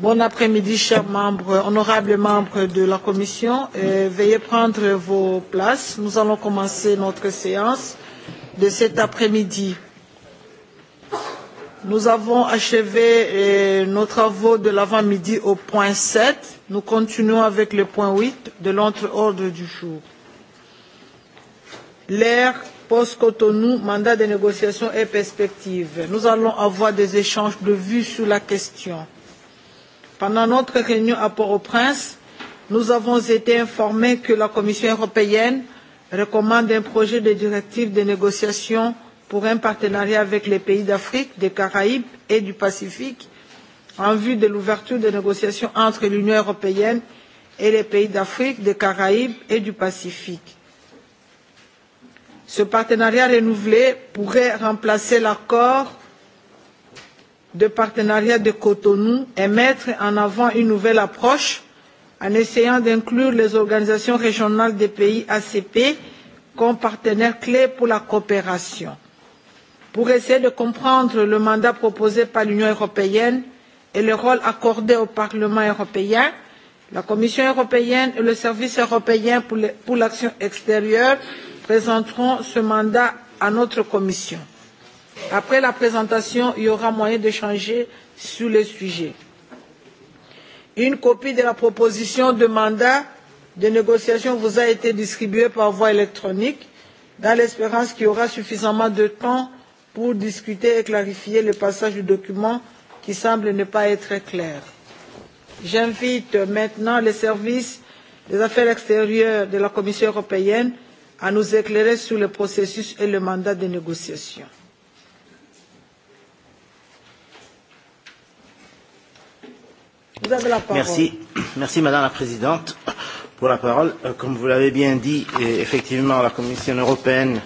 Bon après-midi, chers membres, honorables membres de la Commission. Euh, veuillez prendre vos places. Nous allons commencer notre séance de cet après-midi. Nous avons achevé euh, nos travaux de l'avant-midi au point 7. Nous continuons avec le point 8 de l'autre ordre du jour. L'ère post-Cotonou, mandat de négociation et perspective. Nous allons avoir des échanges de vues sur la question Pendant notre réunion à Port-au-Prince, nous avons été informés que la Commission européenne recommande un projet de directive de négociation pour un partenariat avec les pays d'Afrique, des Caraïbes et du Pacifique en vue de l'ouverture des négociations entre l'Union européenne et les pays d'Afrique, des Caraïbes et du Pacifique. Ce partenariat renouvelé pourrait remplacer l'accord de partenariat de Cotonou et mettre en avant une nouvelle approche en essayant d'inclure les organisations régionales des pays ACP comme partenaires clés pour la coopération. Pour essayer de comprendre le mandat proposé par l'Union européenne et le rôle accordé au Parlement européen, la Commission européenne et le Service européen pour l'action extérieure présenteront ce mandat à notre Commission. Après la présentation, il y aura moyen d'échanger sur le sujet. Une copie de la proposition de mandat de négociation vous a été distribuée par voie électronique dans l'espérance qu'il y aura suffisamment de temps pour discuter et clarifier le passage du document qui semble ne pas être clair. J'invite maintenant les services des affaires extérieures de la Commission européenne à nous éclairer sur le processus et le mandat de négociation. la parole. Merci, Merci Madame la Présidente pour la parole. Euh, comme vous l'avez bien dit, effectivement, la Commission européenne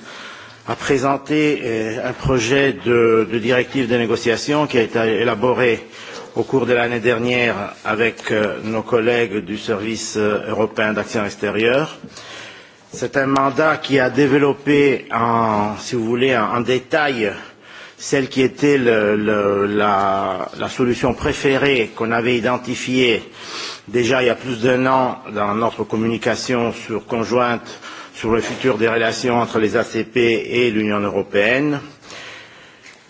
a présenté euh, un projet de, de directive de négociation qui a été élaboré au cours de l'année dernière avec euh, nos collègues du service européen d'action extérieure. C'est un mandat qui a développé, en, si vous voulez, en détail celle qui était le, le, la, la solution préférée qu'on avait identifiée déjà il y a plus d'un an dans notre communication sur conjointe sur le futur des relations entre les ACP et l'Union européenne.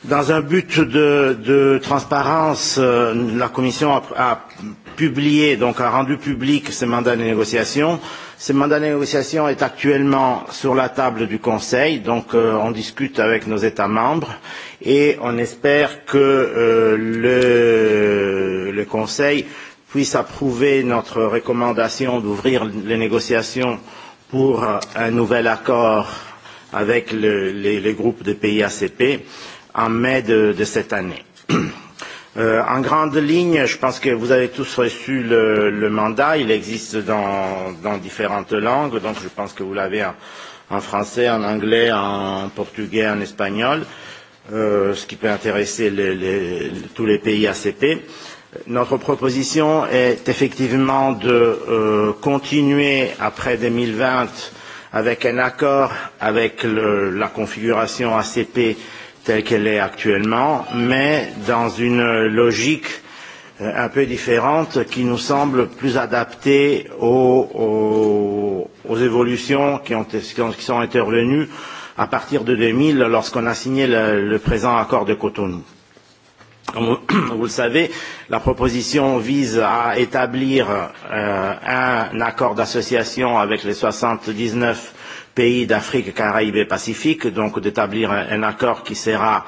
Dans un but de, de transparence, euh, la Commission a, a publié, donc a rendu public ce mandat de négociation Ce mandat de négociation est actuellement sur la table du Conseil, donc euh, on discute avec nos États membres et on espère que euh, le, le Conseil puisse approuver notre recommandation d'ouvrir les négociations pour euh, un nouvel accord avec le, les, groupes de pays ACP en mai de, de cette année. Euh, en grande ligne, je pense que vous avez tous reçu le, le mandat. Il existe dans, dans différentes langues, donc je pense que vous l'avez en, en français, en anglais, en portugais, en espagnol, euh, ce qui peut intéresser les, les, tous les pays ACP. Notre proposition est effectivement de euh, continuer après 2020 avec un accord avec le, la configuration ACP telle qu'elle est actuellement, mais dans une logique euh, un peu différente qui nous semble plus adaptée aux, aux, aux évolutions qui, ont, qui sont intervenues à partir de 2000 lorsqu'on a signé le, le présent accord de Cotonou. Comme vous le savez, la proposition vise à établir euh, un accord d'association avec les 79 pays d'Afrique, Caraïbes et Pacifique, donc d'établir un, accord qui sera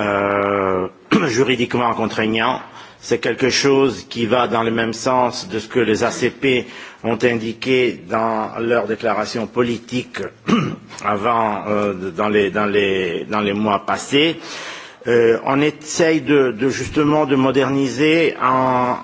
euh, juridiquement contraignant. C'est quelque chose qui va dans le même sens de ce que les ACP ont indiqué dans leur déclaration politique avant, euh, dans, les, dans, les, dans les mois passés. Euh, on essaye de, de justement de moderniser en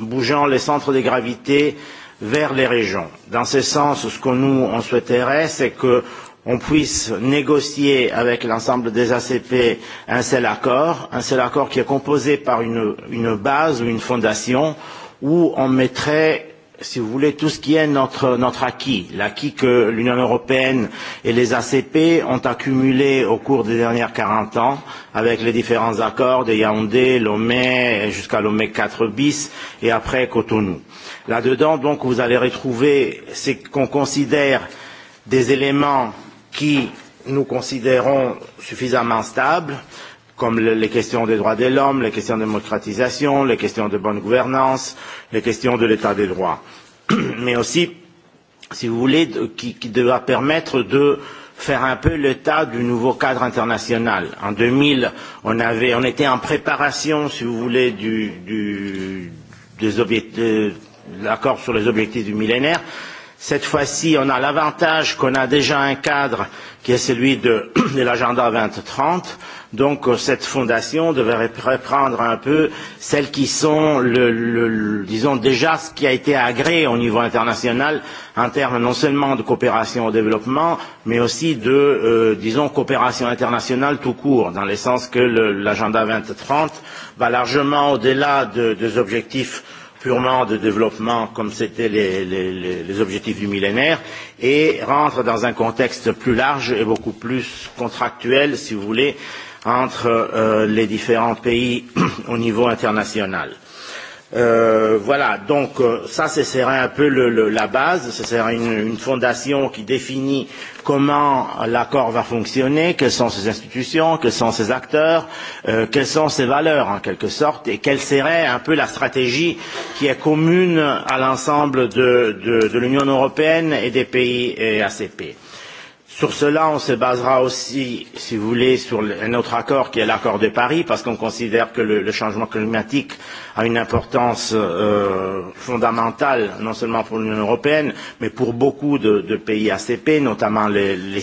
bougeant les centres de gravité vers les régions. Dans ce sens, ce que nous on souhaiterait, c'est que on puisse négocier avec l'ensemble des ACP un seul accord, un seul accord qui est composé par une, une base ou une fondation où on mettrait si vous voulez, tout ce qui est notre, notre acquis, l'acquis que l'Union européenne et les ACP ont accumulé au cours des dernières 40 ans, avec les différents accords de Yaoundé, Lomé, jusqu'à Lomé 4 bis, et après Cotonou. Là-dedans, donc, vous allez retrouver ce qu'on considère des éléments qui nous considérons suffisamment stables, comme les questions des droits de l'homme, les questions de démocratisation, les questions de bonne gouvernance, les questions de l'état des droits. Mais aussi, si vous voulez, qui, qui devra permettre de faire un peu l'état du nouveau cadre international. En 2000, on, avait, on était en préparation, si vous voulez, du, du, des objectifs euh, l'accord sur les objectifs du millénaire. Cette fois-ci, on a l'avantage qu'on a déjà un cadre qui est celui de, l'agenda 2030. Donc, euh, cette fondation devrait reprendre un peu celles qui sont, disons, déjà ce qui a été agréé au niveau international en termes non seulement de coopération au développement, mais aussi de, euh, disons, coopération internationale tout court, dans le sens que l'agenda 2030 va largement au-delà des objectifs purement de développement comme c'était les, les, les objectifs du millénaire et rentre dans un contexte plus large et beaucoup plus contractuel, si vous voulez, entre euh, les différents pays au niveau international. Euh, voilà, donc euh, ça, ce serait un peu le, le, la base, ce serait une, une fondation qui définit comment l'accord va fonctionner, quelles sont ses institutions, quels sont ses acteurs, euh, quelles sont ses valeurs en quelque sorte, et quelle serait un peu la stratégie qui est commune à l'ensemble de, de, de l'Union européenne et des pays et ACP. Sur cela, on se basera aussi, si vous voulez, sur un autre accord qui est l'accord de Paris, parce qu'on considère que le, le changement climatique a une importance euh, fondamentale, non seulement pour l'Union européenne, mais pour beaucoup de, de pays ACP, notamment les, les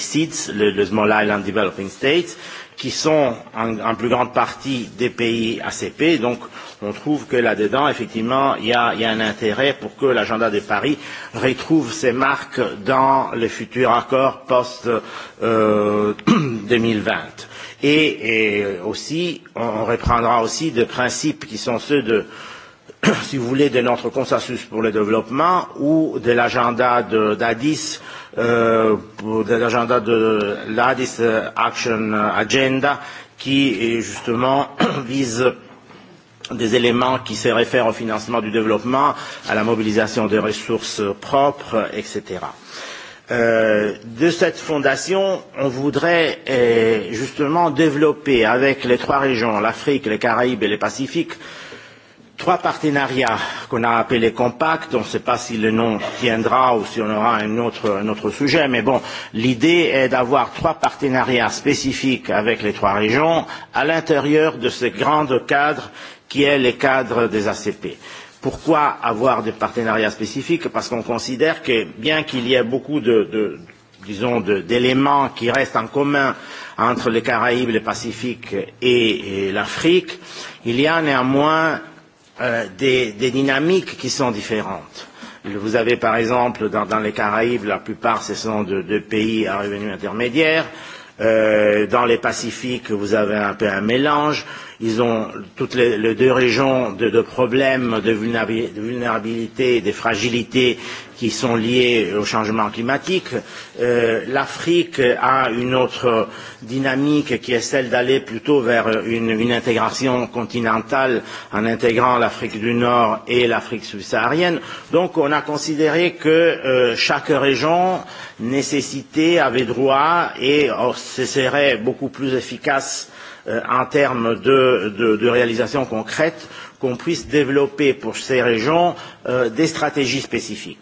le, Small Island Developing States, qui sont en, en plus grande partie des pays ACP. Donc, on trouve que là-dedans, effectivement, il y a, y a un intérêt pour que l'agenda de Paris retrouve ses marques dans les futurs accords post-2020. Et, et aussi, on reprendra aussi des principes qui sont ceux de si vous voulez, de notre consensus pour le développement ou de l'agenda d'Addis, euh, de l'agenda de l'Addis Action Agenda qui justement vise des éléments qui se réfèrent au financement du développement, à la mobilisation des ressources propres, etc. Euh, de cette fondation, on voudrait euh, justement développer avec les trois régions, l'Afrique, les Caraïbes et le Pacifique, trois partenariats qu'on a appelés compacts. On ne sait pas si le nom tiendra ou si on aura un autre, un autre sujet, mais bon, l'idée est d'avoir trois partenariats spécifiques avec les trois régions à l'intérieur de ce grand cadre qui est le cadre des ACP. Pourquoi avoir des partenariats spécifiques Parce qu'on considère que bien qu'il y ait beaucoup de, de disons, d'éléments qui restent en commun entre les Caraïbes, le Pacifique et, et l'Afrique, il y a néanmoins euh, des, des dynamiques qui sont différentes. Vous avez par exemple dans, dans les Caraïbes, la plupart ce sont de, de pays à revenus intermédiaires. Euh, dans les Pacifiques, vous avez un peu un mélange Ils ont toutes les, les deux régions de, de problèmes de vulnérabilité et de fragilité qui sont liés au changement climatique. Euh, L'Afrique a une autre dynamique qui est celle d'aller plutôt vers une, une intégration continentale en intégrant l'Afrique du Nord et l'Afrique subsaharienne. Donc on a considéré que euh, chaque région nécessitait, avait droit et oh, ce serait beaucoup plus efficace Euh, en termes de, de, de réalisation concrète, qu'on puisse développer pour ces régions euh, des stratégies spécifiques.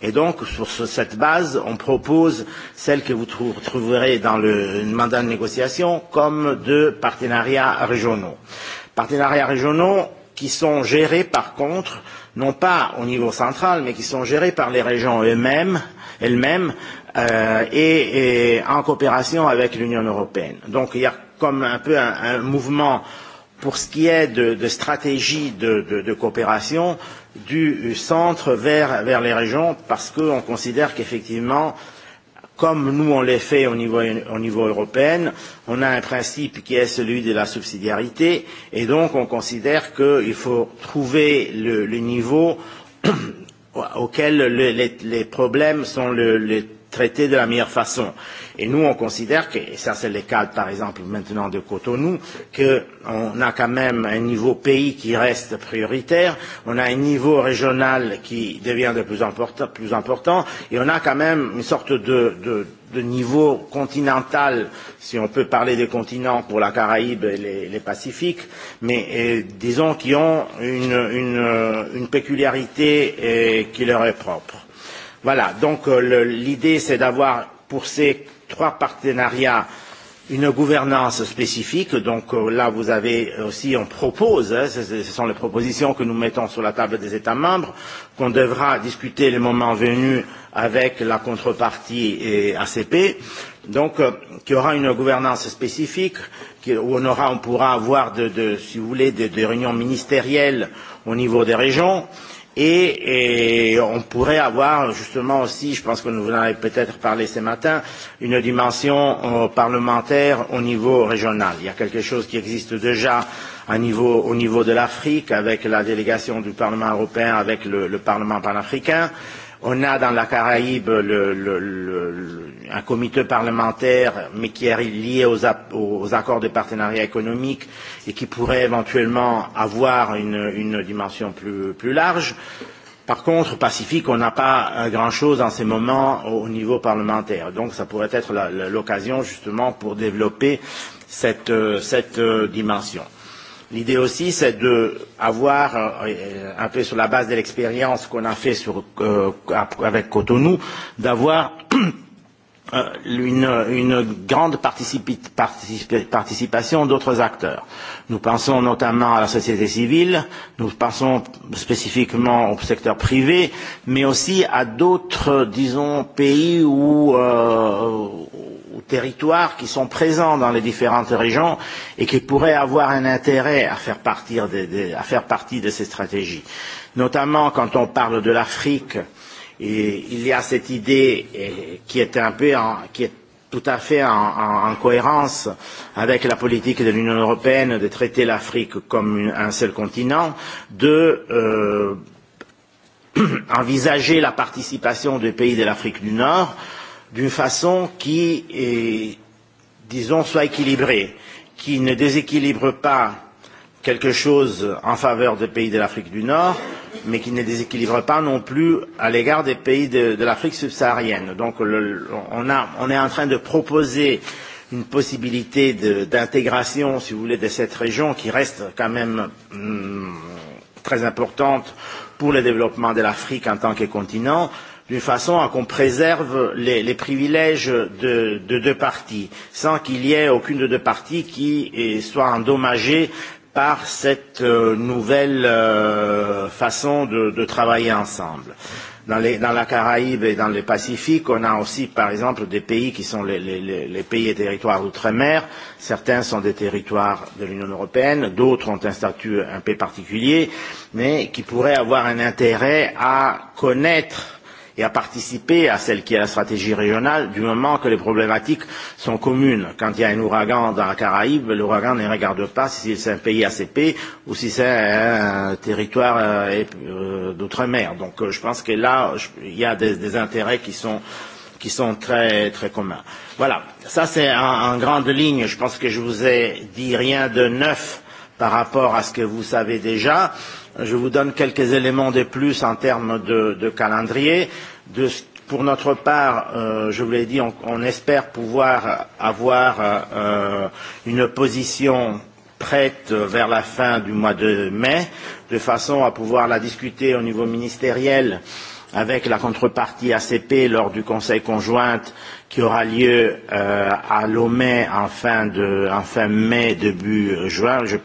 Et donc, sur ce, cette base, on propose celle que vous trou trouverez dans le mandat de négociation comme de partenariats régionaux. Partenariats régionaux qui sont gérés, par contre, non pas au niveau central, mais qui sont gérés par les régions elles-mêmes, elles-mêmes euh, et, et en coopération avec l'Union européenne. Donc, il y a comme un peu un, un mouvement pour ce qui est de, de stratégie de, de, de coopération du centre vers, vers les régions, parce qu'on considère qu'effectivement, comme nous on l'est fait au niveau, au niveau européen, on a un principe qui est celui de la subsidiarité, et donc on considère qu'il faut trouver le, le niveau auquel les, les, les problèmes sont le, traiter de la meilleure façon. Et nous, on considère que, et ça c'est le cas par exemple maintenant de Cotonou, qu'on a quand même un niveau pays qui reste prioritaire, on a un niveau régional qui devient de plus, important, plus important, et on a quand même une sorte de, de, de niveau continental, si on peut parler des continents pour la Caraïbe et les, les Pacifiques, mais et, euh, disons qui ont une, une, euh, une peculiarité et, euh, qui leur est propre. Voilà, donc euh, l'idée c'est d'avoir pour ces trois partenariats une gouvernance spécifique. Donc euh, là, vous avez aussi, on propose, hein, ce, sont les propositions que nous mettons sur la table des États membres, qu'on devra discuter le moment venu avec la contrepartie et ACP. Donc, euh, y aura une gouvernance spécifique, où on, aura, on pourra avoir, de, de, si vous voulez, des de réunions ministérielles au niveau des régions Et, et on pourrait avoir justement aussi, je pense que nous en avez peut-être parlé ce matin, une dimension euh, parlementaire au niveau régional. Il y a quelque chose qui existe déjà à niveau, au niveau de l'Afrique avec la délégation du Parlement européen, avec le, le Parlement panafricain. On a dans la Caraïbe le, le, le, un comité parlementaire, mais qui est lié aux, aux accords de partenariat économique et qui pourrait éventuellement avoir une, une dimension plus, plus large. Par contre, Pacifique, on n'a pas euh, grand-chose en ces moments au niveau parlementaire. Donc, ça pourrait être l'occasion justement pour développer cette, euh, cette euh, dimension. L'idée aussi, c'est d'avoir, euh, un peu sur la base de l'expérience qu'on a fait sur, euh, avec Cotonou, d'avoir euh, une, une grande participation d'autres acteurs. Nous pensons notamment à la société civile, nous pensons spécifiquement au secteur privé, mais aussi à d'autres, disons, pays où, euh, territoires qui sont présents dans les différentes régions et qui pourraient avoir un intérêt à faire, partir de, de, à faire partie de ces stratégies. Notamment quand on parle de l'Afrique, il y a cette idée qui est un peu en, qui est tout à fait en, en, en cohérence avec la politique de l'Union européenne de traiter l'Afrique comme une, un seul continent, de euh, envisager la participation des pays de l'Afrique du Nord d'une façon qui, est, disons, soit équilibrée, qui ne déséquilibre pas quelque chose en faveur des pays de l'Afrique du Nord, mais qui ne déséquilibre pas non plus à l'égard des pays de, de l'Afrique subsaharienne. Donc le, on, a, on est en train de proposer une possibilité d'intégration, si vous voulez, de cette région qui reste quand même hum, très importante pour le développement de l'Afrique en tant que continent, d'une façon à qu'on préserve les, les privilèges de, de deux parties, sans qu'il y ait aucune de deux parties qui soit endommagée par cette euh, nouvelle euh, façon de, de travailler ensemble. Dans, les, dans la Caraïbe et dans le Pacifique, on a aussi, par exemple, des pays qui sont les, les, les pays et territoires d'outre-mer. Certains sont des territoires de l'Union européenne, d'autres ont un statut un peu particulier, mais qui pourraient avoir un intérêt à connaître et à participer à celle qui est la stratégie régionale du moment que les problématiques sont communes. Quand il y a un ouragan dans la Caraïbe, l'ouragan ne regarde pas si c'est un pays ACP ou si c'est un territoire euh, euh, d'outre-mer. Donc euh, je pense que là, il y a des, intérêts qui sont qui sont très très communs. Voilà, ça c'est en, en grande ligne. Je pense que je vous ai dit rien de neuf par rapport à ce que vous savez déjà. Je vous donne quelques éléments de plus en termes de, de calendrier. De, pour notre part, euh, je vous l'ai dit, on, on espère pouvoir avoir euh, une position prête vers la fin du mois de mai, de façon à pouvoir la discuter au niveau ministériel euh, avec la contrepartie ACP lors du Conseil conjoint qui aura lieu euh, à Lomé en fin, de, en fin mai, début juin. Je n'ai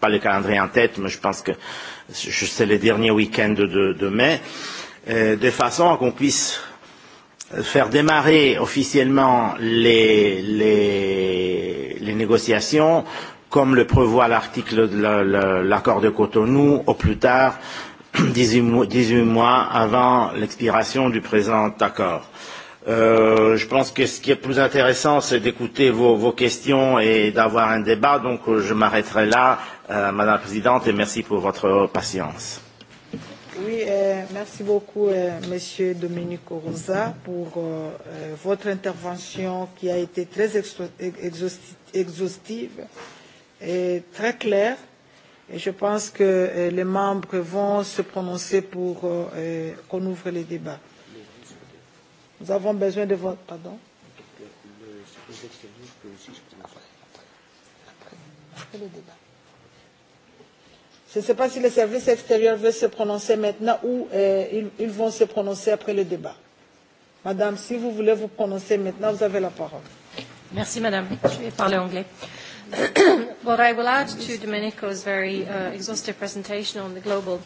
pas le calendrier en tête, mais je pense que c'est le dernier week-end de, de mai, euh, de façon à qu'on puisse faire démarrer officiellement les, les, les négociations, comme le prévoit l'article de l'accord de Cotonou, au plus tard 18 mois avant l'expiration du présent accord. Euh, je pense que ce qui est plus intéressant, c'est d'écouter vos, vos questions et d'avoir un débat. Donc, je m'arrêterai là, euh, Madame la Présidente, et merci pour votre patience. Oui, euh, merci beaucoup, euh, Monsieur Dominique Rosa, pour euh, euh, votre intervention qui a été très exhaustive et très claire Et je pense que euh, les membres vont se prononcer pour euh, euh, qu'on ouvre les débats. Nous avons besoin de votre... Pardon Je ne sais pas si le service extérieur veut se prononcer maintenant ou ils, ils vont se prononcer après le débat. Madame, si vous voulez vous prononcer maintenant, vous avez la parole. Merci, Madame. Je vais parler anglais. Euh, what I will add to Domenico's very uh, exhaustive presentation on the global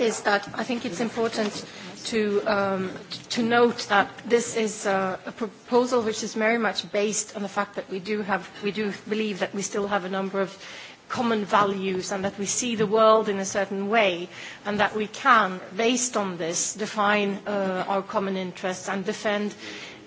is that I think it's important to, um, to note that this is a, uh, a proposal which is very much based on the fact that we do, have, we do believe that we still have a number of common values and that we see the world in a certain way and that we can, based on this, define uh, our common interests and defend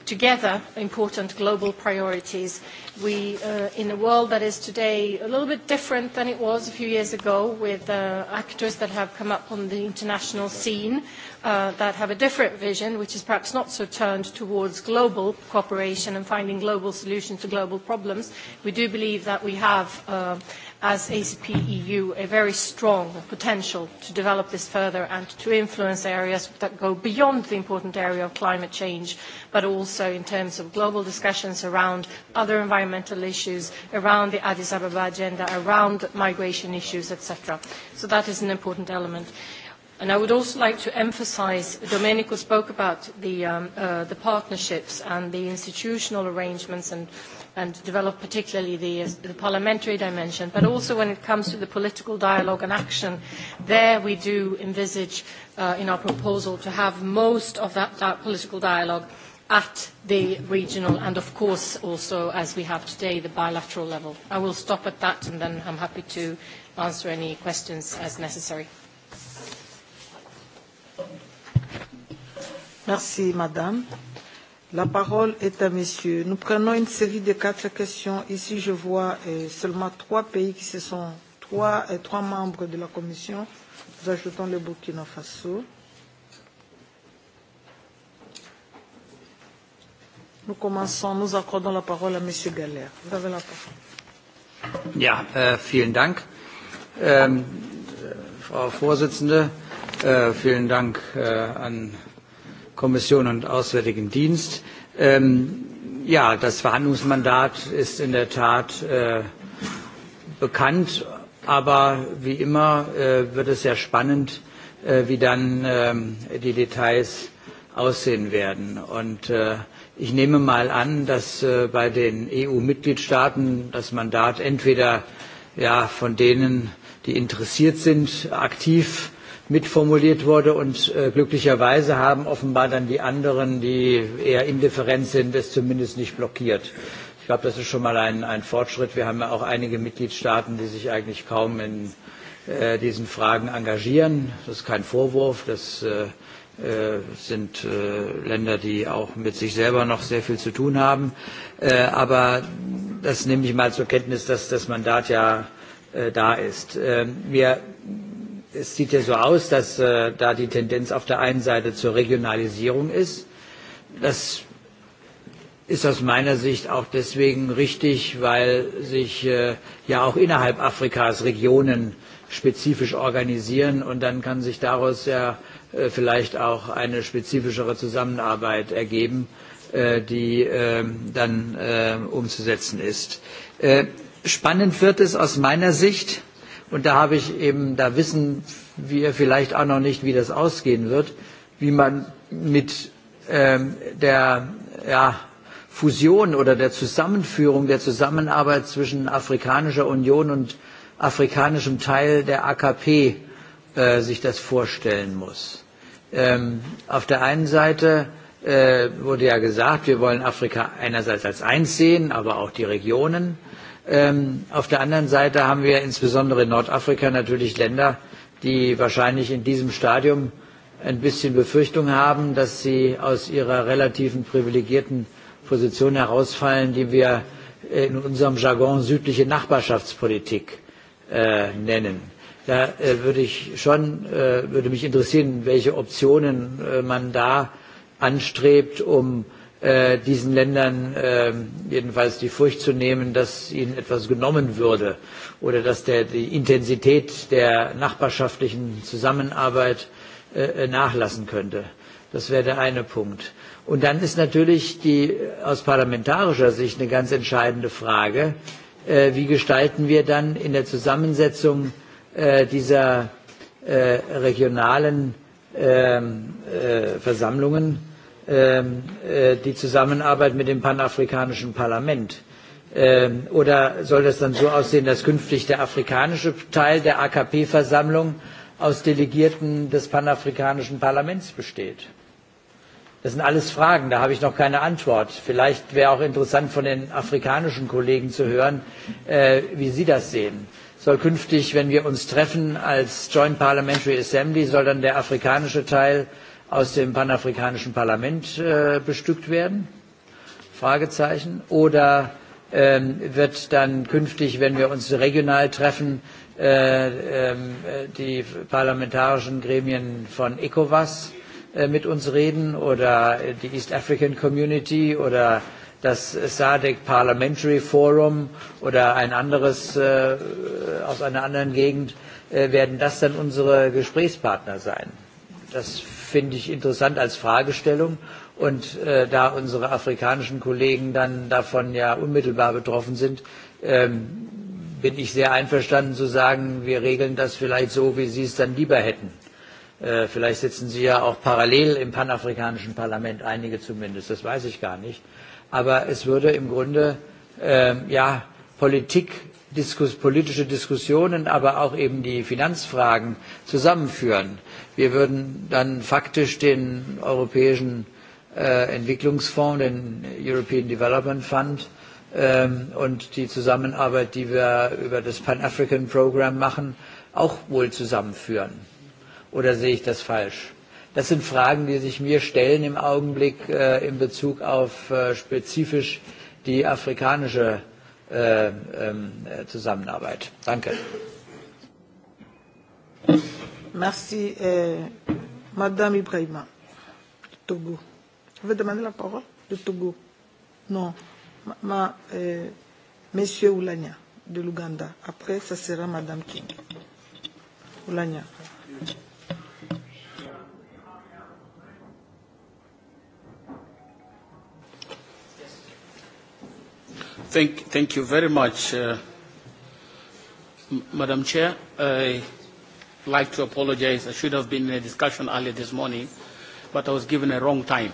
together important global priorities we uh, in a world that is today a little bit different than it was a few years ago with uh, actors that have come up on the international scene uh, that have a different vision which is perhaps not so turned towards global cooperation and finding global solutions to global problems we do believe that we have uh, as ACP EU a very strong potential to develop this further and to influence areas that go beyond the important area of climate change, but also in terms of global discussions around other environmental issues, around the Addis Ababa agenda, around migration issues, etc. So that is an important element. And I would also like to emphasize, Domenico spoke about the, um, uh, the partnerships and the institutional arrangements and and develop particularly the, the parliamentary dimension, but also when it comes to the political dialogue and action, there we do envisage uh, in our proposal to have most of that, that political dialogue at the regional and of course also as we have today the bilateral level. I will stop at that and then I'm happy to answer any questions as necessary. Merci madame. La parole est à monsieur. Nous prenons une série de quatre questions. Ici, je vois eh, seulement trois pays qui se sont, trois, eh, trois membres de la Commission. Nous ajoutons le Burkina Faso. Nous commençons, nous accordons la parole à monsieur Galère. Vous avez la parole. Ja, äh, vielen Dank, ähm, äh, Frau Vorsitzende. Äh, vielen Dank äh, an Kommission und Auswärtigen Dienst. Ähm, ja, das Verhandlungsmandat ist in der Tat äh, bekannt, aber wie immer äh, wird es sehr spannend, äh, wie dann ähm, die Details aussehen werden. Und ich nehme mal an, dass bei den EU-Mitgliedstaaten das Mandat entweder ja, von denen, die interessiert sind, aktiv mitformuliert wurde und äh, glücklicherweise haben offenbar dann die anderen, die eher indifferent sind, es zumindest nicht blockiert. Ich glaube, das ist schon mal ein, ein Fortschritt. Wir haben ja auch einige Mitgliedstaaten, die sich eigentlich kaum in äh, diesen Fragen engagieren. Das ist kein Vorwurf. Das äh, sind Länder, die auch mit sich selber noch sehr viel zu tun haben. Aber das nehme ich mal zur Kenntnis, dass das Mandat ja da ist. Ähm, wir es sieht ja so aus, dass äh, da die Tendenz auf der einen Seite zur Regionalisierung ist. Das ist aus meiner Sicht auch deswegen richtig, weil sich äh, ja auch innerhalb Afrikas Regionen spezifisch organisieren und dann kann sich daraus ja äh, vielleicht auch eine spezifischere Zusammenarbeit ergeben, die ähm, dann umzusetzen ist. spannend wird es aus meiner Sicht, Und da habe ich eben, da wissen wir vielleicht auch noch nicht, wie das ausgehen wird, wie man mit ähm, der ja, Fusion oder der Zusammenführung, der Zusammenarbeit zwischen Afrikanischer Union und afrikanischem Teil der AKP äh, sich das vorstellen muss. Ähm, auf der einen Seite äh, wurde ja gesagt, wir wollen Afrika einerseits als eins sehen, aber auch die Regionen. Ähm, auf der anderen Seite haben wir insbesondere in Nordafrika natürlich Länder, die wahrscheinlich in diesem Stadium ein bisschen Befürchtung haben, dass sie aus ihrer relativen privilegierten Position herausfallen, die wir in unserem Jargon südliche Nachbarschaftspolitik äh, nennen. Da äh, würde ich schon, äh, würde mich interessieren, welche Optionen man da anstrebt, um Äh, diesen Ländern ähm, jedenfalls die Furcht zu nehmen, dass ihnen etwas genommen würde oder dass der, die Intensität der nachbarschaftlichen Zusammenarbeit äh, äh, nachlassen könnte. Das wäre der eine Punkt. Und dann ist natürlich die, aus parlamentarischer Sicht eine ganz entscheidende Frage, wie gestalten wir dann in der Zusammensetzung dieser regionalen ähm, Versammlungen Ähm, äh, die Zusammenarbeit mit dem panafrikanischen Parlament? Ähm, oder soll das dann so aussehen, dass künftig der afrikanische Teil der AKP-Versammlung aus Delegierten des panafrikanischen Parlaments besteht? Das sind alles Fragen, da habe ich noch keine Antwort. Vielleicht wäre auch interessant von den afrikanischen Kollegen zu hören, äh, wie sie das sehen. Soll künftig, wenn wir uns treffen als Joint Parliamentary Assembly, soll dann der afrikanische Teil aus dem panafrikanischen Parlament äh, bestückt werden? Fragezeichen. Oder ähm, wird dann künftig, wenn wir uns regional treffen, äh, ähm, die parlamentarischen Gremien von ECOWAS äh, mit uns reden oder die East African Community oder das SADC Parliamentary Forum oder ein anderes aus einer anderen Gegend, werden das dann unsere Gesprächspartner sein. Das finde ich interessant als Fragestellung. Und äh, da unsere afrikanischen Kollegen dann davon ja unmittelbar betroffen sind, ähm, bin ich sehr einverstanden zu sagen, wir regeln das vielleicht so, wie Sie es dann lieber hätten. Äh, vielleicht sitzen Sie ja auch parallel im panafrikanischen Parlament, einige zumindest, das weiß ich gar nicht. Aber es würde im Grunde äh, ja, Politik Diskus, politische Diskussionen, aber auch eben die Finanzfragen zusammenführen. Wir würden dann faktisch den europäischen äh, Entwicklungsfonds, den European Development Fund ähm, und die Zusammenarbeit, die wir über das Pan-African Program machen, auch wohl zusammenführen. Oder sehe ich das falsch? Das sind Fragen, die sich mir stellen im Augenblick äh, in Bezug auf äh, spezifisch die afrikanische äh, ähm, Zusammenarbeit. Danke. Merci. Euh, Madame Ibrahima, du Togo. Vous veux demander la parole De Togo Non. Ma, ma euh, Monsieur Oulania, de l'Ouganda. Après, ça sera Madame King. Oulania. Thank, thank you very much, uh, Madam Chair. I like to apologize. I should have been in a discussion earlier this morning, but I was given a wrong time.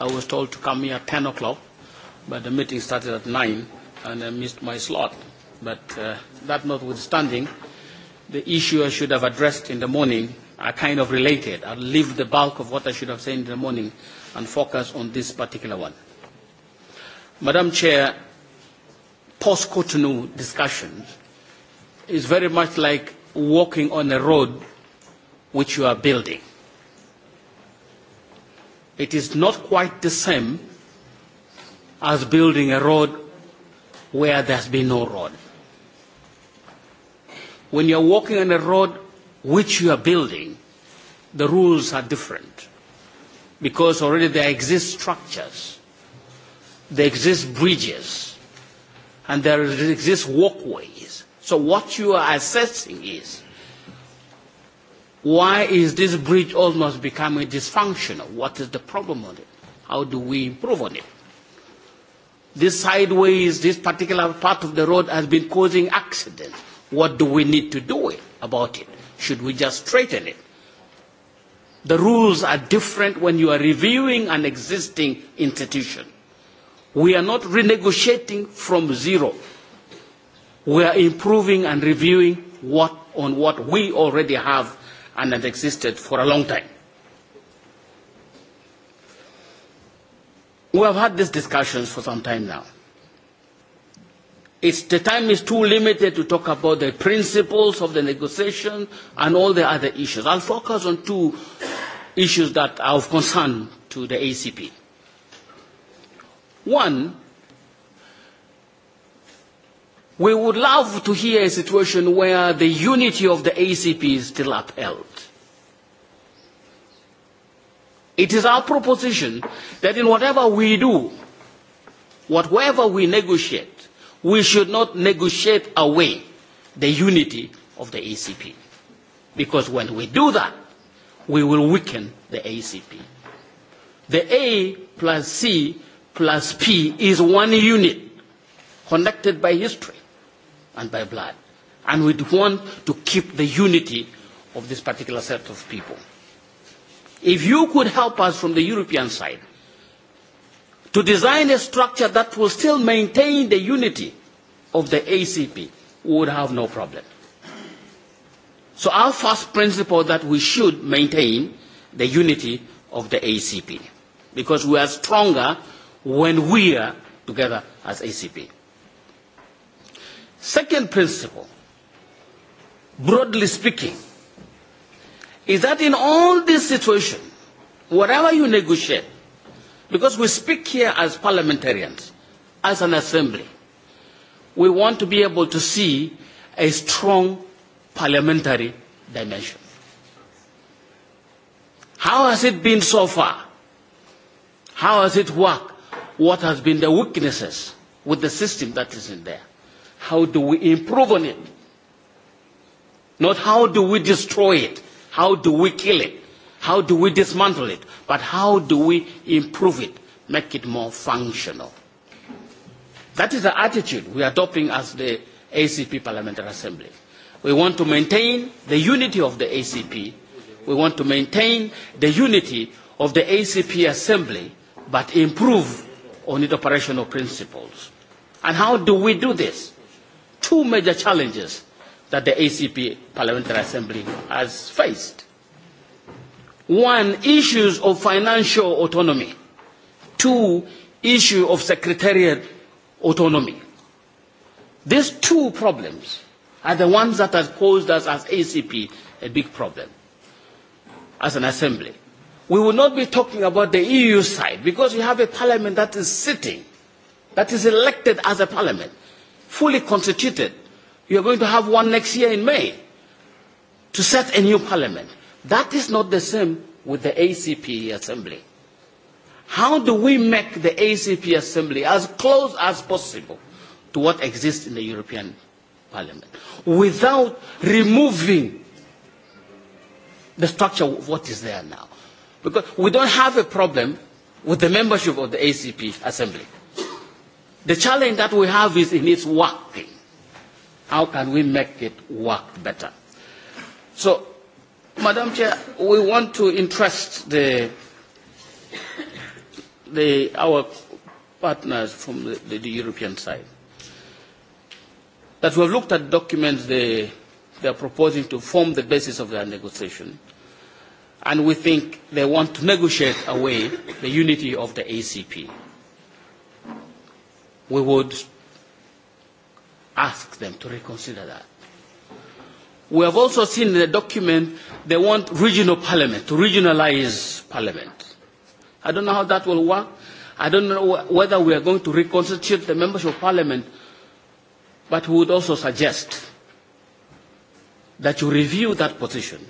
I was told to come here at 10 o'clock, but the meeting started at 9, and I missed my slot. But uh, that notwithstanding, the issue I should have addressed in the morning are kind of related. I'll leave the bulk of what I should have said in the morning and focus on this particular one. Madam Chair, post-Cotonou discussion is very much like walking on a road which you are building. It is not quite the same as building a road where there's been no road. When you are walking on a road which you are building, the rules are different because already there exist structures, there exist bridges, and there exist walkways So what you are assessing is why is this bridge almost becoming dysfunctional? What is the problem on it? How do we improve on it? This sideways, this particular part of the road has been causing accidents. What do we need to do about it? Should we just straighten it? The rules are different when you are reviewing an existing institution. We are not renegotiating from zero we are improving and reviewing what, on what we already have and has existed for a long time. We have had these discussions for some time now. It's, the time is too limited to talk about the principles of the negotiation and all the other issues. I'll focus on two issues that are of concern to the ACP. One We would love to hear a situation where the unity of the ACP is still upheld. It is our proposition that in whatever we do, whatever we negotiate, we should not negotiate away the unity of the ACP. Because when we do that, we will weaken the ACP. The A plus C plus P is one unit, connected by history and by blood. And we want to keep the unity of this particular set of people. If you could help us from the European side to design a structure that will still maintain the unity of the ACP, we would have no problem. So our first principle that we should maintain the unity of the ACP because we are stronger when we are together as ACP. Second principle, broadly speaking, is that in all these situations, whatever you negotiate, because we speak here as parliamentarians, as an assembly, we want to be able to see a strong parliamentary dimension. How has it been so far? How has it worked? What has been the weaknesses with the system that is in there? How do we improve on it? Not how do we destroy it? How do we kill it? How do we dismantle it? But how do we improve it, make it more functional? That is the attitude we are adopting as the ACP Parliamentary Assembly. We want to maintain the unity of the ACP. We want to maintain the unity of the ACP Assembly, but improve on its operational principles. And how do we do this? two major challenges that the ACP Parliamentary Assembly has faced. One, issues of financial autonomy. Two, issue of secretariat autonomy. These two problems are the ones that have caused us as ACP a big problem as an assembly. We will not be talking about the EU side because we have a parliament that is sitting, that is elected as a parliament fully constituted. You are going to have one next year in May to set a new parliament. That is not the same with the ACP assembly. How do we make the ACP assembly as close as possible to what exists in the European Parliament without removing the structure of what is there now? Because we don't have a problem with the membership of the ACP assembly. The challenge that we have is in its working. How can we make it work better? So, Madam Chair, we want to interest the, the, our partners from the, the, European side that we have looked at documents they, they are proposing to form the basis of their negotiation, and we think they want to negotiate away the unity of the ACP we would ask them to reconsider that. We have also seen in the document they want regional parliament, to regionalize parliament. I don't know how that will work. I don't know whether we are going to reconstitute the membership of parliament, but we would also suggest that you review that position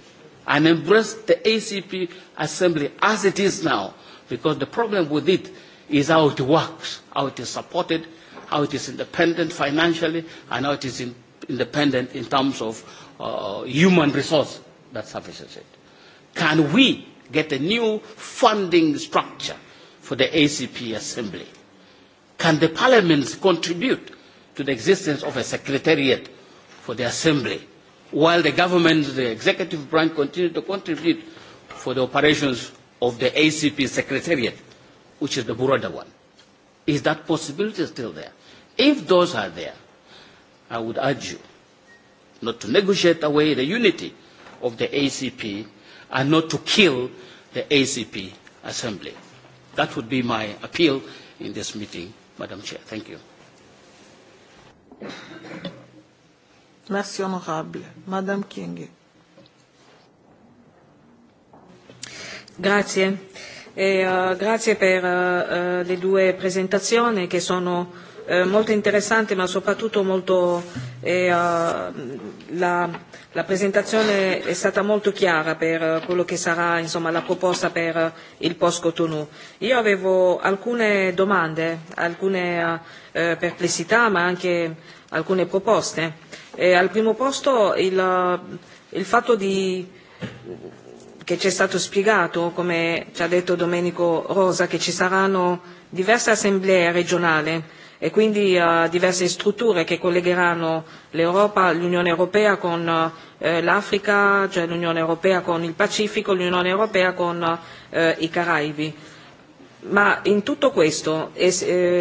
and embrace the ACP assembly as it is now, because the problem with it is how it works, how it is supported, how it is independent financially, and how it is in, independent in terms of uh, human resource that services it. Can we get a new funding structure for the ACP Assembly? Can the parliaments contribute to the existence of a secretariat for the Assembly, while the government, the executive branch, continue to contribute for the operations of the ACP Secretariat? which is the broader one. Is that possibility still there? If those are there, I would urge you not to negotiate away the unity of the ACP and not to kill the ACP assembly. That would be my appeal in this meeting, Madam Chair. Thank you. Merci, Honorable. Madam King. Grazie e uh, grazie per uh, le due presentazioni che sono molto interessanti ma soprattutto molto la, la presentazione è stata molto chiara per quello che sarà insomma la proposta per il post Cotonou. Io avevo alcune domande, alcune perplessità ma anche alcune proposte. E al primo posto il, il fatto di che ci è stato spiegato, come ci ha detto Domenico Rosa, che ci saranno diverse assemblee regionali e quindi eh, diverse strutture che collegheranno l'Europa, l'Unione Europea con eh, l'Africa, cioè l'Unione Europea con il Pacifico, l'Unione Europea con eh, i Caraibi. Ma in tutto questo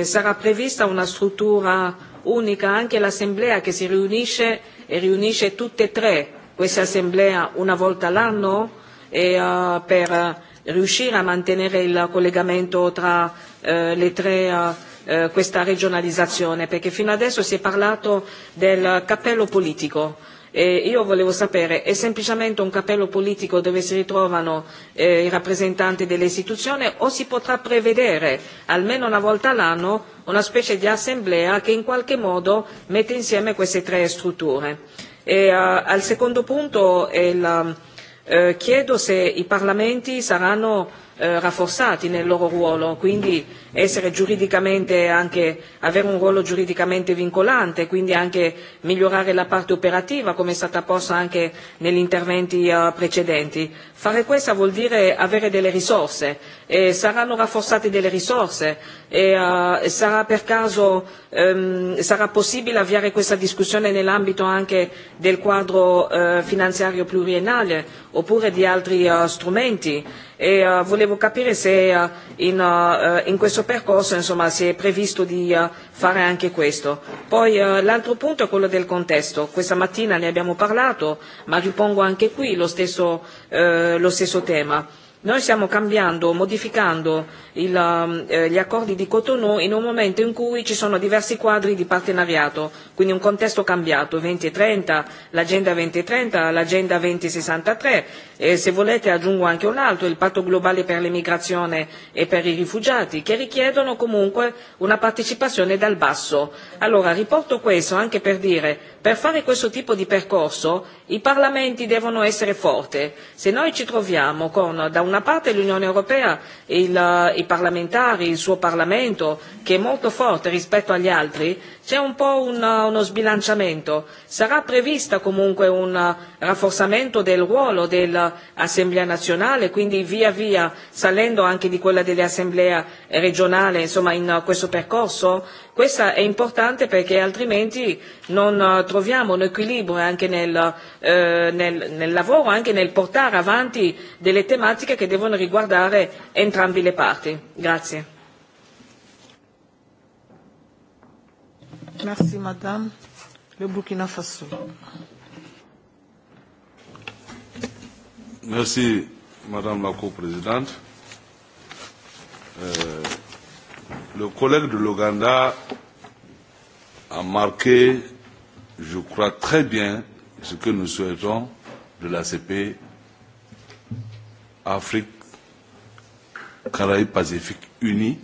sarà prevista una struttura unica anche l'Assemblea che si riunisce e riunisce tutte e tre queste assemblee una volta l'anno? e uh, per eh, riuscire a mantenere il collegamento tra eh, le tre questa regionalizzazione perché fino adesso si è parlato del cappello politico e io volevo sapere è semplicemente un cappello politico dove si ritrovano i rappresentanti delle istituzioni o si potrà prevedere almeno una volta l'anno, una specie di assemblea che in qualche modo mette insieme queste tre strutture. E, al secondo punto è Eh, chiedo se i parlamenti saranno Eh, rafforzati nel loro ruolo, quindi essere giuridicamente anche, avere un ruolo giuridicamente vincolante, quindi anche migliorare la parte operativa come è stata posta anche negli interventi eh, precedenti. Fare questo vuol dire avere delle risorse e saranno rafforzate delle risorse e eh, sarà per caso ehm, sarà possibile avviare questa discussione nell'ambito anche del quadro finanziario pluriennale oppure di altri strumenti e uh, volevo capire se uh, in, uh, in questo percorso insomma, si è previsto di fare anche questo. Poi l'altro punto è quello del contesto. Questa mattina ne abbiamo parlato, ma ripongo anche qui lo stesso, lo stesso tema Noi stiamo cambiando, modificando il, um, eh, gli accordi di Cotonou in un momento in cui ci sono diversi quadri di partenariato, quindi un contesto cambiato, 2030, e l'agenda 2030, e l'agenda 2063 e se volete aggiungo anche un altro, il patto globale per l'immigrazione e per i rifugiati, che richiedono comunque una partecipazione dal basso. Allora riporto questo anche per dire, per fare questo tipo di percorso i parlamenti devono essere forti. Se noi ci troviamo con da una parte l'Unione Europea eh, i parlamentari il suo Parlamento che è molto forte rispetto agli altri c'è un po' un, uh, uno sbilanciamento sarà prevista comunque un rafforzamento del ruolo dell'assemblea nazionale quindi via via salendo anche di quella dell'assemblea regionale insomma in questo percorso questo è importante perché altrimenti non troviamo un equilibrio anche nel, eh, nel, nel lavoro anche nel portare avanti delle tematiche che devono riguardare entrambi le parti. Grazie. Merci, madame. Le Burkina Faso. Merci, madame la coprésidente. Euh, le collègue de l'Ouganda a marqué, je crois très bien, ce que nous souhaitons de l'ACP Afrique, Caraïbes Pacifique unie,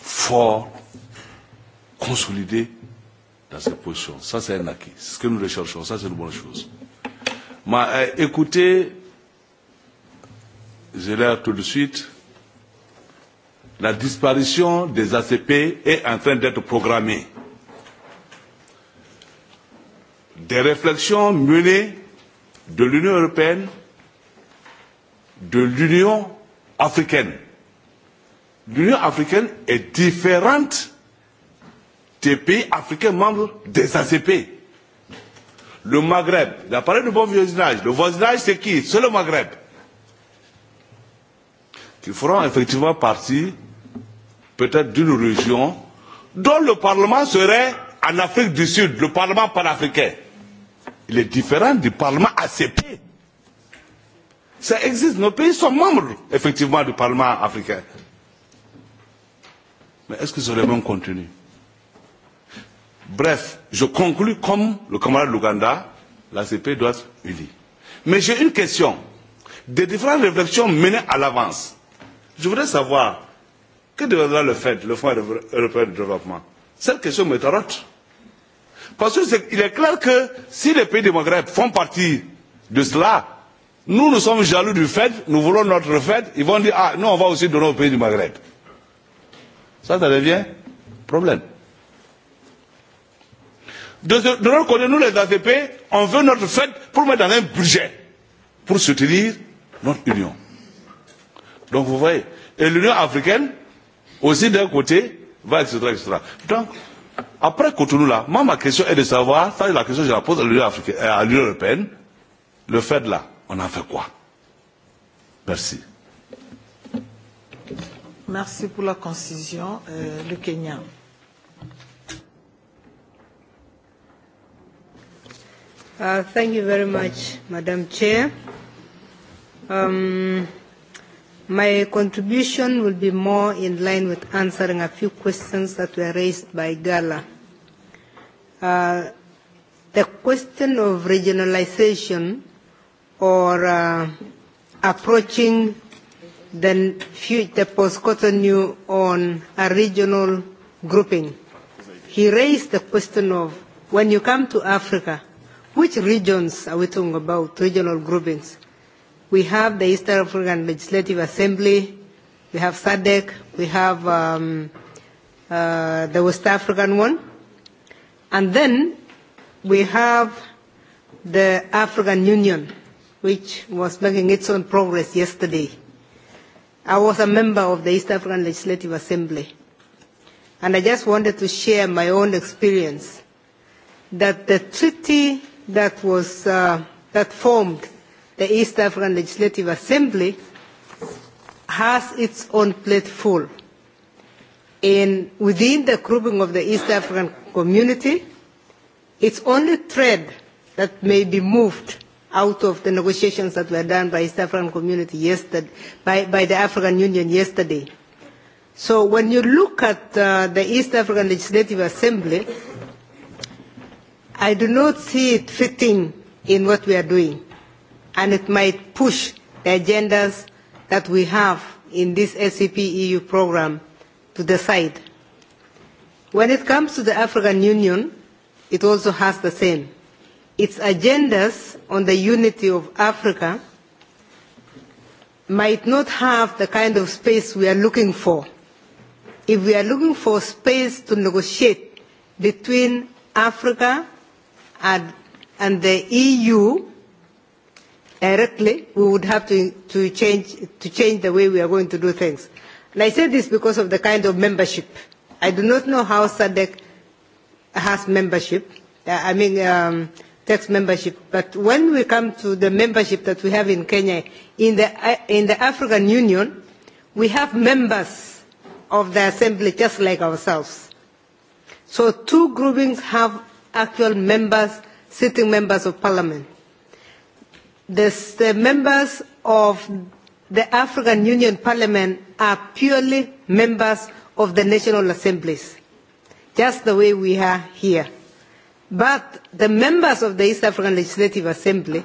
fort consolider dans ses position. Ça, c'est un acquis. C'est ce que nous recherchons. Ça, c'est une bonne chose. Mais euh, écoutez, je l'ai tout de suite, la disparition des ACP est en train d'être programmée. Des réflexions menées de l'Union européenne, de l'Union africaine. L'Union africaine est différente des pays africains membres des ACP. Le Maghreb, il parlé de bon voisinage. Le voisinage, c'est qui C'est le Maghreb. Qui feront effectivement partie peut-être d'une région dont le Parlement serait en Afrique du Sud, le Parlement panafricain. Il est différent du Parlement ACP. Ça existe. Nos pays sont membres, effectivement, du Parlement africain. Mais est-ce que c'est le même contenu Bref, je conclus comme le camarade Luganda, CP doit être unie. Mais j'ai une question. Des différentes réflexions menées à l'avance, je voudrais savoir que deviendra le FED, le Fonds européen de développement Cette question me tarote. Parce qu'il est, est clair que si les pays du Maghreb font partie de cela, nous, nous sommes jaloux du FED, nous voulons notre FED, ils vont dire, ah, nous, on va aussi donner aux pays du Maghreb. Ça, ça devient problème. De, de côté, nous les ACP, on veut notre fête pour mettre dans un budget, pour soutenir notre union. Donc vous voyez, et l'Union africaine, aussi d'un côté, va, etc., etc. Donc, après Cotonou là, moi ma question est de savoir, ça la question que je la pose à l'Union africaine, à l'Union européenne, le fait là, on en fait quoi Merci. Merci pour la concision, euh, le Kenya. Uh, thank you very much, Madam Chair. Um, my contribution will be more in line with answering a few questions that were raised by Gala. Uh, the question of regionalization or uh, approaching the, the post on a regional grouping. He raised the question of when you come to Africa, Which regions are we talking about, regional groupings? We have the East African Legislative Assembly, we have SADC, we have um, uh, the West African one, and then we have the African Union, which was making its own progress yesterday. I was a member of the East African Legislative Assembly, and I just wanted to share my own experience that the treaty that was uh, that formed the East African Legislative Assembly has its own plate full. In within the grouping of the East African community, it's only thread that may be moved out of the negotiations that were done by East African community yesterday, by, by the African Union yesterday. So when you look at uh, the East African Legislative Assembly, i do not see it fitting in what we are doing, and it might push the agendas that we have in this SCP e EU program to the side. When it comes to the African Union, it also has the same. Its agendas on the unity of Africa might not have the kind of space we are looking for. If we are looking for space to negotiate between Africa and, and the EU directly, we would have to, to, change, to change the way we are going to do things. And I say this because of the kind of membership. I do not know how SADC has membership, I mean um, tax membership, but when we come to the membership that we have in Kenya, in the, in the African Union, we have members of the assembly just like ourselves. So two groupings have actual members, sitting members of parliament. the members of the African Union Parliament are purely members of the national assemblies, just the way we are here. But the members of the East African Legislative Assembly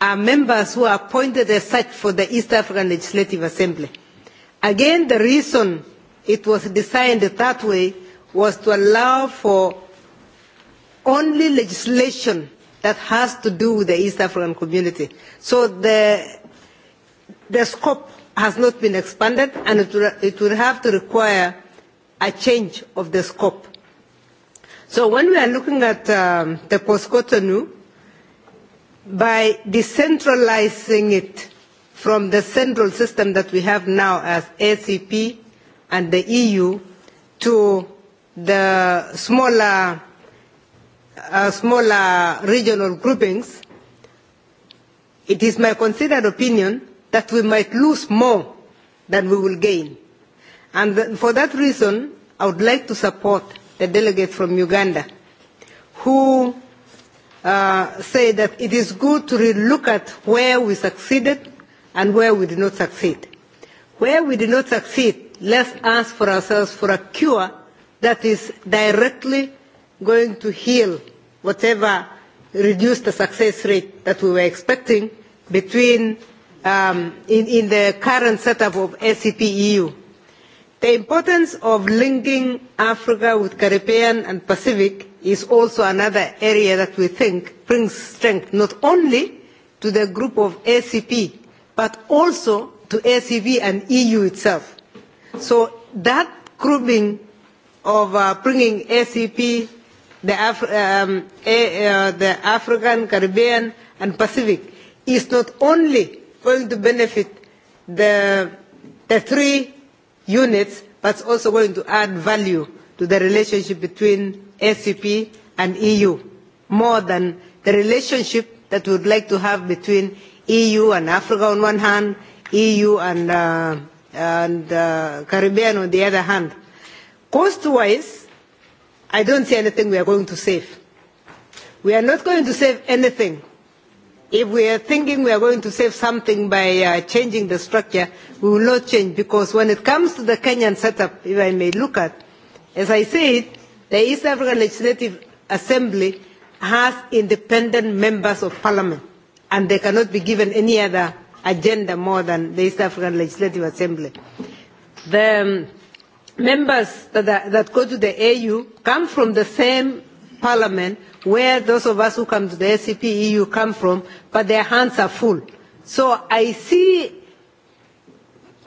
are members who are appointed as such for the East African Legislative Assembly. Again, the reason it was designed that way was to allow for only legislation that has to do with the East African community. So the, the scope has not been expanded and it will, have to require a change of the scope. So when we are looking at um, the post-Cotonou, by decentralizing it from the central system that we have now as ACP and the EU to the smaller Uh, smaller regional groupings, it is my considered opinion that we might lose more than we will gain. And for that reason, I would like to support the delegate from Uganda who uh, say that it is good to look at where we succeeded and where we did not succeed. Where we did not succeed, let's ask for ourselves for a cure that is directly going to heal whatever reduced the success rate that we were expecting between um, in, in the current setup of ACP e EU. The importance of linking Africa with Caribbean and Pacific is also another area that we think brings strength not only to the group of ACP e but also to ACP e and EU itself. So that grouping of uh, bringing ACP the, Af um, uh, the African, Caribbean, and Pacific is not only going to benefit the, the three units, but also going to add value to the relationship between ACP and EU, more than the relationship that we would like to have between EU and Africa on one hand, EU and, uh, and uh, Caribbean on the other hand. Cost-wise, i don't see anything we are going to save. We are not going to save anything. If we are thinking we are going to save something by uh, changing the structure, we will not change because when it comes to the Kenyan setup, if I may look at, as I said, the East African Legislative Assembly has independent members of parliament and they cannot be given any other agenda more than the East African Legislative Assembly. The, um, members that, go to the au come from the same parliament where those of us who come to the acp eu come from but their hands are full. so i see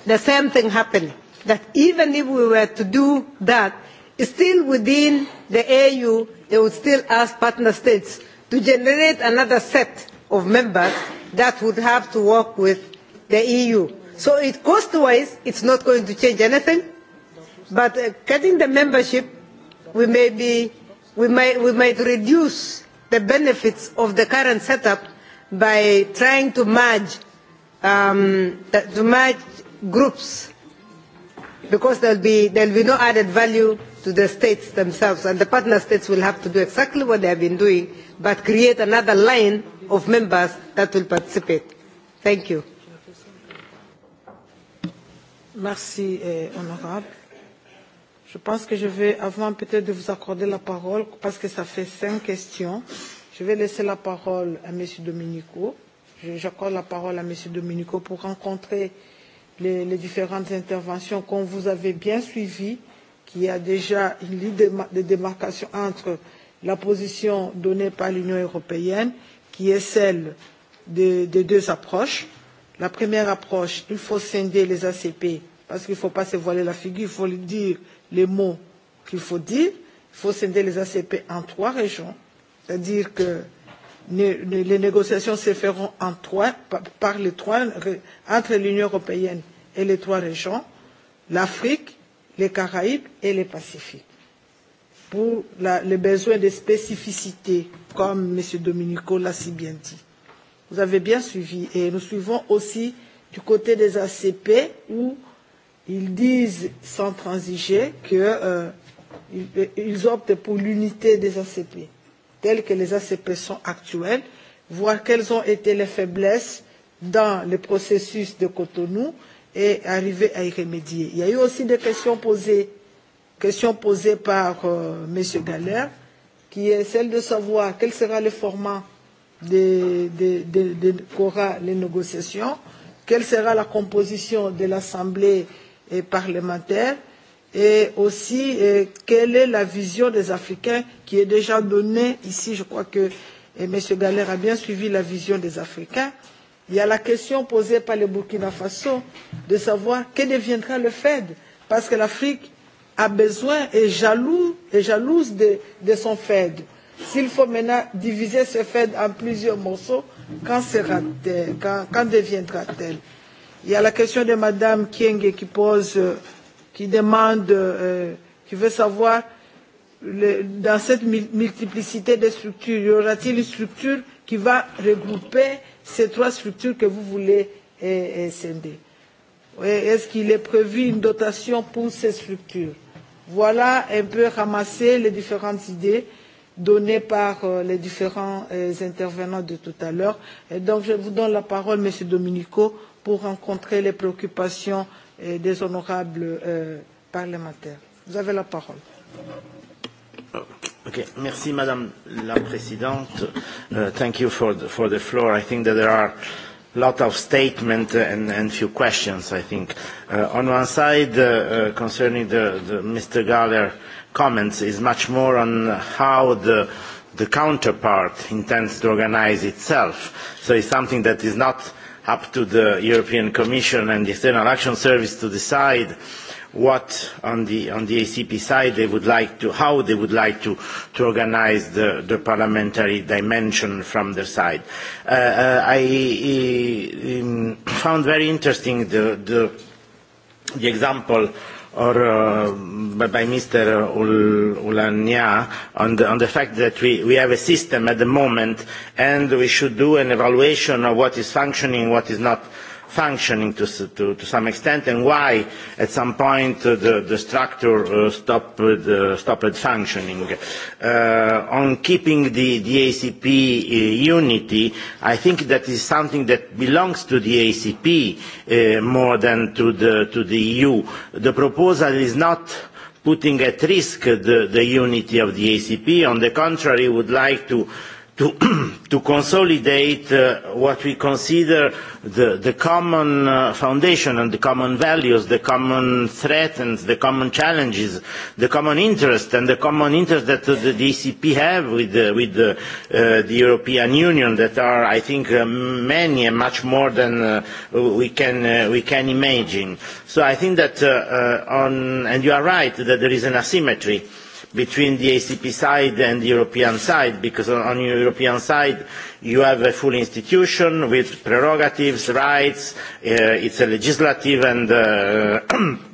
the same thing happening that even if we were to do that still within the au they would still ask partner states to generate another set of members that would have to work with the eu. so it cost wise it's not going to change anything But uh, cutting the membership, we may, be, we, we might reduce the benefits of the current setup by trying to merge, um, to merge groups because there will be, there'll be no added value to the states themselves and the partner states will have to do exactly what they have been doing but create another line of members that will participate. Thank you. Merci, eh, honorable. Je pense que je vais, avant peut-être de vous accorder la parole, parce que ça fait cinq questions, je vais laisser la parole à M. Dominico. J'accorde la parole à M. Dominico pour rencontrer les, les différentes interventions qu'on vous avez bien suivies, qui a déjà une ligne de démarcation entre la position donnée par l'Union européenne, qui est celle des de deux approches. La première approche, il faut scinder les ACP, parce qu'il ne faut pas se voiler la figure, il faut le dire, les mots qu'il faut dire. Il faut scinder les ACP en trois régions. C'est-à-dire que les négociations se feront en trois, par les trois, entre l'Union européenne et les trois régions, l'Afrique, les Caraïbes et les Pacifiques. Pour la, les besoins de spécificité, comme M. Dominico l'a si bien dit. Vous avez bien suivi et nous suivons aussi du côté des ACP où ils disent sans transiger qu'ils euh, optent pour l'unité des ACP, telles que les ACP sont actuelles, voir quelles ont été les faiblesses dans le processus de Cotonou et arriver à y remédier. Il y a eu aussi des questions posées, questions posées par euh, M. Galère, qui est celle de savoir quel sera le format de, de, de, de, de les négociations, quelle sera la composition de l'Assemblée parlementaire et aussi euh, quelle est la vision des Africains qui est déjà donnée ici. Je crois que M. Galère a bien suivi la vision des Africains. Il y a la question posée par le Burkina Faso de savoir que deviendra le Fed parce que l'Afrique a besoin et jaloux, est jalouse de, de son Fed. S'il faut maintenant diviser ce Fed en plusieurs morceaux, quand, sera -t quand, quand deviendra-t-elle Il y a la question de Madame Kieng qui pose, euh, qui demande, euh, qui veut savoir le, dans cette multiplicité de structures, y aura-t-il une structure qui va regrouper ces trois structures que vous voulez incender? Euh, euh, scinder Est-ce qu'il est prévu une dotation pour ces structures Voilà un peu ramasser les différentes idées donnés par euh, les différents euh, intervenants de tout à l'heure. Donc je vous donne la parole, Monsieur Dominico, pour rencontrer les préoccupations euh, des honorables parlementaires. Vous avez la parole. Oh, okay. Merci, Madame la Présidente. Uh, thank you for the, for the floor. I think that there are a lot of statements and, and few questions, I think. Uh, on one side, uh, uh concerning the, the Mr. Galler, comments is much more on how the the counterpart intends to organise itself. So is something that is not up to the European Commission and the External Action Service to decide what on the on the ACP side they would like to how they would like to to organise the, the parliamentary dimension from their side. Uh, uh, I um, found very interesting the the example or uh, by Mr. Ulania on the, on the fact that we, we have a system at the moment and we should do an evaluation of what is functioning, what is not functioning to, to, some extent and why at some point the, the structure uh, stopped, uh, stopped functioning. Uh, on keeping the, ACP unity, I think that is something that belongs to the ACP more than to the, to the EU. The proposal is not putting at risk the, the unity of the ACP. On the contrary, would like to to, consolidate uh, what we consider the, the common uh, foundation and the common values, the common threats and the common challenges, the common interests and the common interest that the, the ECP have with, the, uh, with the, European Union that are, I think, many and much more than we, can, we can imagine. So I think that on, and you are right, that there is an asymmetry between the ACP side and the European side, because on the European side you have a full institution with prerogatives, rights, it uh, it's a legislative and uh,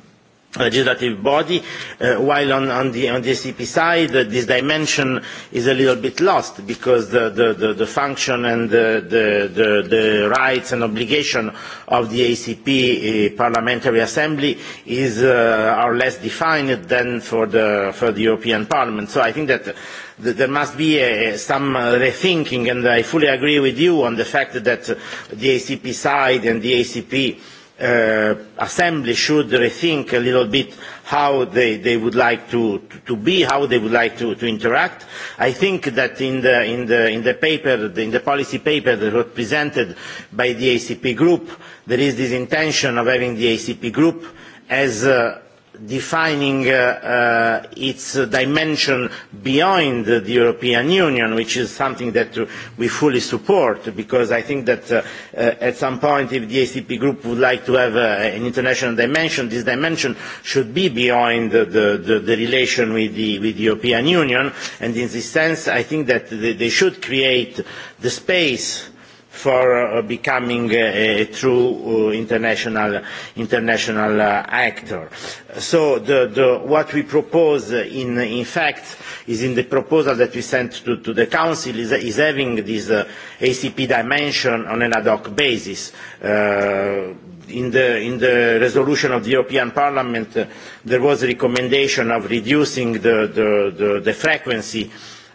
legislative body uh, while on, on, the, on the acp side uh, this dimension is a little bit lost because the, the, the, function and the, the, the, rights and obligation of the acp uh, parliamentary assembly is are less defined than for the, for the european parliament so i think that there must be some rethinking and i fully agree with you on the fact that the acp side and the acp uh, assembly should rethink a little bit how they, they would like to, to, be, how they would like to, to interact. I think that in the, in the, paper, in the policy paper that was presented by the ACP group, there is this intention of having the ACP group as a defining uh, uh, its dimension beyond the European Union, which is something that we fully support, because I think that uh, uh at some point, if the ACP group would like to have uh, an international dimension, this dimension should be beyond the, the, the relation with the, with the European Union, and in this sense, I think that they should create the space for uh, becoming a, true uh, international, international uh, actor. So the, the, what we propose in, in fact is in the proposal that we sent to, to the Council is, is having this ACP dimension on an ad hoc basis. Uh, in the, in the resolution of the European Parliament, uh, there was a recommendation of reducing the, the, the, the frequency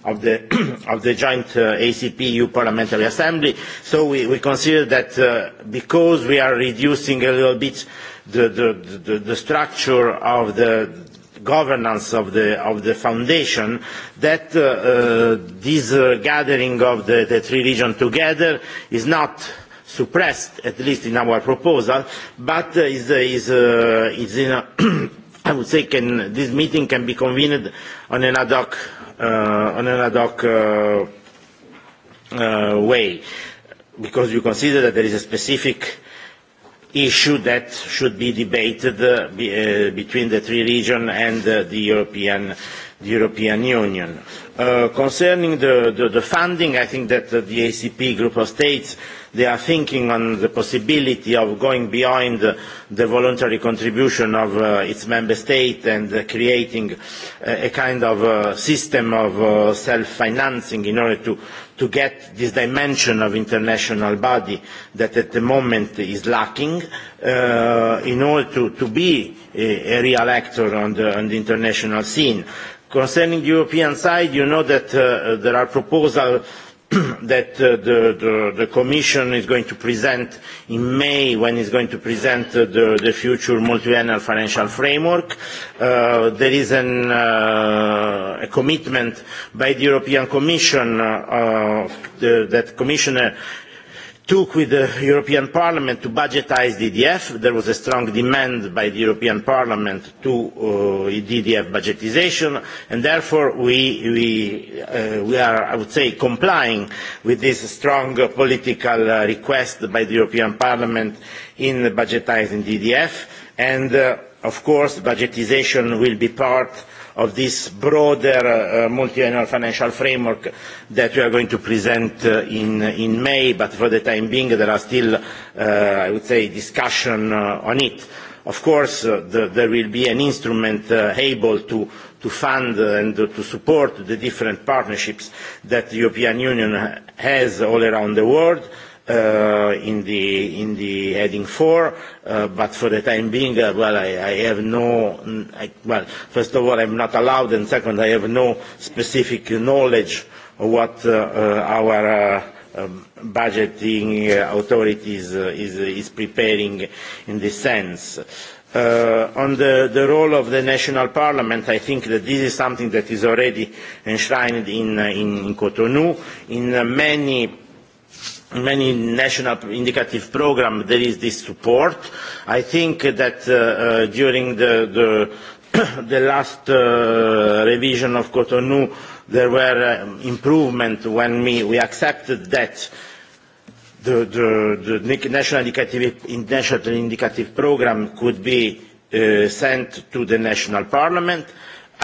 of the, of the joint uh, ACP EU Parliamentary Assembly. So we, we consider that uh, because we are reducing a little bit the, the, the, structure of the governance of the, of the foundation, that uh, uh, this gathering of the, three regions together is not suppressed, at least in our proposal, but is, is, is in a I would say can, this meeting can be convened on an ad hoc Uh, on an ad hoc uh, uh, way because you consider that there is a specific issue that should be debated between the three regions and the European, the European Union. Uh, concerning the, the, funding, I think that uh, the ACP group of states, they are thinking on the possibility of going beyond the, voluntary contribution of uh, its member state and creating a, kind of system of self-financing in order to, to get this dimension of international body that at the moment is lacking in order to, to be a, real actor on the, on the international scene. Concerning the European side, you know that uh, there are proposals that uh, the, the, the Commission is going to present in May when it is going to present uh, the, the future multi-annual financial framework. there is an, a commitment by the European Commission that Commissioner took with the European Parliament to budgetise DDF. There was a strong demand by the European Parliament to uh, DDF budgetisation and therefore we, uh, we, are, I would say, complying with this strong political uh, request by the European Parliament in budgetising DDF and, uh, of course, budgetisation will be part of this broader uh, multiannual financial framework that we are going to present uh, in, in May, but for the time being there are still, uh, I would say, discussion on it. Of course, the, there will be an instrument able to to fund and to support the different partnerships that the European Union has all around the world uh, in the in the heading four, uh, but for the time being, uh, well, I, I have no. I, well, first of all, I'm not allowed, and second, I have no specific knowledge of what uh, uh, our. Uh, um, budgeting uh, authorities uh, is, is preparing in this sense. Uh, on the, the role of the national parliament, I think that this is something that is already enshrined in, uh, in, in Cotonou. In uh, many many national indicative programs there is this support. I think that uh, uh during the, the, the last uh, revision of Cotonou there were uh, um, improvements when we, we accepted that the, the, the national, indicative, national indicative program could be uh, sent to the national parliament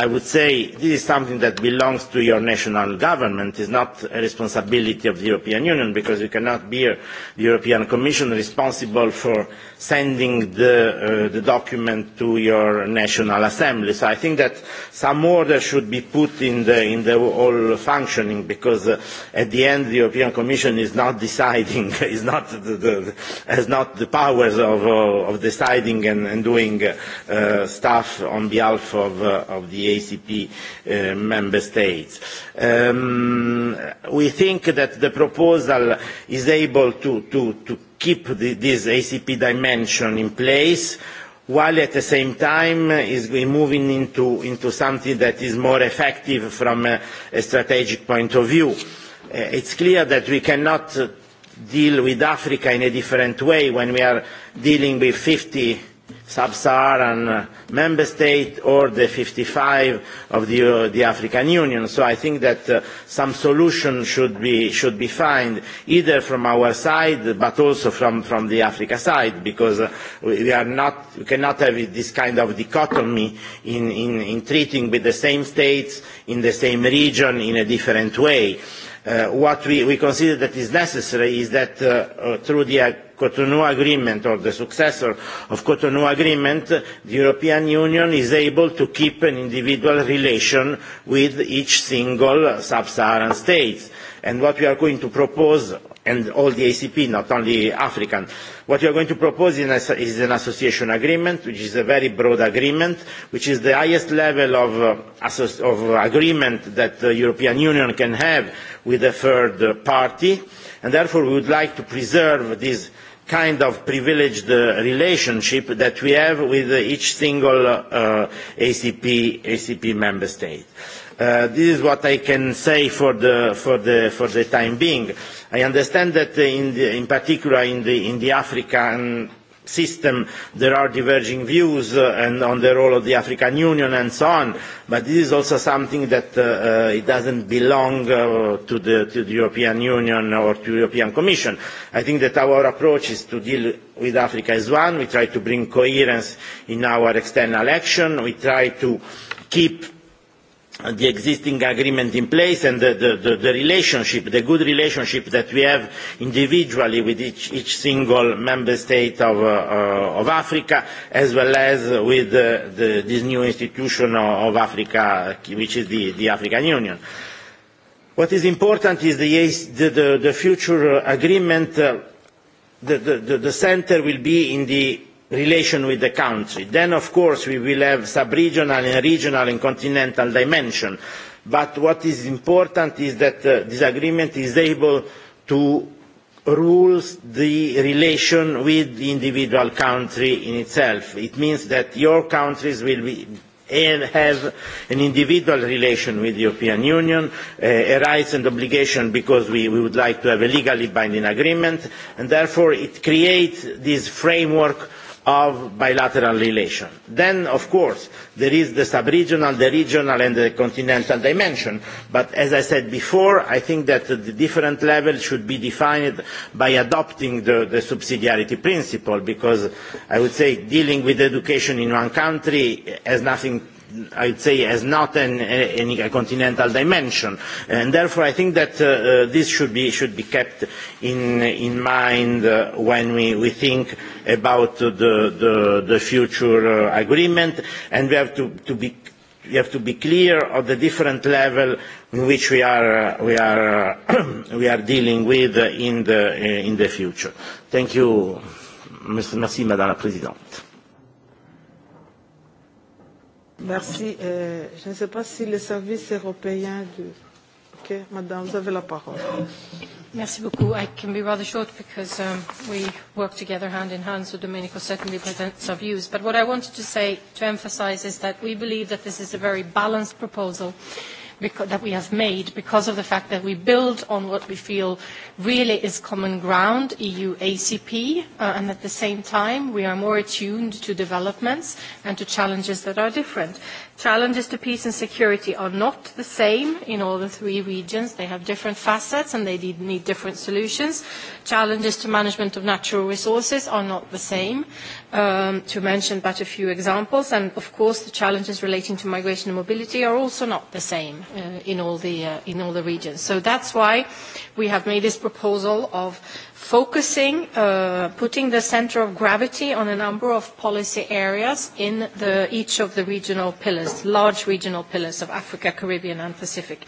i would say this is something that belongs to your national government, It is not a responsibility of the European Union, because you cannot be uh, the European Commission responsible for sending uh, the, document to your national assembly. So I think that some order should be put in the, in the whole functioning, because uh, at the end the European Commission is not deciding, is not the, has not the powers of, deciding and, and doing stuff on behalf of, of the ACP uh, member states. Um, we think that the proposal is able to, keep this ACP dimension in place while at the same time is moving into, something that is more effective from a, strategic point of view. It uh, it's clear that we cannot uh, deal with Africa in a different way when we are dealing with 50 sub-Saharan member state or the 55 of the, uh, the African Union. So I think that uh, some solution should be, should be found either from our side but also from, from the Africa side because uh, we, are not, we cannot have this kind of dichotomy in, in treating with the same states in the same region in a different way. Uh, what we, we consider that is necessary is that uh, uh, through the Cotonou Agreement or the successor of Cotonou Agreement, uh, the European Union is able to keep an individual relation with each single sub-Saharan state. And what we are going to propose and all the ACP, not only African. What we are going to propose is an association agreement, which is a very broad agreement, which is the highest level of, uh, of agreement that the European Union can have with a third party, and therefore we would like to preserve this kind of privileged relationship that we have with each single uh, ACP, ACP member state. Uh, this is what i can say for the for the for the time being i understand that in in particular in the in the african system there are diverging views uh, and on the role of the african union and so on but this is also something that uh, uh, it doesn't belong uh, to the to the european union or to the european commission i think that our approach is to deal with africa as one we try to bring coherence in our external action we try to keep the existing agreement in place and the, relationship, the good relationship that we have individually with each, single member state uh, uh, of, Africa, as well as with uh, this new institution of Africa, which is the, African Union. What is important is the, the, future agreement, the, the, the center will be in the relation with the country. Then, of course, we will have sub-regional and regional and continental dimension. But what is important is that uh, this agreement is able to rule the relation with the individual country in itself. It means that your countries will be and have an individual relation with the European Union, uh, a rights and obligation because we, we would like to have a legally binding agreement, and therefore it creates this framework of bilateral relations. Then, of course, there is the sub-regional, the regional, and the continental dimension. But as I said before, I think that the different levels should be defined by adopting the, the subsidiarity principle, because I would say dealing with education in one country has nothing i would say has not an, a, a continental dimension. And therefore I think that uh, uh, this should be, should be kept in, in mind uh, when we, we think about the, the, the future uh, agreement and we have to, to be we have to be clear of the different level in which we are, uh, we are, uh, we are dealing with in the, in the future. Thank you. Madame la Présidente. Merci. Euh, je ne sais pas si le service européen de... Ok, madame, vous avez la parole. Merci beaucoup. I can be rather short because um, we work together hand in hand, so Domenico certainly presents our views. But what I wanted to say, to emphasize, is that we believe that this is a very balanced proposal that we have made because of the fact that we build on what we feel really is common ground, EU ACP, uh, and at the same time we are more attuned to developments and to challenges that are different. Challenges to peace and security are not the same in all the three regions. They have different facets and they need different solutions. Challenges to management of natural resources are not the same, um, to mention but a few examples. And of course, the challenges relating to migration and mobility are also not the same uh, in, all the, uh, in all the regions. So that's why we have made this proposal of focusing, uh, putting the center of gravity on a number of policy areas in the, each of the regional pillars, large regional pillars of Africa, Caribbean and Pacific.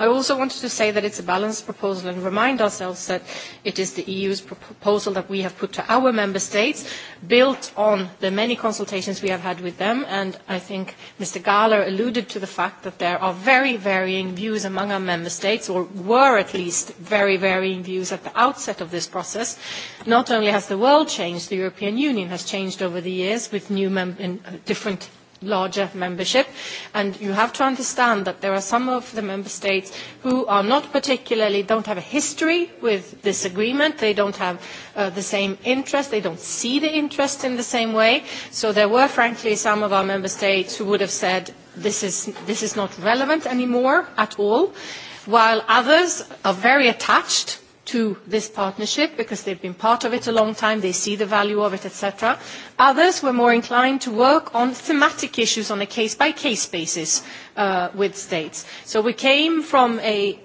I also wanted to say that it's a balanced proposal and remind ourselves that it is the EU's proposal that we have put to our member states, built on the many consultations we have had with them. And I think Mr. Gahler alluded to the fact that there are very varying views among our member states, or were at least very varying views at the outset of this process. Not only has the world changed, the European Union has changed over the years with new mem uh, different larger membership and you have to understand that there are some of the member states who are not particularly don't have a history with this agreement they don't have uh, the same interest they don't see the interest in the same way so there were frankly some of our member states who would have said this is this is not relevant anymore at all while others are very attached to this partnership because they've been part of it a long time, they see the value of it, etc. Others were more inclined to work on thematic issues on a case-by-case basis uh, with states. So we came from a,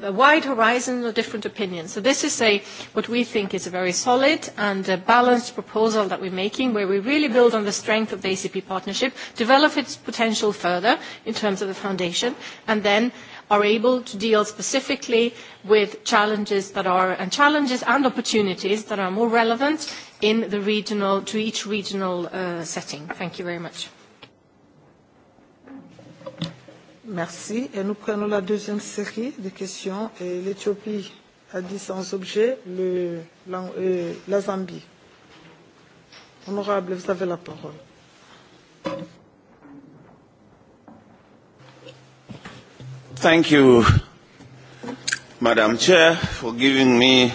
wide horizon of different opinions. So this is a, what we think is a very solid and a balanced proposal that we're making where we really build on the strength of the ACP partnership, develop its potential further in terms of the foundation, and then are able to deal specifically with challenges that are and challenges and opportunities that are more relevant in the regional to each regional uh, setting. Thank you very much. Merci. Et nous prenons la deuxième série de questions. Et l'Éthiopie a dit sans objet le, la, euh, la Zambie. Honorable, vous avez la parole. Thank you, Madam Chair, for giving me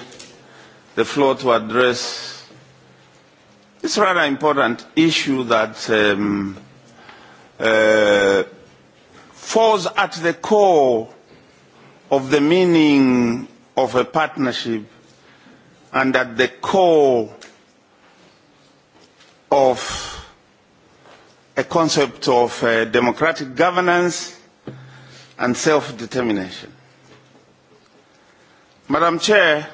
the floor to address this rather important issue that um, uh, falls at the core of the meaning of a partnership and at the core of a concept of uh, democratic governance and self-determination. Madam Chair,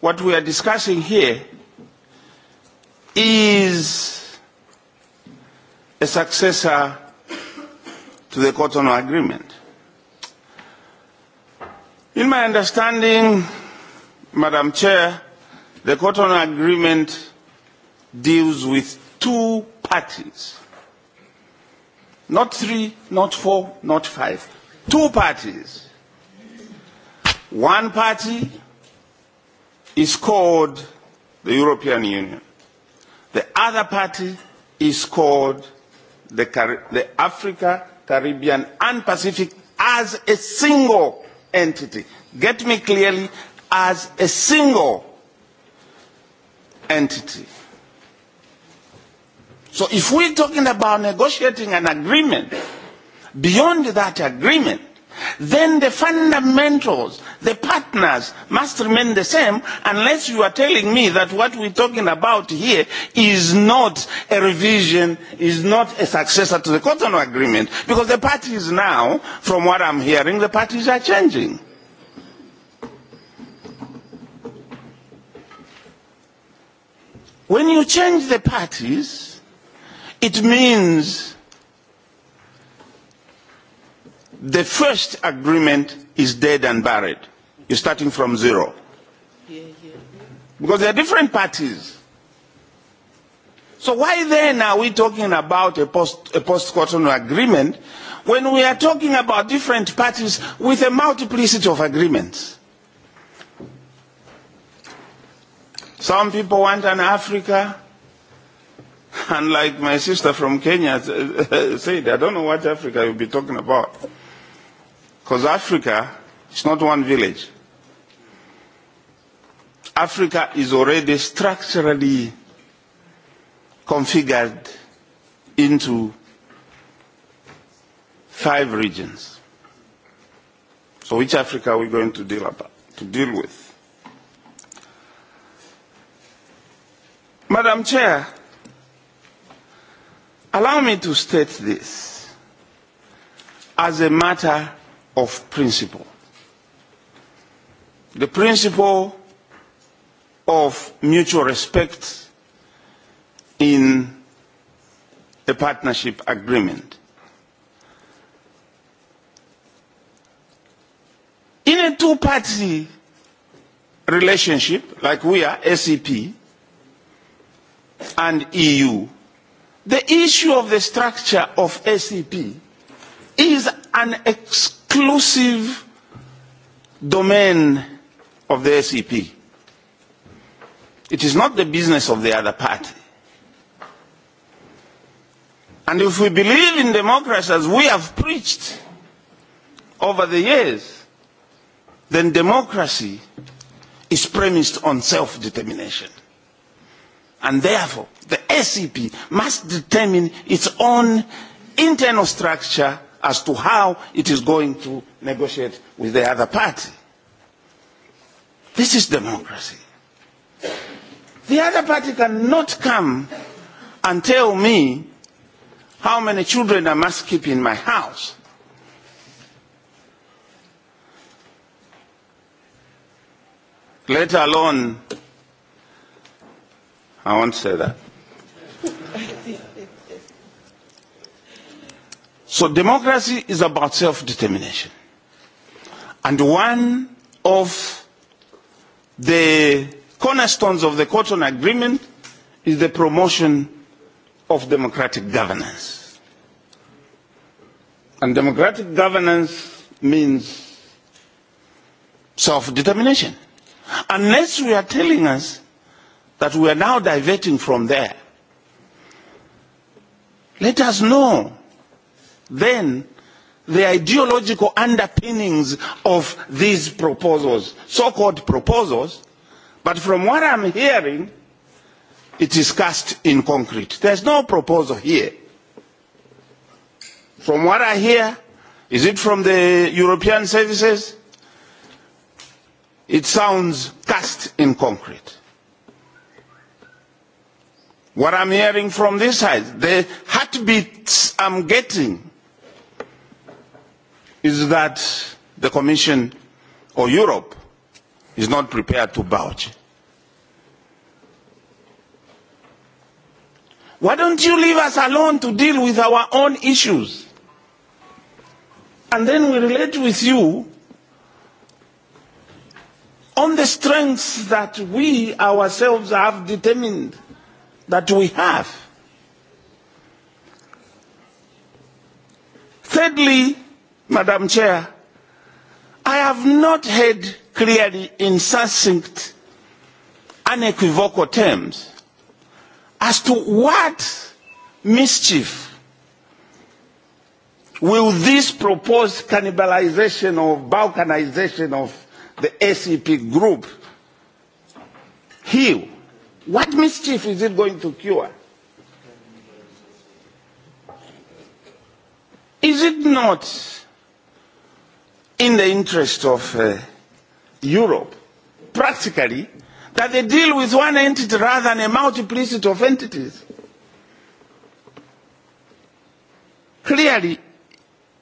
what we are discussing here is a successor to the Cotonou Agreement. In my understanding, Madam Chair, the Cotonou Agreement deals with two parties Not three, not four, not five. Two parties. One party is called the European Union. The other party is called the, Car the Africa, Caribbean and Pacific as a single entity. Get me clearly, as a single entity. So if we're talking about negotiating an agreement, beyond that agreement, then the fundamentals, the partners must remain the same unless you are telling me that what we're talking about here is not a revision, is not a successor to the Cotonou Agreement. Because the parties now, from what I'm hearing, the parties are changing. When you change the parties, It means the first agreement is dead and buried. You're starting from zero. Because there are different parties. So why then are we talking about a post a post Cotonou agreement when we are talking about different parties with a multiplicity of agreements? Some people want an Africa And like my sister from Kenya said, I don't know what Africa you'll be talking about. Because Africa is not one village. Africa is already structurally configured into five regions. So which Africa are we going to deal about, to deal with? Madam Chair, Allow me to state this as a matter of principle. The principle of mutual respect in a partnership agreement. In a two-party relationship like we are, SEP and EU, The issue of the structure of SEP is an exclusive domain of the SEP. It is not the business of the other party. And if we believe in democracy as we have preached over the years, then democracy is premised on self-determination and therefore the SCP e must determine its own internal structure as to how it is going to negotiate with the other party. This is democracy. The other party cannot come and tell me how many children I must keep in my house. Let alone i won't say that. so democracy is about self-determination. And one of the cornerstones of the Cotton Agreement is the promotion of democratic governance. And democratic governance means self-determination. Unless we are telling us that we are now diverting from there. Let us know then the ideological underpinnings of these proposals, so-called proposals, but from what I'm hearing, it is cast in concrete. There's no proposal here. From what I hear, is it from the European services? It sounds cast in concrete. What I'm hearing from this side, the heartbeats I'm getting is that the Commission or Europe is not prepared to vouch. Why don't you leave us alone to deal with our own issues? And then we relate with you on the strengths that we ourselves have determined that we have. Thirdly, Madam Chair, I have not heard clearly in succinct, unequivocal terms as to what mischief will this proposed cannibalization or balkanization of the ACP group heal. What mischief is it going to cure? Is it not in the interest of uh, Europe, practically, that they deal with one entity rather than a multiplicity of entities? Clearly,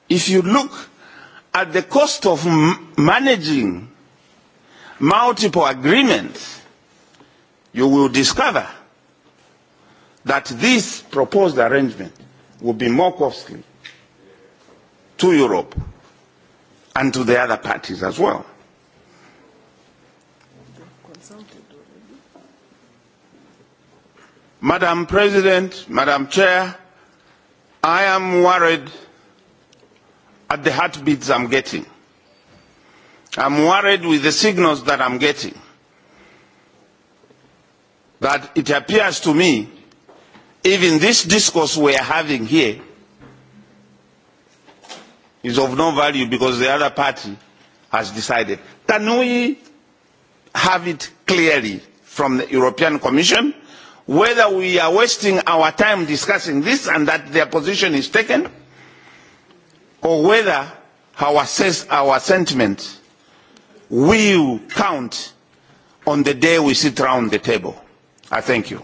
if you look at the cost of m managing multiple agreements, you will discover that this proposed arrangement will be more costly to Europe and to the other parties as well. Madam President, Madam Chair, I am worried at the heartbeats I'm getting. I'm worried with the signals that I'm getting that it appears to me even this discourse we are having here is of no value because the other party has decided. Can we have it clearly from the European Commission whether we are wasting our time discussing this and that their position is taken or whether our, our sentiment will count on the day we sit round the table? I thank you.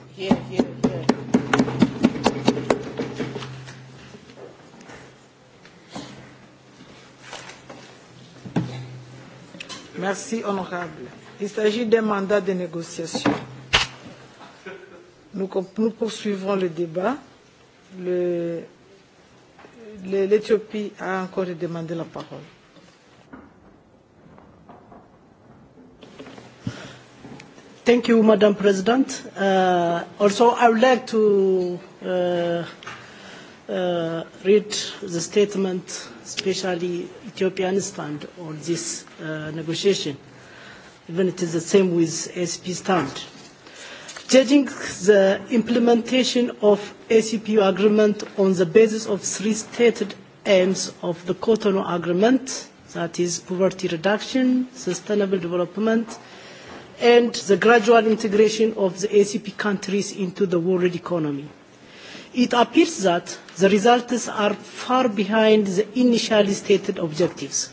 Merci, honorable. Il s'agit d'un mandat de négociation. Nous, nous poursuivrons le débat. L'Éthiopie a encore demandé la parole. Thank you, Madam President. Uh, also, I would like to uh, uh, read the statement, especially Ethiopian stand on this uh, negotiation, even it is the same with ACP stand. Judging the implementation of ACP agreement on the basis of three stated aims of the Cotonou agreement, that is poverty reduction, sustainable development, and the gradual integration of the ACP countries into the world economy. It appears that the results are far behind the initially stated objectives.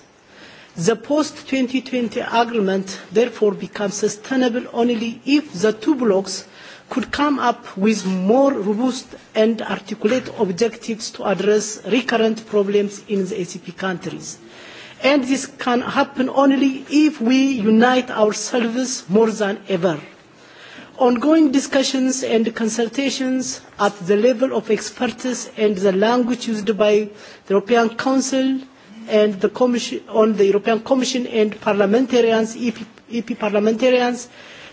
The post-2020 agreement therefore becomes sustainable only if the two blocks could come up with more robust and articulate objectives to address recurrent problems in the ACP countries and this can happen only if we unite ourselves more than ever. Ongoing discussions and consultations at the level of expertise and the language used by the European Council and the on the European Commission and parliamentarians, EP, EP parliamentarians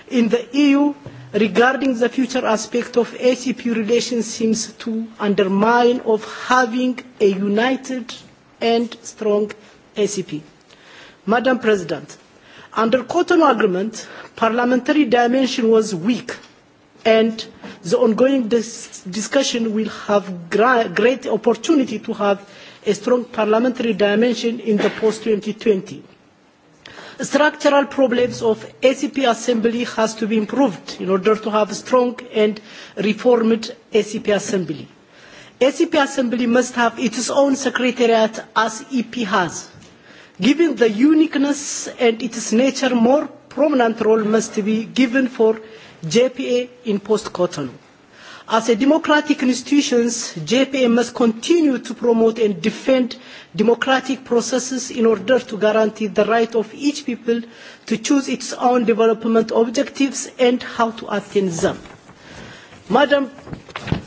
in the EU regarding the future aspect of ACP relations seems to undermine of having a united and strong ACP. Madam President, under Cotonou Agreement, parliamentary dimension was weak and the ongoing dis discussion will have great opportunity to have a strong parliamentary dimension in the post-2020. Structural problems of ACP Assembly has to be improved in order to have a strong and reformed ACP Assembly. ACP Assembly must have its own secretariat as EP has Given the uniqueness and its nature, more prominent role must be given for JPA in post-Cotonou. As a democratic institution, JPA must continue to promote and defend democratic processes in order to guarantee the right of each people to choose its own development objectives and how to attain them. Madam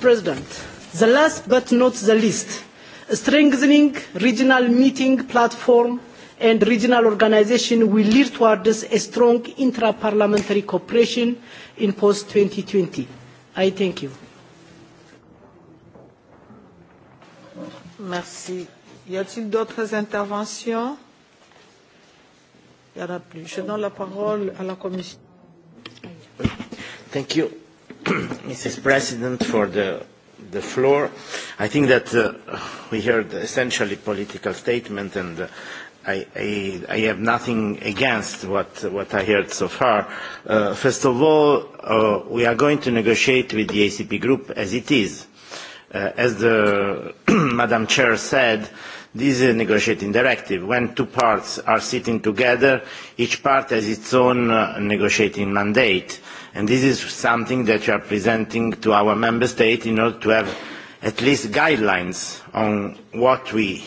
President, the last but not the least, strengthening regional meeting platform and regional organisation will lead towards a strong intra parliamentary cooperation in post 2020. I thank you. Merci. Y a-t-il d'autres interventions Il n'y en la parole à la Commission. Thank you, Mrs. President, for the, the floor. I think that uh, we heard essentially political statement and uh, i, I, I have nothing against what, what I heard so far. Uh, first of all, uh, we are going to negotiate with the ACP group as it is. Uh, as the Madam Chair said, this is a negotiating directive. When two parts are sitting together, each part has its own negotiating mandate. And this is something that we are presenting to our member state in order to have at least guidelines on what we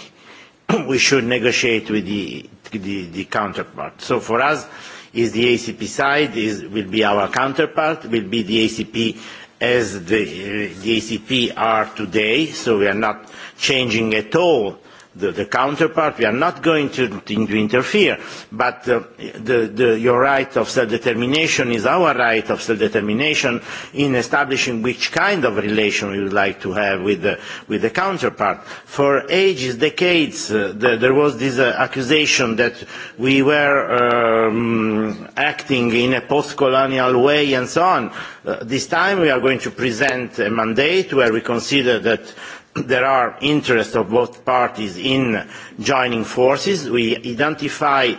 we should negotiate with the, the, the counterpart. So for us, is the ACP side, is, will be our counterpart, will be the ACP as the, the ACP are today, so we are not changing at all the, the counterpart. We are not going to, to interfere, but uh, the, the, your right of self-determination is our right of self-determination in establishing which kind of relation we would like to have with the, with the counterpart. For ages, decades, uh, the, there was this uh, accusation that we were um, acting in a post-colonial way and so on. Uh, this time we are going to present a mandate where we consider that there are interests of both parties in joining forces. We identify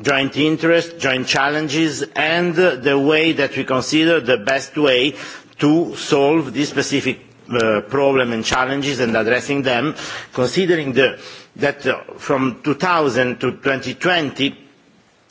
joint interests, joint challenges and the way that we consider the best way to solve these specific uh, problems and challenges and addressing them, considering the, that uh, from 2000 to 2020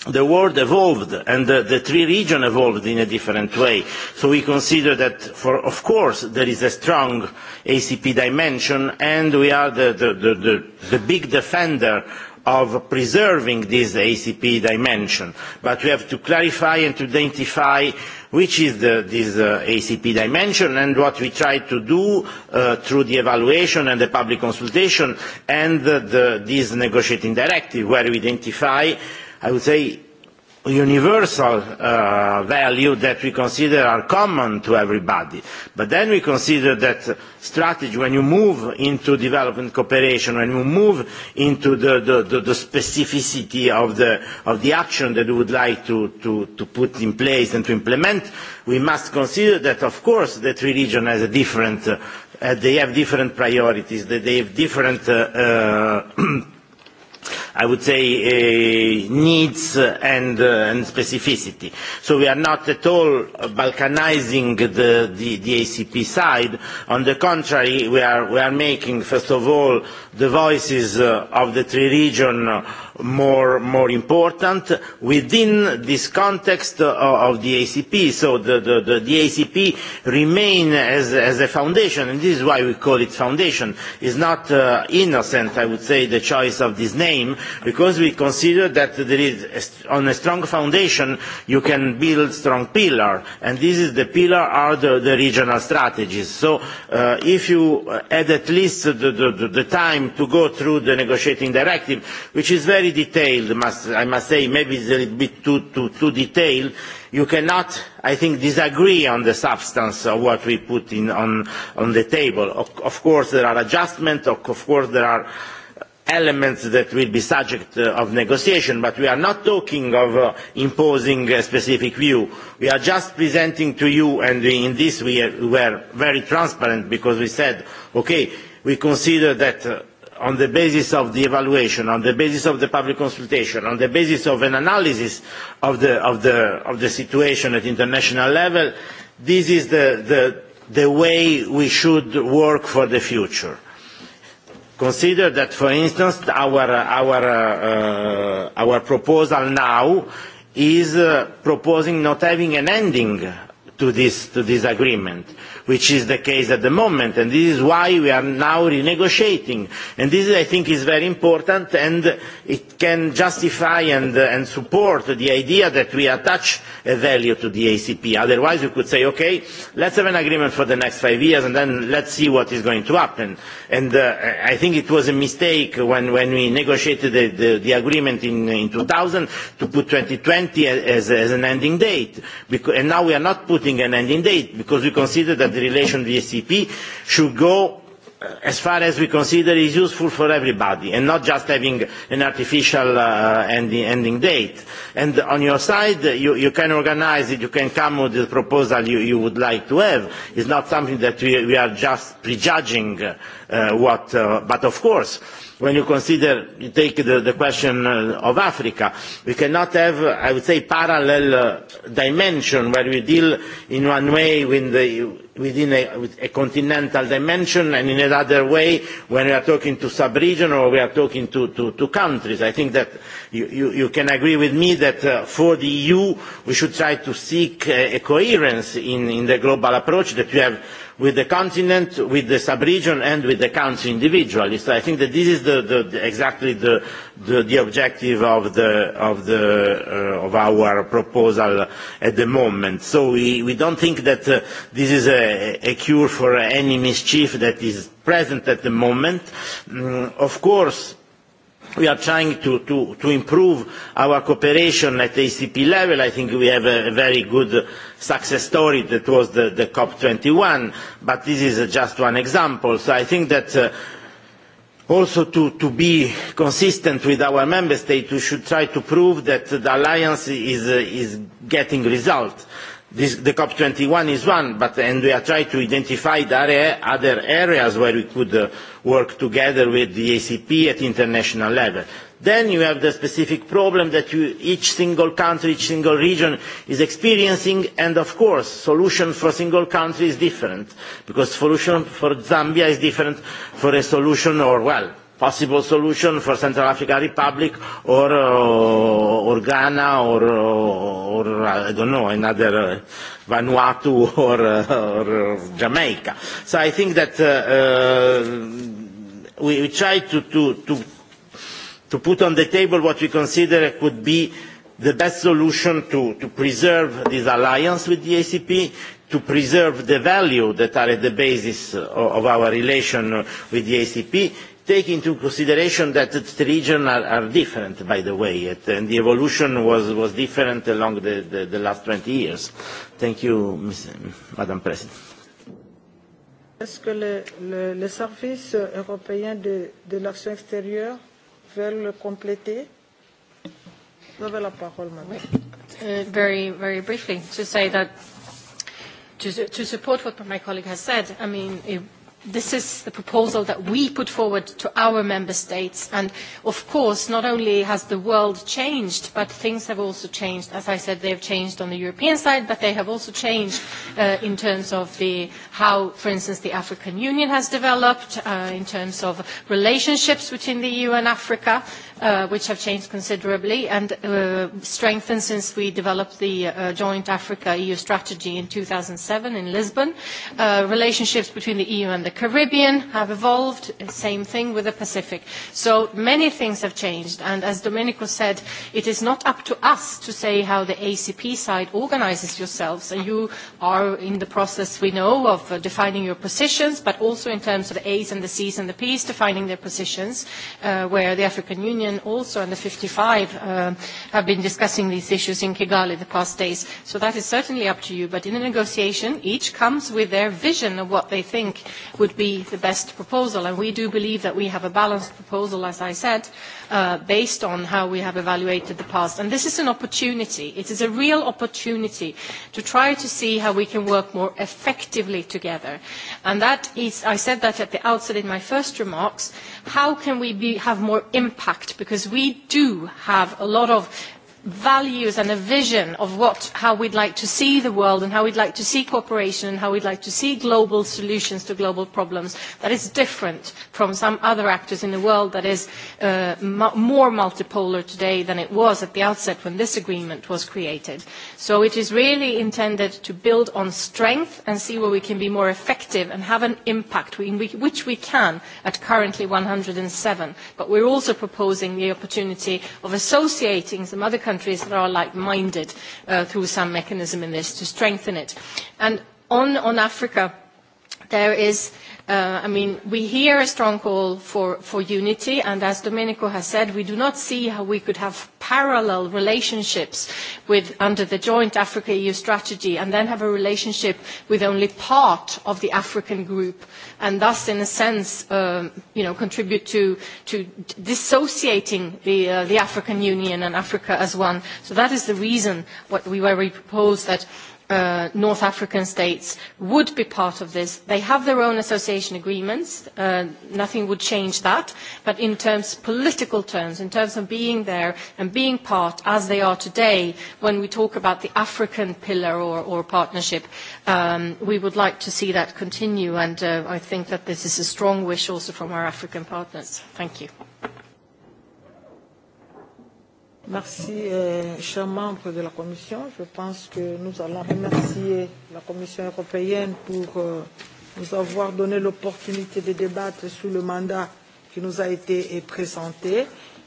the world evolved and the, the three regions evolved in a different way. So we consider that, for, of course, there is a strong ACP dimension and we are the, the, the, the, the big defender of preserving this ACP dimension. But we have to clarify and to identify which is the, this uh, ACP dimension and what we try to do uh, through the evaluation and the public consultation and the, the, this negotiating directive where we identify i would say, universal uh, value that we consider are common to everybody. But then we consider that strategy, when you move into development cooperation, when you move into the, the, the, the specificity of the, of the action that we would like to, to, to put in place and to implement, we must consider that, of course, that religion has a different, uh, they have different priorities, that they have different uh, uh I would say, uh, needs and, uh, and specificity. So we are not at all balkanizing the, the, the ACP side. On the contrary, we are, we are making, first of all, the voices uh, of the three regions more, more important within this context uh, of the ACP. So the, the, the, the ACP remain as, as a foundation, and this is why we call it foundation. is not uh, innocent, I would say, the choice of this name, because we consider that there is, on a strong foundation, you can build strong pillar, and this is the pillar are the, the regional strategies. So uh, if you add at least the, the, the time to go through the negotiating directive, which is very very detailed must, i must say maybe it's a little bit too, too, too detailed you cannot i think disagree on the substance of what we put in, on, on the table. Of, of course there are adjustments of course there are elements that will be subject uh, of negotiation but we are not talking of uh, imposing a specific view we are just presenting to you and we, in this we, are, uh, were very transparent because we said okay we consider that uh, on the basis of the evaluation, on the basis of the public consultation, on the basis of an analysis of the, of the, of the situation at international level, this is the, the, the way we should work for the future. Consider that, for instance, our, our, uh, our proposal now is uh, proposing not having an ending to this, to this agreement which is the case at the moment and this is why we are now renegotiating and this i think is very important and it can justify and, uh, support the idea that we attach a value to the acp otherwise we could say okay let's have an agreement for the next five years and then let's see what is going to happen and uh, i think it was a mistake when, we negotiated the, agreement in, 2000 to put 2020 as, as an ending date and now we are not putting an ending date because we consider that the relation with the acp should go uh, as far as we consider is useful for everybody and not just having an artificial uh, ending, ending date. And on your side, you, you can organize it, you can come with the proposal you, you would like to have. It's not something that we, we are just prejudging uh, what, uh, but of course, when you consider, you take the, question uh, of Africa, we cannot have, I would say, parallel uh, dimension where we deal in one way with the within a, with a continental dimension and in another way when we are talking to sub region or we are talking to, to, countries. I think that you, you, can agree with me that uh, for the EU we should try to seek a coherence in, in the global approach that we have with the continent, with the sub-region, and with the country individually. So I think that this is the, the, the exactly the, the, the objective of, the, of, the, uh, of our proposal at the moment. So we, we don't think that uh, this is a, a cure for any mischief that is present at the moment. Mm, of course, we are trying to, to, improve our cooperation at the ACP level. I think we have a very good success story that was the, COP COP21, but this is just one example. So I think that uh, also to, to be consistent with our member states, we should try to prove that the alliance is, is getting results This, the cop twenty one is one but and we are trying to identify the area, other areas where we could uh, work together with the acp at international level. then you have the specific problem that you, each single country each single region is experiencing and of course solution for a single country is different because solution for zambia is different for a solution or well possible solution for Central African Republic or uh, or Ghana uh, or uh, I don't know another uh, Vanuatu or, uh, Jamaica. So I think that we, try to, to to put on the table what we consider could be the best solution to, to preserve this alliance with the ACP, to preserve the value that are at the basis of our relation with the ACP, take into consideration that the regions are, are different, by the way, and the evolution was, was different along the, the, the last 20 years. Thank you, Ms. Madam President. Est-ce que le, le, le service européen de, de l'action extérieure veut le compléter Vous avez la parole, madame. Oui. Uh, very, very briefly, to say that to, to support what my colleague has said, I mean, it, this is the proposal that we put forward to our member states and of course not only has the world changed but things have also changed as i said they have changed on the european side but they have also changed uh, in terms of the how for instance the african union has developed uh, in terms of relationships between the eu and africa Uh, which have changed considerably and uh, strengthened since we developed the uh, joint Africa EU strategy in 2007 in Lisbon. Relationships between the EU and the Caribbean have evolved, same thing with the Pacific. So many things have changed and as Domenico said, it is not up to us to say how the ACP side organizes yourselves and you are in the process we know of defining your positions but also in terms of the A's and the C's and the P's defining their positions where the African Union UN also and the 55 uh, have been discussing these issues in Kigali the past days. So that is certainly up to you. But in a negotiation, each comes with their vision of what they think would be the best proposal. And we do believe that we have a balanced proposal, as I said. Uh, based on how we have evaluated the past. And this is an opportunity. It is a real opportunity to try to see how we can work more effectively together. And that is, I said that at the outset in my first remarks, how can we have more impact? Because we do have a lot of values and a vision of what, how we'd like to see the world and how we'd like to see cooperation and how we'd like to see global solutions to global problems that is different from some other actors in the world that is uh, more multipolar today than it was at the outset when this agreement was created. So it is really intended to build on strength and see where we can be more effective and have an impact, which we can at currently 107. But we're also proposing the opportunity of associating some other countries countries that are like-minded uh, through some mechanism in this to strengthen it. And on, on Africa, there is uh, I mean, we hear a strong call for, unity, and as Domenico has said, we do not see how we could have parallel relationships with, under the joint Africa-EU strategy and then have a relationship with only part of the African group, and thus, in a sense, um, you know, contribute to, dissociating uh, the, African Union and Africa as one. So that is the reason what we, were we propose that Uh, North African states would be part of this. They have their own association agreements. Uh, nothing would change that. But in terms, of political terms, in terms of being there and being part as they are today, when we talk about the African pillar or, partnership, um, we would like to see that continue. And uh, I think that this is a strong wish also from our African partners. Thank you. Merci, euh, chers membres de la Commission. Je pense que nous allons remercier la Commission européenne pour euh, nous avoir donné l'opportunité de débattre sur le mandat qui nous a été présenté.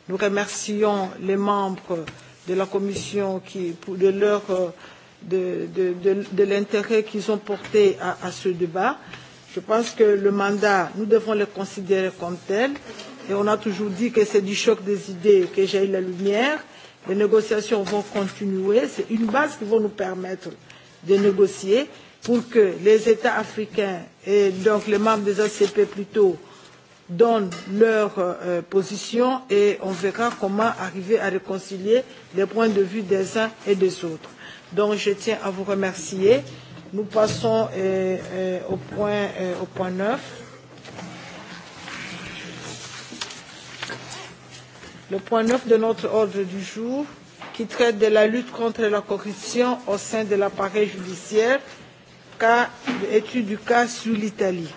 Nous remercions les membres de la Commission qui, pour de leur euh, de, de, de, de l'intérêt qu'ils ont porté à, à ce débat. Je pense que le mandat, nous devons le considérer comme tel et on a toujours dit que c'est du choc des idées que j'ai la lumière. Les négociations vont continuer. C'est une base qui va nous permettre de négocier pour que les États africains et donc les membres des ACP plutôt donnent leur euh, position et on verra comment arriver à réconcilier les points de vue des uns et des autres. Donc je tiens à vous remercier. Nous passons euh, euh, au, point, euh, au point 9 le point 9 de notre ordre du jour qui traite de la lutte contre la corruption au sein de l'appareil judiciaire, cas, étude du cas sur l'Italie.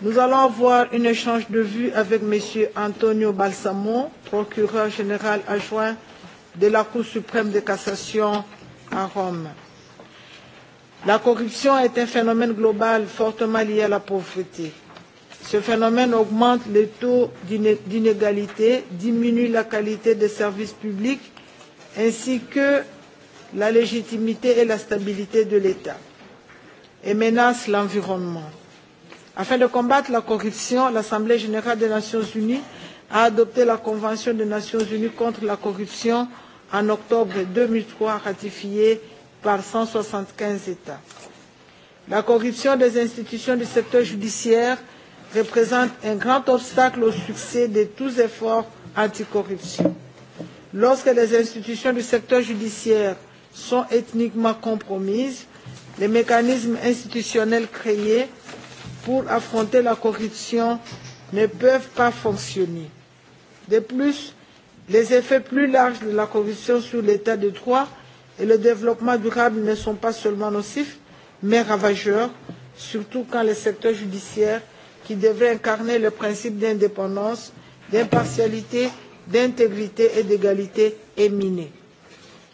Nous allons avoir un échange de vues avec M. Antonio Balsamo, procureur général adjoint de la Cour suprême de cassation à Rome. La corruption est un phénomène global fortement lié à la pauvreté Ce phénomène augmente le taux d'inégalité, diminue la qualité des services publics ainsi que la légitimité et la stabilité de l'État et menace l'environnement. Afin de combattre la corruption, l'Assemblée générale des Nations unies a adopté la Convention des Nations unies contre la corruption en octobre 2003, ratifiée par 175 États. La corruption des institutions du secteur judiciaire représente un grand obstacle au succès de tous efforts anticorruption. Lorsque les institutions du secteur judiciaire sont ethniquement compromises, les mécanismes institutionnels créés pour affronter la corruption ne peuvent pas fonctionner. De plus, les effets plus larges de la corruption sur l'état de droit et le développement durable ne sont pas seulement nocifs, mais ravageurs, surtout quand le secteur judiciaire qui devrait incarner le principe d'indépendance, d'impartialité, d'intégrité et d'égalité est miné.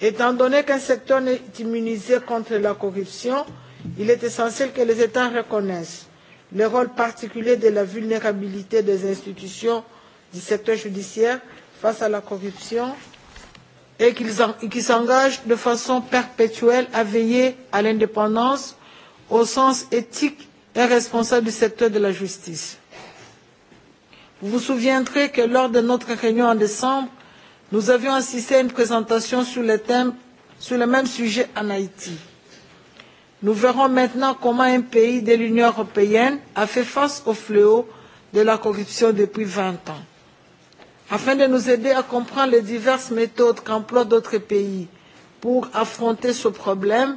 Étant donné qu'un secteur n'est immunisé contre la corruption, il est essentiel que les États reconnaissent le rôle particulier de la vulnérabilité des institutions du secteur judiciaire face à la corruption et qu'ils s'engagent de façon perpétuelle à veiller à l'indépendance au sens éthique est responsable du secteur de la justice. Vous vous souviendrez que lors de notre réunion en décembre, nous avions assisté à une présentation sur le, thème, sur le même sujet en Haïti. Nous verrons maintenant comment un pays de l'Union européenne a fait face au fléau de la corruption depuis 20 ans. Afin de nous aider à comprendre les diverses méthodes qu'emploient d'autres pays pour affronter ce problème,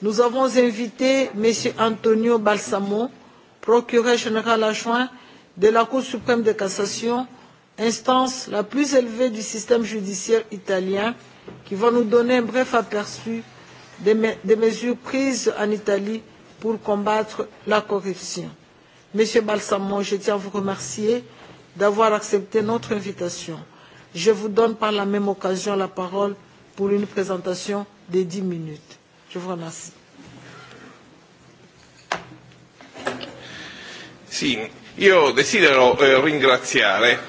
Nous avons invité M. Antonio Balsamo, procureur général adjoint de la Cour suprême de cassation, instance la plus élevée du système judiciaire italien, qui va nous donner un bref aperçu des, me des mesures prises en Italie pour combattre la corruption. Monsieur Balsamo, je tiens à vous remercier d'avoir accepté notre invitation. Je vous donne par la même occasion la parole pour une présentation de dix minutes. Je vous remercie. Sì, io desidero eh, ringraziare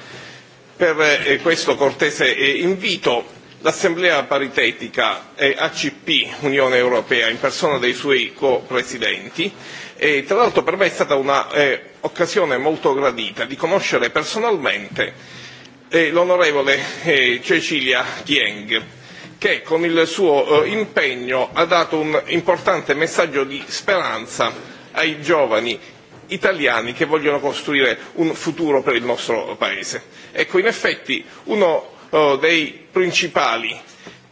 per eh, questo cortese eh, invito l'assemblea paritetica e ACP Unione Europea in persona dei suoi co-presidenti e tra l'altro per me è stata un'occasione eh, molto gradita di conoscere personalmente eh, l'onorevole eh, Cecilia Chieng che con il suo eh, impegno ha dato un importante messaggio di speranza ai giovani italiani che vogliono costruire un futuro per il nostro paese. Ecco in effetti uno eh, dei principali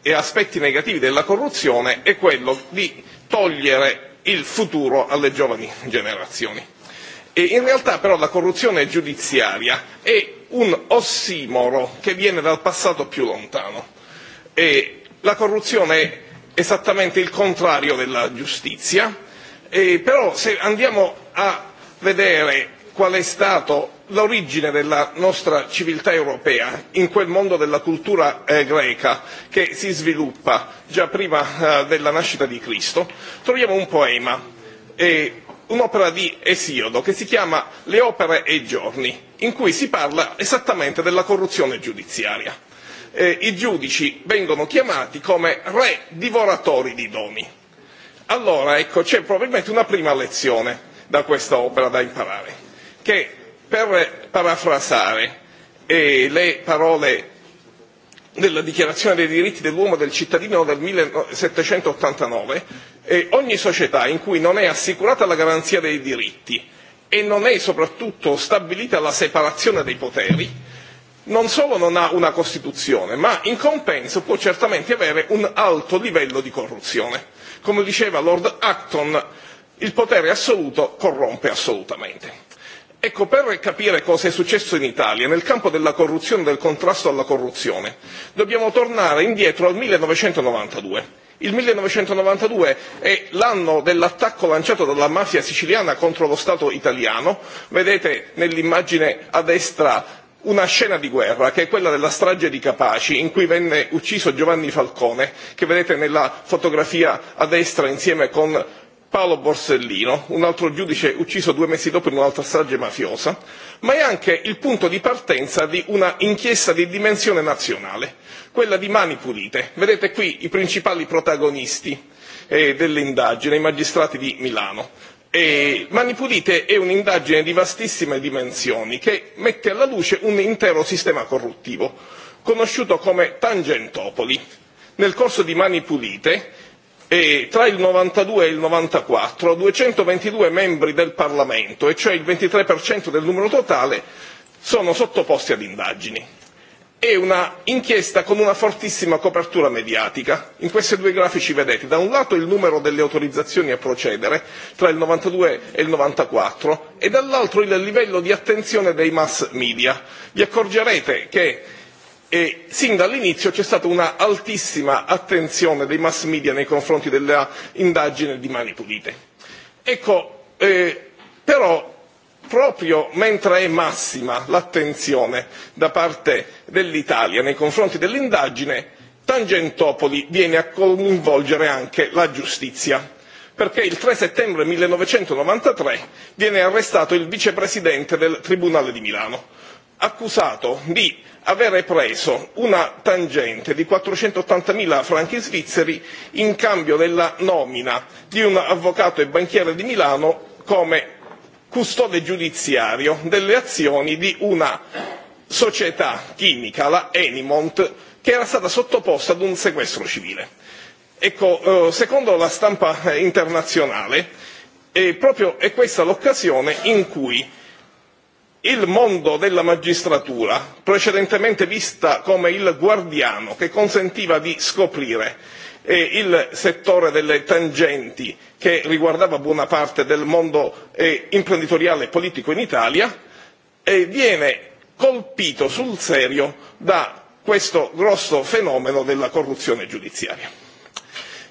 eh, aspetti negativi della corruzione è quello di togliere il futuro alle giovani generazioni. E in realtà però la corruzione giudiziaria è un ossimoro che viene dal passato più lontano e la corruzione è esattamente il contrario della giustizia e però se andiamo a vedere qual è stato l'origine della nostra civiltà europea in quel mondo della cultura eh, greca che si sviluppa già prima eh, della nascita di Cristo troviamo un poema eh, un'opera di Esiodo che si chiama Le opere e i giorni in cui si parla esattamente della corruzione giudiziaria E i giudici vengono chiamati come re divoratori di doni. Allora, ecco, c'è probabilmente una prima lezione da questa opera da imparare, che per parafrasare e le parole della dichiarazione dei diritti dell'uomo e del cittadino del 1789, eh, ogni società in cui non è assicurata la garanzia dei diritti e non è soprattutto stabilita la separazione dei poteri, non solo non ha una costituzione ma in compenso può certamente avere un alto livello di corruzione come diceva lord acton il potere assoluto corrompe assolutamente ecco per capire cosa è successo in italia nel campo della corruzione e del contrasto alla corruzione dobbiamo tornare indietro al 1992. il 1992 è l'anno dell'attacco lanciato dalla mafia siciliana contro lo stato italiano vedete nell'immagine a destra una scena di guerra che è quella della strage di capaci in cui venne ucciso giovanni falcone che vedete nella fotografia a destra insieme con paolo borsellino un altro giudice ucciso due mesi dopo in un'altra strage mafiosa ma è anche il punto di partenza di inchiesta di dimensione nazionale quella di mani pulite vedete qui i principali protagonisti eh, dell'indagine i magistrati di milano. E Mani Pulite è un'indagine di vastissime dimensioni che mette alla luce un intero sistema corruttivo, conosciuto come Tangentopoli. Nel corso di Mani Pulite, e tra il 92 e il 94, 222 membri del Parlamento, e cioè il 23% del numero totale, sono sottoposti ad indagini. È una con una fortissima copertura mediatica. In questi due grafici vedete da un lato il numero delle autorizzazioni a procedere tra il 92 e il 94 e dall'altro il livello di attenzione dei mass media. Vi accorgerete che eh, sin dall'inizio c'è stata una altissima attenzione dei mass media nei confronti dell'indagine di mani pulite. Ecco, eh, però proprio mentre è massima l'attenzione da parte dell'Italia nei confronti dell'indagine, Tangentopoli viene a coinvolgere anche la giustizia, perché il 3 settembre 1993 viene arrestato il vicepresidente del Tribunale di Milano, accusato di avere preso una tangente di 480.000 franchi svizzeri in cambio della nomina di un avvocato e banchiere di Milano come custode giudiziario delle azioni di una società chimica la enimont che era stata sottoposta ad un sequestro civile. ecco eh, secondo la stampa internazionale è proprio è questa l'occasione in cui il mondo della magistratura precedentemente vista come il guardiano che consentiva di scoprire eh, il settore delle tangenti che riguardava buona parte del mondo eh, imprenditoriale e politico in Italia e viene colpito sul serio da questo grosso fenomeno della corruzione giudiziaria.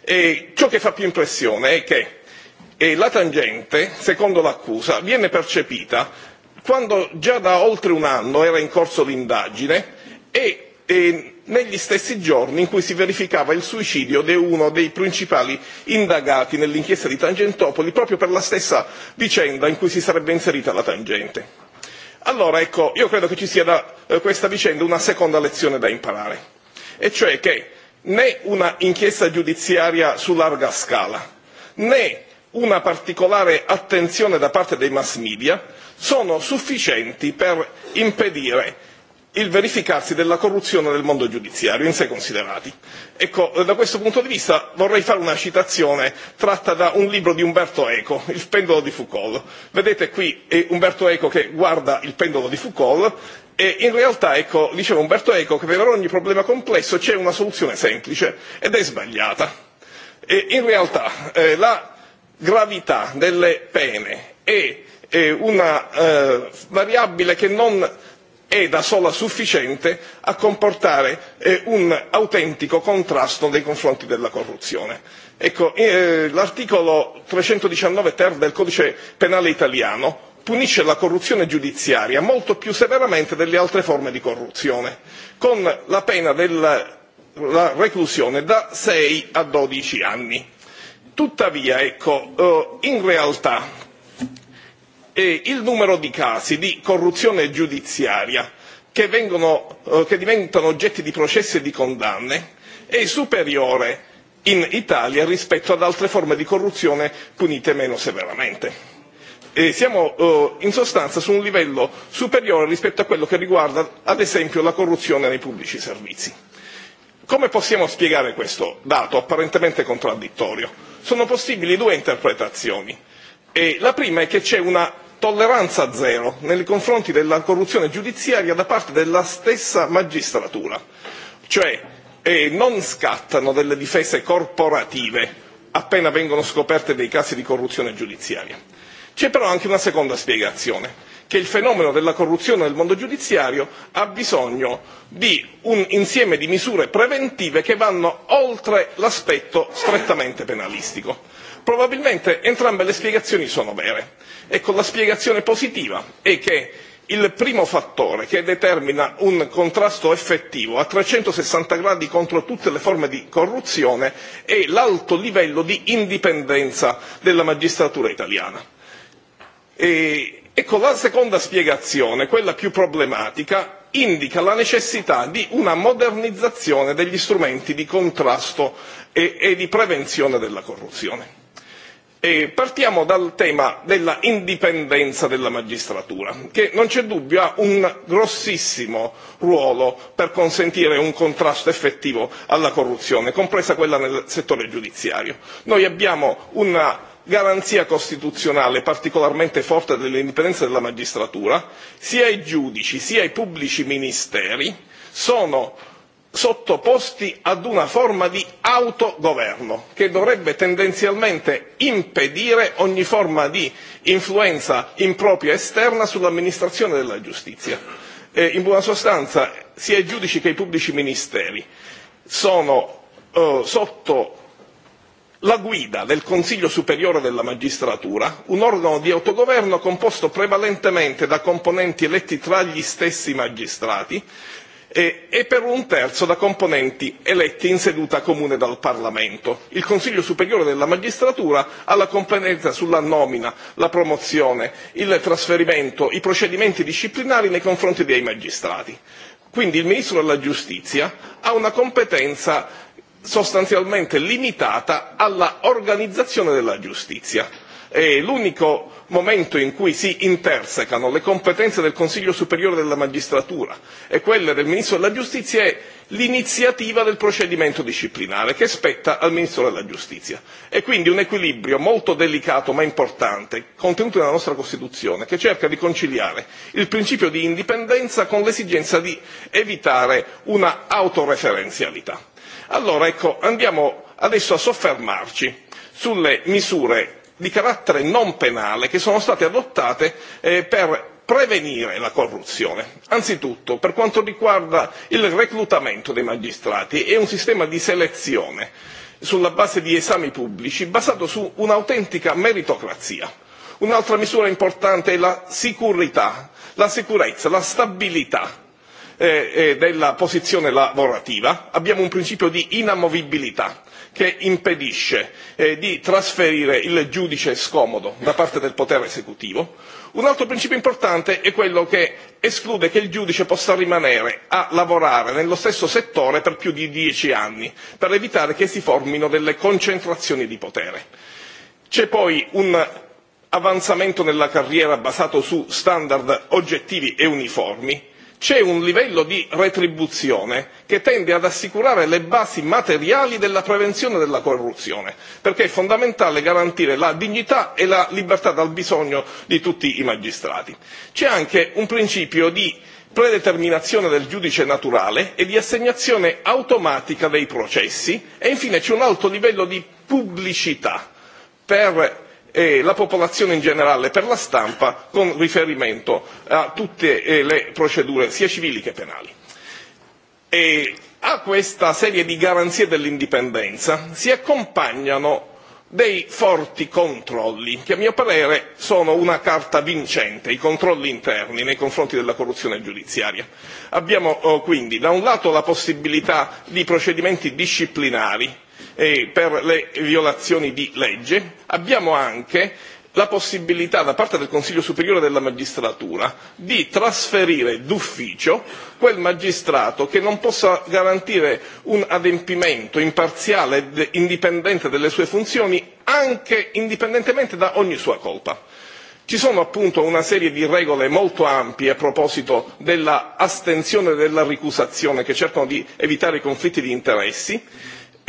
E ciò che fa più impressione è che e la tangente secondo l'accusa viene percepita quando già da oltre un anno era in corso l'indagine e e negli stessi giorni in cui si verificava il suicidio di uno dei principali indagati nell'inchiesta di Tangentopoli proprio per la stessa vicenda in cui si sarebbe inserita la tangente. Allora ecco, io credo che ci sia da eh, questa vicenda una seconda lezione da imparare, e cioè che né una inchiesta giudiziaria su larga scala, né una particolare attenzione da parte dei mass media sono sufficienti per impedire il verificarsi della corruzione del mondo giudiziario in sé considerati. Ecco, da questo punto di vista vorrei fare una citazione tratta da un libro di Umberto Eco, Il pendolo di Foucault. Vedete qui è eh, Umberto Eco che guarda il pendolo di Foucault e in realtà ecco, diceva Umberto Eco che per ogni problema complesso c'è una soluzione semplice ed è sbagliata. E in realtà eh, la gravità delle pene è, una eh, variabile che non è da sola sufficiente a comportare eh, un autentico contrasto nei confronti della corruzione. Eh, l'articolo trecentodiciannove ter del codice penale italiano punisce la corruzione giudiziaria molto più severamente delle altre forme di corruzione con la pena della reclusione da sei a dodici anni. tuttavia eh, in realtà E il numero di casi di corruzione giudiziaria che, eh, diventano oggetti di processi e di condanne è e superiore in Italia rispetto ad altre forme di corruzione punite meno severamente. E siamo eh, in sostanza su un livello superiore rispetto a quello che riguarda ad esempio la corruzione nei pubblici servizi. Come possiamo spiegare questo dato apparentemente contraddittorio? Sono possibili due interpretazioni. E la prima è che c'è una tolleranza zero nei confronti della corruzione giudiziaria da parte della stessa magistratura cioè e non scattano delle difese corporative appena vengono scoperte dei casi di corruzione giudiziaria. C'è però anche una seconda spiegazione, che il fenomeno della corruzione nel mondo giudiziario ha bisogno di un insieme di misure preventive che vanno oltre l'aspetto strettamente penalistico probabilmente entrambe le spiegazioni sono vere ecco la spiegazione positiva è che il primo fattore che determina un contrasto effettivo a trecentosessanta gradi contro tutte le forme di corruzione è l'alto livello di indipendenza della magistratura italiana e ecco la seconda spiegazione quella più problematica indica la necessità di una modernizzazione degli strumenti di contrasto e, e di prevenzione della corruzione. E partiamo dal tema dellindipendenza della magistratura che non c'è dubbio ha un grossissimo ruolo per consentire un contrasto effettivo alla corruzione compresa quella nel settore giudiziario noi abbiamo una garanzia costituzionale particolarmente forte dell'indipendenza della magistratura sia i giudici sia i pubblici ministeri sono sottoposti ad una forma di autogoverno che dovrebbe tendenzialmente impedire ogni forma di influenza impropria esterna sull'amministrazione della giustizia. Eh, in buona sostanza sia i giudici che i pubblici ministeri sono eh, sotto la guida del consiglio superiore della magistratura un organo di autogoverno composto prevalentemente da componenti eletti tra gli stessi magistrati E, e per un terzo da componenti eletti in seduta comune dal parlamento. il consiglio superiore della magistratura ha la competenza sulla nomina la promozione il trasferimento i procedimenti disciplinari nei confronti dei magistrati. quindi il ministro della giustizia ha una competenza sostanzialmente limitata all'organizzazione della giustizia e l'unico momento in cui si intersecano le competenze del Consiglio superiore della magistratura e quelle del Ministro della Giustizia è l'iniziativa del procedimento disciplinare che spetta al Ministro della Giustizia. E' quindi un equilibrio molto delicato ma importante contenuto nella nostra Costituzione che cerca di conciliare il principio di indipendenza con l'esigenza di evitare una autoreferenzialità. Allora ecco andiamo adesso a soffermarci sulle misure di carattere non penale che sono state adottate eh, per prevenire la corruzione anzitutto per quanto riguarda il reclutamento dei magistrati e un sistema di selezione sulla base di esami pubblici basato su un'autentica meritocrazia un'altra misura importante è la sicurità la sicurezza la stabilità eh, eh, della posizione lavorativa abbiamo un principio di inamovibilità che impedisce eh, di trasferire il giudice scomodo da parte del potere esecutivo un altro principio importante è quello che esclude che il giudice possa rimanere a lavorare nello stesso settore per più di dieci anni per evitare che si formino delle concentrazioni di potere. c'è poi un avanzamento nella carriera basato su standard oggettivi e uniformi c'è un livello di retribuzione che tende ad assicurare le basi materiali della prevenzione della corruzione perché è fondamentale garantire la dignità e la libertà dal bisogno di tutti i magistrati. c'è anche un principio di predeterminazione del giudice naturale e di assegnazione automatica dei processi e infine c'è un alto livello di pubblicità per eh, la popolazione in generale per la stampa con riferimento a tutte eh, le procedure sia civili che penali. E a questa serie di garanzie dell'indipendenza si accompagnano dei forti controlli che a mio parere sono una carta vincente i controlli interni nei confronti della corruzione giudiziaria. abbiamo oh, quindi da un lato la possibilità di procedimenti disciplinari eh, per le violazioni di legge abbiamo anche la possibilità da parte del Consiglio superiore della magistratura di trasferire d'ufficio quel magistrato che non possa garantire un adempimento imparziale ed indipendente delle sue funzioni anche indipendentemente da ogni sua colpa. Ci sono appunto una serie di regole molto ampie a proposito dell'astensione e della ricusazione che cercano di evitare i conflitti di interessi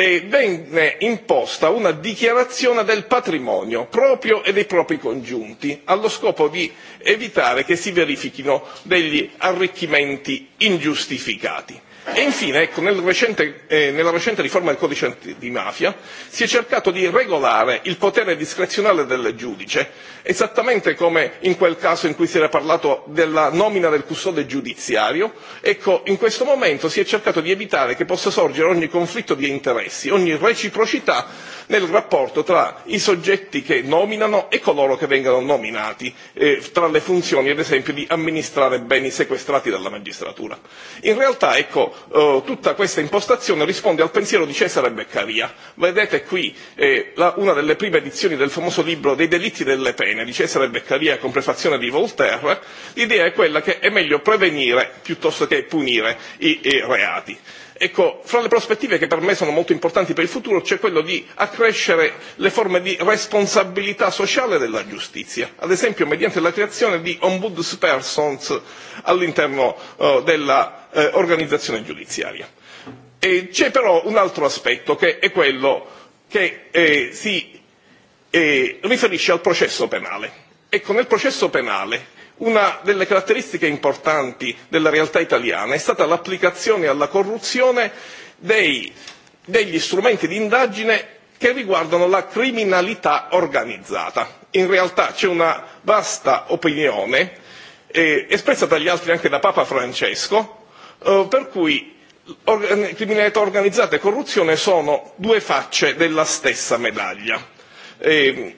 e venne imposta una dichiarazione del patrimonio proprio e dei propri congiunti allo scopo di evitare che si verifichino degli arricchimenti ingiustificati. E infine, ecco, nel recente, eh, nella recente riforma del codice di mafia si è cercato di regolare il potere discrezionale del giudice, esattamente come in quel caso in cui si era parlato della nomina del custode giudiziario, ecco, in questo momento si è cercato di evitare che possa sorgere ogni conflitto di interessi, ogni reciprocità nel rapporto tra i soggetti che nominano e coloro che vengono nominati, eh, tra le funzioni ad esempio di amministrare beni sequestrati dalla magistratura. In realtà, ecco, eh, tutta questa impostazione risponde al pensiero di Cesare Beccaria. Vedete qui eh, la, una delle prime edizioni del famoso libro dei delitti delle pene di Cesare Beccaria con prefazione di Voltaire. L'idea è quella che è meglio prevenire piuttosto che punire i, i reati. Ecco, fra le prospettive che per me sono molto importanti per il futuro c'è quello di accrescere le forme di responsabilità sociale della giustizia, ad esempio mediante la creazione di ombudspersons all'interno uh, della Eh, organizzazione giudiziaria. E c'è però un altro aspetto che è quello che eh, si eh, riferisce al processo penale. Ecco, nel processo penale una delle caratteristiche importanti della realtà italiana è stata l'applicazione alla corruzione dei, degli strumenti di indagine che riguardano la criminalità organizzata. In realtà c'è una vasta opinione espressa dagli altri anche da Papa Francesco Eh, per cui criminalità organizzata e corruzione sono due facce della stessa medaglia e,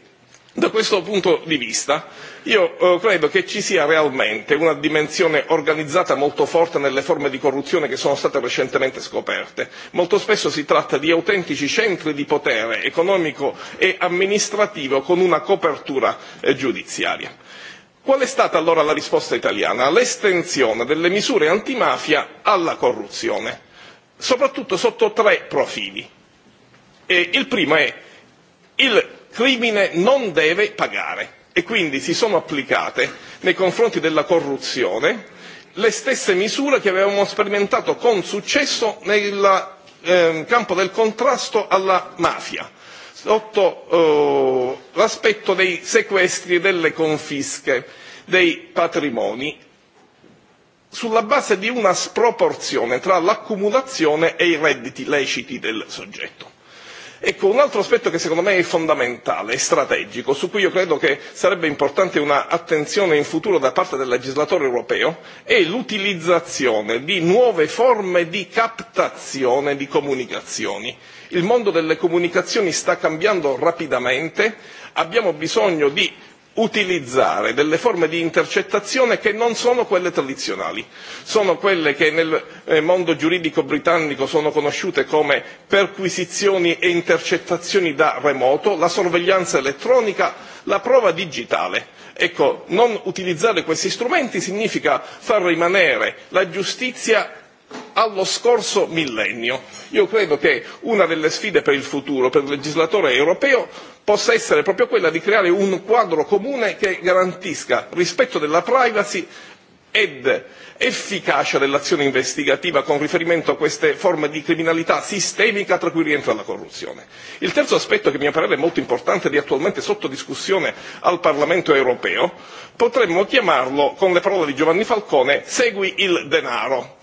da questo punto di vista io eh, credo che ci sia realmente una dimensione organizzata molto forte nelle forme di corruzione che sono state recentemente scoperte molto spesso si tratta di autentici centri di potere economico e amministrativo con una copertura eh, giudiziaria qual è stata allora la risposta italiana? l'estensione delle misure antimafia alla corruzione soprattutto sotto tre profili e il primo è il crimine non deve pagare e quindi si sono applicate nei confronti della corruzione le stesse misure che avevamo sperimentato con successo nel ehm, campo del contrasto alla mafia sotto eh, l'aspetto dei sequestri e delle confische dei patrimoni sulla base di una sproporzione tra l'accumulazione e i redditi leciti del soggetto. Ecco, un altro aspetto che secondo me è fondamentale e strategico, su cui io credo che sarebbe importante un'attenzione in futuro da parte del legislatore europeo, è l'utilizzazione di nuove forme di captazione di comunicazioni. Il mondo delle comunicazioni sta cambiando rapidamente, abbiamo bisogno di utilizzare delle forme di intercettazione che non sono quelle tradizionali sono quelle che nel eh, mondo giuridico britannico sono conosciute come perquisizioni e intercettazioni da remoto la sorveglianza elettronica la prova digitale ecco non utilizzare questi strumenti significa far rimanere la giustizia allo scorso millennio. io credo che una delle sfide per il futuro per il legislatore europeo possa essere proprio quella di creare un quadro comune che garantisca rispetto della privacy ed efficacia dell'azione investigativa con riferimento a queste forme di criminalità sistemica tra cui rientra la corruzione. il terzo aspetto che a mio parere è molto importante ed attualmente sotto discussione al parlamento europeo potremmo chiamarlo con le parole di giovanni falcone segui il denaro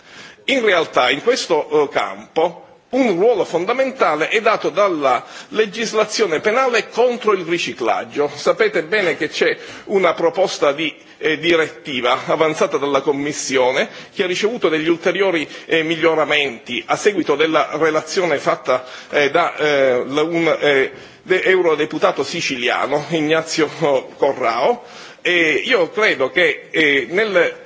in realtà in questo eh, campo un ruolo fondamentale è dato dalla legislazione penale contro il riciclaggio sapete bene che c'è una proposta di eh, direttiva avanzata dalla commissione che ha ricevuto degli ulteriori eh, miglioramenti a seguito della relazione fatta da un eurodeputato siciliano ignazio corrao e io credo che nel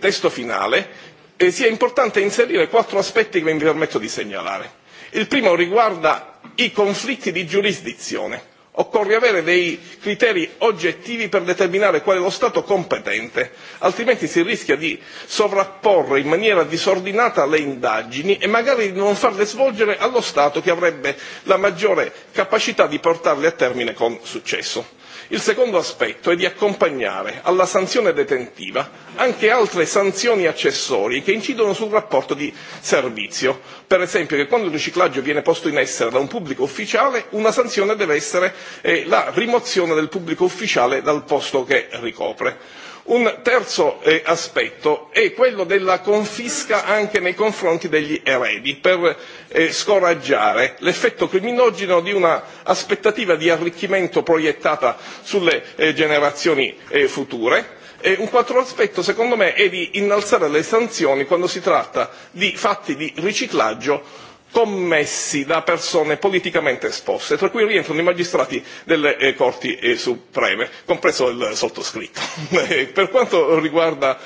testo finale e sia importante inserire quattro aspetti che mi permetto di segnalare. Il primo riguarda i conflitti di giurisdizione. Occorre avere dei criteri oggettivi per determinare qual è lo Stato competente, altrimenti si rischia di sovrapporre in maniera disordinata le indagini e magari di non farle svolgere allo Stato che avrebbe la maggiore capacità di portarle a termine con successo il secondo aspetto è di accompagnare alla sanzione detentiva anche altre sanzioni accessorie che incidono sul rapporto di servizio per esempio che quando il riciclaggio viene posto in essere da un pubblico ufficiale una sanzione deve essere eh, la rimozione del pubblico ufficiale dal posto che ricopre un terzo eh, aspetto è quello della confisca anche nei confronti degli eredi per eh, scoraggiare l'effetto criminogeno di un'aspettativa di arricchimento proiettata sulle eh, generazioni future e un quarto aspetto secondo me è di innalzare le sanzioni quando si tratta di fatti di riciclaggio commessi da persone politicamente esposte tra cui rientrano i magistrati delle eh, corti eh, supreme compreso il sottoscritto. Eh, per quanto riguarda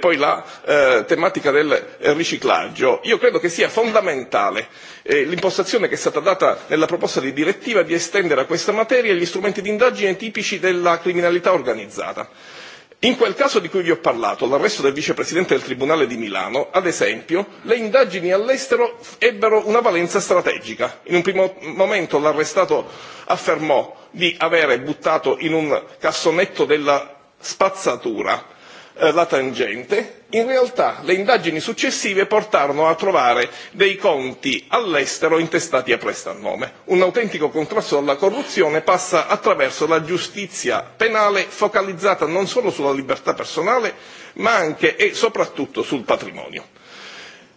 poi la tematica del riciclaggio io credo che sia fondamentale l'impostazione che è stata data nella proposta di direttiva di estendere a questa materia gli strumenti di indagine tipici della criminalità organizzata in quel caso di cui vi ho parlato l'arresto del vicepresidente del tribunale di milano ad esempio le indagini all'estero ebbero una valenza strategica in un primo momento l'arrestato affermò di avere buttato in un cassonetto della spazzatura Eh, la tangente, in realtà le indagini successive portarono a trovare dei conti all'estero intestati a prestanome. Un autentico contrasto alla corruzione passa attraverso la giustizia penale focalizzata non solo sulla libertà personale, ma anche e soprattutto sul patrimonio.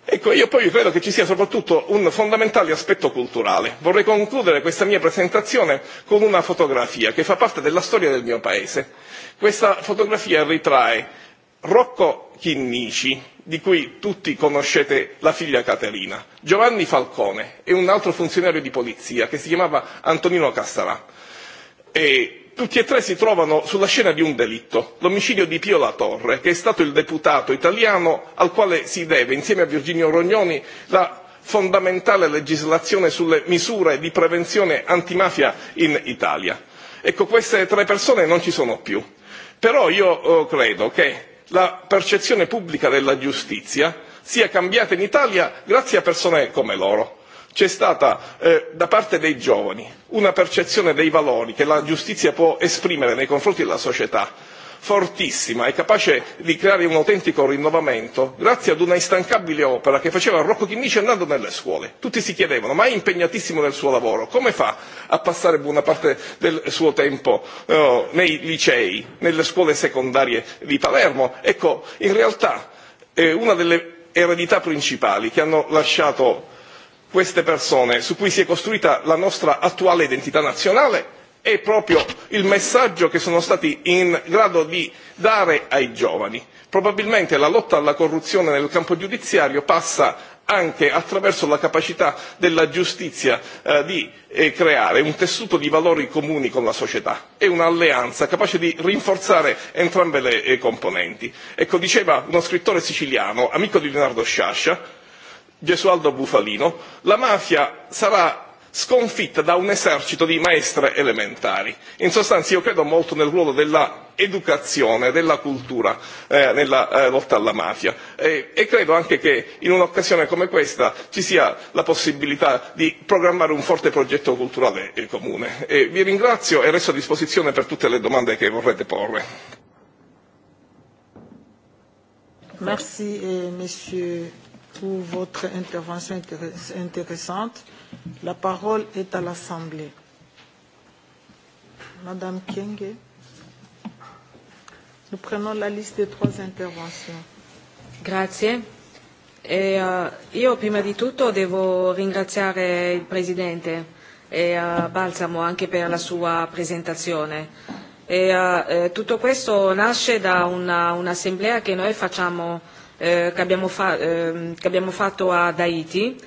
Ecco, io poi credo che ci sia soprattutto un fondamentale aspetto culturale. Vorrei concludere questa mia presentazione con una fotografia che fa parte della storia del mio paese. Questa fotografia ritrae Rocco Chinnici, di cui tutti conoscete la figlia Caterina, Giovanni Falcone e un altro funzionario di polizia che si chiamava Antonino Castarà. E tutti e tre si trovano sulla scena di un delitto, l'omicidio di Pio La Torre, che è stato il deputato italiano al quale si deve, insieme a Virginio Rognoni, la fondamentale legislazione sulle misure di prevenzione antimafia in Italia. Ecco, queste tre persone non ci sono più. Però io eh, credo che la percezione pubblica della giustizia sia cambiata in italia grazie a persone come loro. c'è stata eh, da parte dei giovani una percezione dei valori che la giustizia può esprimere nei confronti della società fortissima e capace di creare un autentico rinnovamento grazie ad una instancabile opera che faceva Rocco Chinnici andando nelle scuole. Tutti si chiedevano, ma è impegnatissimo nel suo lavoro, come fa a passare buona parte del suo tempo eh, nei licei, nelle scuole secondarie di Palermo? Ecco, in realtà è una delle eredità principali che hanno lasciato queste persone su cui si è costruita la nostra attuale identità nazionale è proprio il messaggio che sono stati in grado di dare ai giovani. Probabilmente la lotta alla corruzione nel campo giudiziario passa anche attraverso la capacità della giustizia eh, di eh, creare un tessuto di valori comuni con la società e un'alleanza capace di rinforzare entrambe le eh, componenti. Ecco, diceva uno scrittore siciliano, amico di Leonardo Sciascia, Gesualdo Bufalino, la mafia sarà sconfitta da un esercito di maestre elementari. In sostanza io credo molto nel ruolo dell'educazione, della cultura eh, nella eh, lotta alla mafia e, e, credo anche che in un'occasione come questa ci sia la possibilità di programmare un forte progetto culturale e comune. E vi ringrazio e resto a disposizione per tutte le domande che vorrete porre. Merci, monsieur, pour votre intervention intéressante. La parole est à l'Assemblée. Madame Kenge, nous prenons la liste des trois interventions. Grazie. E, uh, io prima di tutto devo ringraziare il Presidente e uh, Balsamo anche per la sua presentazione. E, uh, eh, tutto questo nasce da un'assemblea che noi facciamo, eh, che, abbiamo fa eh, che abbiamo fatto ad Haiti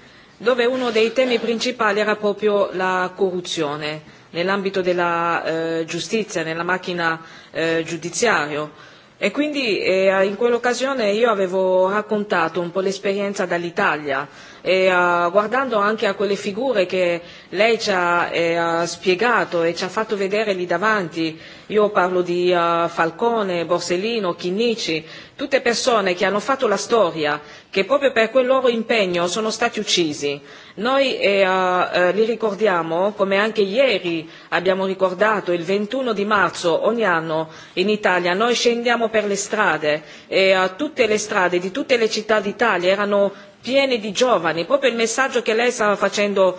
dove uno dei temi principali era proprio la corruzione nell'ambito della eh, giustizia, nella macchina eh, giudiziario. E quindi eh, in quell'occasione io avevo raccontato un po' l'esperienza dall'Italia e eh, guardando anche a quelle figure che lei ci eh, ha spiegato e ci ha fatto vedere lì davanti, io parlo di eh, Falcone, Borsellino, Chinnici, tutte persone che hanno fatto la storia che proprio per quel loro impegno sono stati uccisi. Noi eh, eh, li ricordiamo, come anche ieri abbiamo ricordato, il 21 di marzo ogni anno in Italia noi scendiamo per le strade e a eh, tutte le strade di tutte le città d'Italia erano piene di giovani, proprio il messaggio che lei stava facendo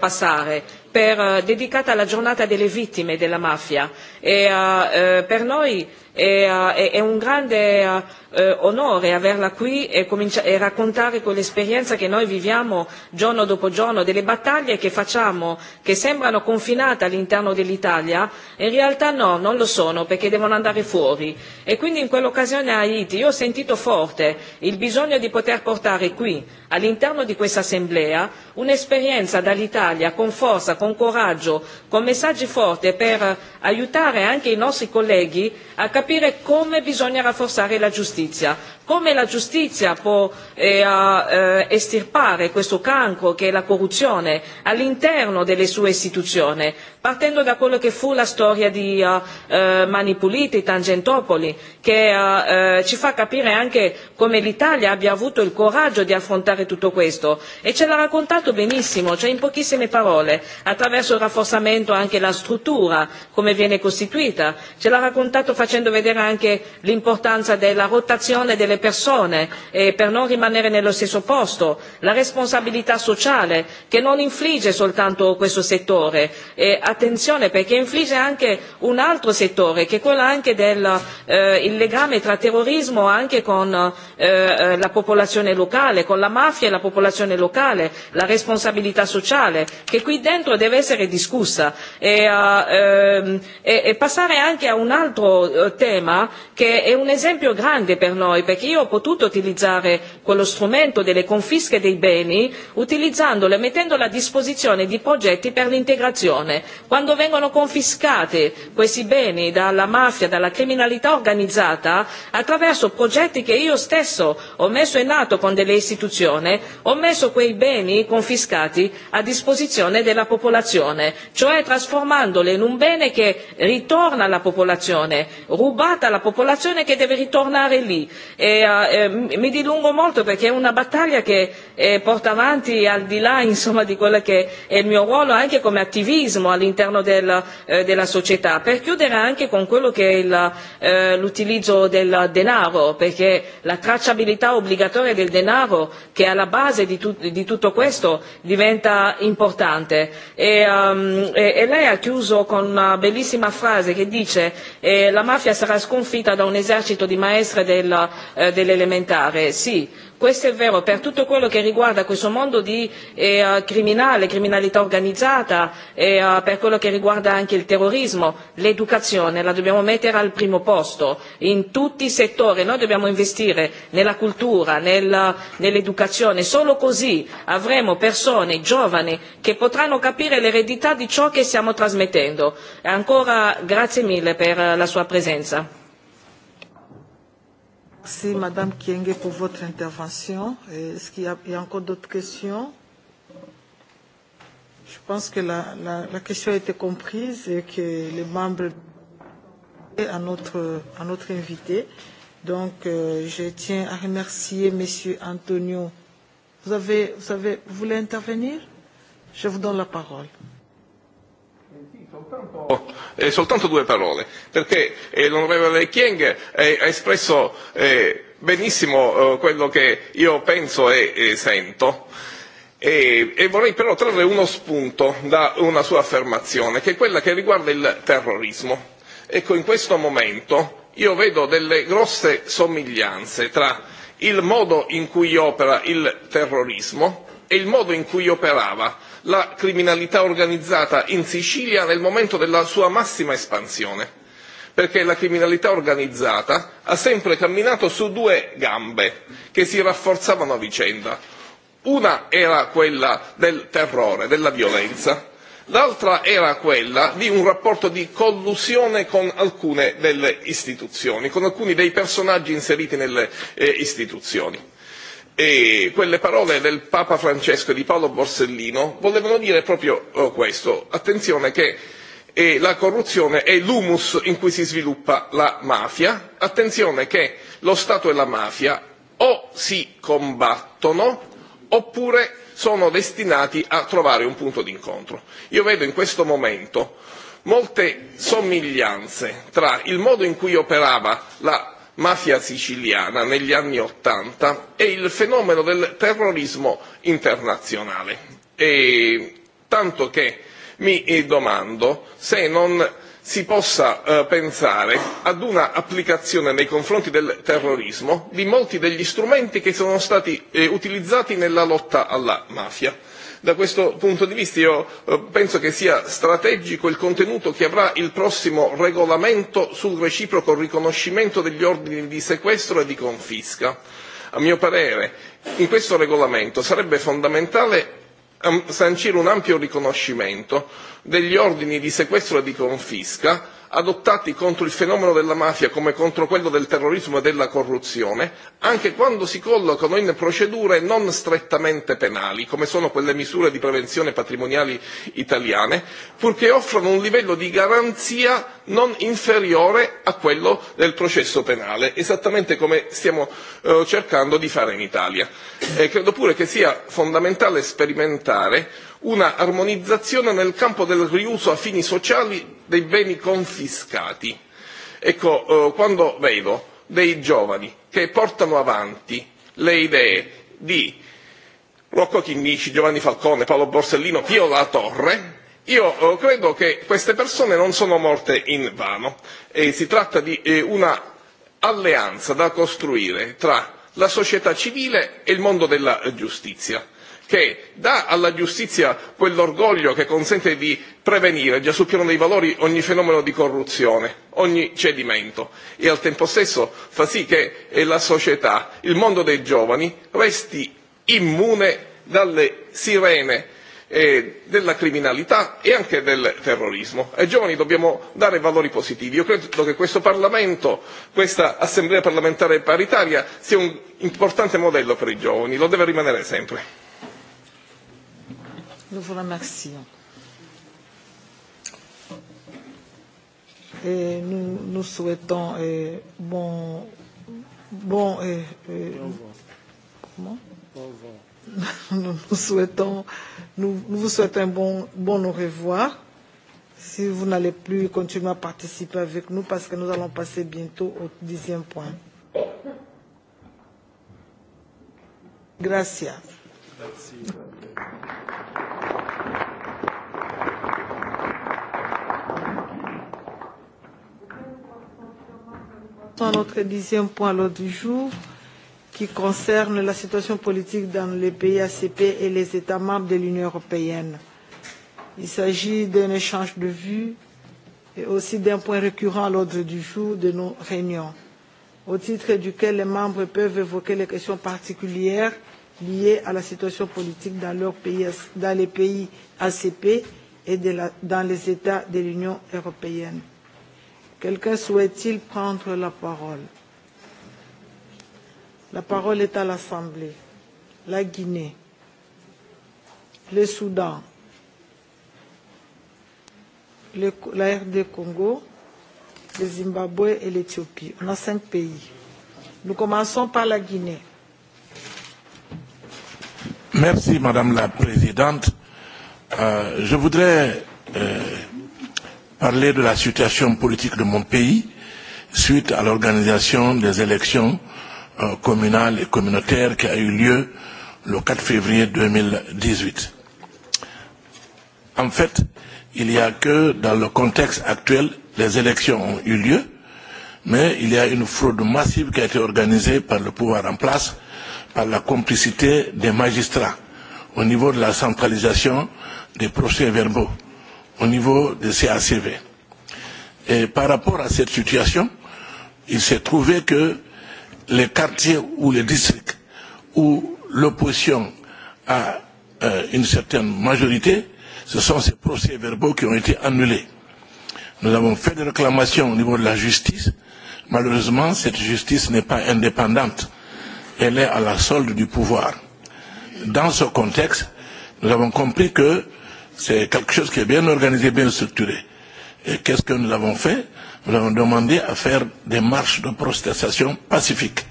passare per, dedicata alla giornata delle vittime della mafia e, per noi è un grande Eh, onore averla qui e, e raccontare l'esperienza che noi viviamo giorno dopo giorno delle battaglie che facciamo che sembrano confinate all'interno dell'italia in realtà no non lo sono perché devono andare fuori e quindi in quell'occasione a haiti io ho sentito forte il bisogno di poter portare qui all'interno di questa assemblea un'esperienza dall'italia con forza con coraggio con messaggi forti per aiutare anche i nostri colleghi a capire come bisogna rafforzare la giustizia giustizia come la giustizia può eh, eh, estirpare questo cancro che è la corruzione all'interno delle sue istituzioni partendo da quello che fu la storia di eh, mani pulite tangentopoli che ci fa capire anche come l'italia abbia avuto il coraggio di affrontare tutto questo e ce l'ha raccontato benissimo cioè in pochissime parole attraverso il rafforzamento anche della struttura come viene costituita ce l'ha raccontato facendo vedere anche l'importanza della rotazione delle persone e per non rimanere nello stesso posto la responsabilità sociale che non infligge soltanto questo settore e attenzione perché infligge anche un altro settore che è quello anche del eh, legame tra terrorismo anche con eh, eh, la popolazione locale con la mafia e la popolazione locale la responsabilità sociale che qui dentro deve essere discussa e, ehm, e, passare anche a un altro tema che è un esempio grande per noi perché io ho potuto utilizzare quello strumento delle confische dei beni utilizzandolo e mettendolo a disposizione di progetti per l'integrazione. quando vengono confiscati questi beni dalla mafia dalla criminalità organizzata attraverso progetti che io stesso ho messo in atto con delle istituzioni ho messo quei beni confiscati a disposizione della popolazione cioè trasformandoli in un bene che ritorna alla popolazione rubata alla popolazione che deve ritornare E, e, mi dilungo molto perché è una battaglia che e, porta avanti al di là insomma, di quello che è il mio ruolo anche come attivismo all'interno del, eh, della società. Per chiudere anche con quello che è eh, l'utilizzo del denaro perché la tracciabilità obbligatoria del denaro che è alla base di, di tutto questo diventa importante e, ehm, e, e, lei ha chiuso con una bellissima frase che dice eh, la mafia sarà sconfitta da un esercito di maestre Eh, dell'elementare sì questo è vero per tutto quello che riguarda questo mondo di eh, criminale criminalità organizzata e per quello che riguarda anche il terrorismo l'educazione la dobbiamo mettere al primo posto in tutti i settori noi dobbiamo investire nella cultura nell'educazione solo così avremo persone giovani che potranno capire l'eredità di ciò che stiamo trasmettendo ancora grazie mille per la sua presenza Merci Madame Kienge pour votre intervention. Est-ce qu'il y, a, encore d'autres questions Je pense que la, la, question a été comprise et que les membres à notre, notre invité. Donc, euh, je tiens à remercier Monsieur Antonio. Vous, avez, vous, avez, vous voulez intervenir Je vous donne la parole soltanto, soltanto due parole, perché eh, l'onorevole Chieng eh, ha espresso eh, benissimo eh, quello che io penso e, e sento. E, e vorrei però trarre uno spunto da una sua affermazione, che è quella che riguarda il terrorismo. Ecco, in questo momento io vedo delle grosse somiglianze tra il modo in cui opera il terrorismo e il modo in cui operava la criminalità organizzata in Sicilia nel momento della sua massima espansione perché la criminalità organizzata ha sempre camminato su due gambe che si rafforzavano a vicenda una era quella del terrore della violenza l'altra era quella di un rapporto di collusione con alcune delle istituzioni con alcuni dei personaggi inseriti nelle eh, istituzioni e quelle parole del papa francesco e di paolo borsellino volevano dire proprio oh, questo attenzione che eh, la corruzione è l'humus in cui si sviluppa la mafia attenzione che lo stato e la mafia o si combattono oppure sono destinati a trovare un punto d'incontro io vedo in questo momento molte somiglianze tra il modo in cui operava la mafia siciliana negli anni ottanta e il fenomeno del terrorismo internazionale e tanto che mi domando se non si possa eh, pensare ad una applicazione nei confronti del terrorismo di molti degli strumenti che sono stati eh, utilizzati nella lotta alla mafia da questo punto di vista io eh, penso che sia strategico il contenuto che avrà il prossimo regolamento sul reciproco riconoscimento degli ordini di sequestro e di confisca. a mio parere in questo regolamento sarebbe fondamentale ehm, sancire un ampio riconoscimento degli ordini di sequestro e di confisca adottati contro il fenomeno della mafia come contro quello del terrorismo e della corruzione anche quando si collocano in procedure non strettamente penali come sono quelle misure di prevenzione patrimoniali italiane purché offrano un livello di garanzia non inferiore a quello del processo penale esattamente come stiamo eh, cercando di fare in italia. E credo pure che sia fondamentale sperimentare una armonizzazione nel campo del riuso a fini sociali dei beni confiscati. Ecco, eh, quando vedo dei giovani che portano avanti le idee di Rocco Chinnici, Giovanni Falcone, Paolo Borsellino, Pio La Torre, io eh, credo che queste persone non sono morte in vano. E si tratta di eh, una alleanza da costruire tra la società civile e il mondo della giustizia che dà alla giustizia quell'orgoglio che consente di prevenire già sul piano dei valori ogni fenomeno di corruzione ogni cedimento e al tempo stesso fa sì che eh, la società il mondo dei giovani resti immune dalle sirene eh, della criminalità e anche del terrorismo. ai giovani dobbiamo dare valori positivi. io credo che questo parlamento questa assemblea parlamentare paritaria sia un importante modello per i giovani lo deve rimanere sempre. Nous vous remercions. Et nous, nous souhaitons eh, bon, bon, eh, eh, bon, nous, nous, souhaitons, nous, nous vous souhaitons un bon, bon au revoir. Si vous n'allez plus continuer à participer avec nous, parce que nous allons passer bientôt au dixième point. Gracias. Merci. maintenant notre dixième point à l'ordre du jour qui concerne la situation politique dans les pays ACP et les États membres de l'Union européenne. Il s'agit d'un échange de vues et aussi d'un point récurrent à l'ordre du jour de nos réunions, au titre duquel les membres peuvent évoquer les questions particulières liées à la situation politique dans, leur pays, dans les pays ACP et de la, dans les États de l'Union européenne. Quelqu'un souhaite-t-il prendre la parole La parole est à l'Assemblée. La Guinée. Le Soudan. Le, la RD Congo. Le Zimbabwe et l'Éthiopie. On a cinq pays. Nous commençons par la Guinée. Merci Madame la Présidente. Euh, je voudrais euh, parler de la situation politique de mon pays suite à l'organisation des élections euh, communales et communautaires qui a eu lieu le 4 février 2018. En fait, il n'y a que dans le contexte actuel, les élections ont eu lieu, mais il y a une fraude massive qui a été organisée par le pouvoir en place, par la complicité des magistrats au niveau de la centralisation des procès verbaux au niveau de CACV. Et par rapport à cette situation, il s'est trouvé que les quartiers ou les districts où l'opposition a euh, une certaine majorité, ce sont ces procès verbaux qui ont été annulés. Nous avons fait des réclamations au niveau de la justice. Malheureusement, cette justice n'est pas indépendante. Elle est à la solde du pouvoir. Dans ce contexte, nous avons compris que C'est quelque chose qui est bien organisé, bien structuré. Et qu'est-ce que nous avons fait Nous avons demandé à faire des marches de protestation pacifiques.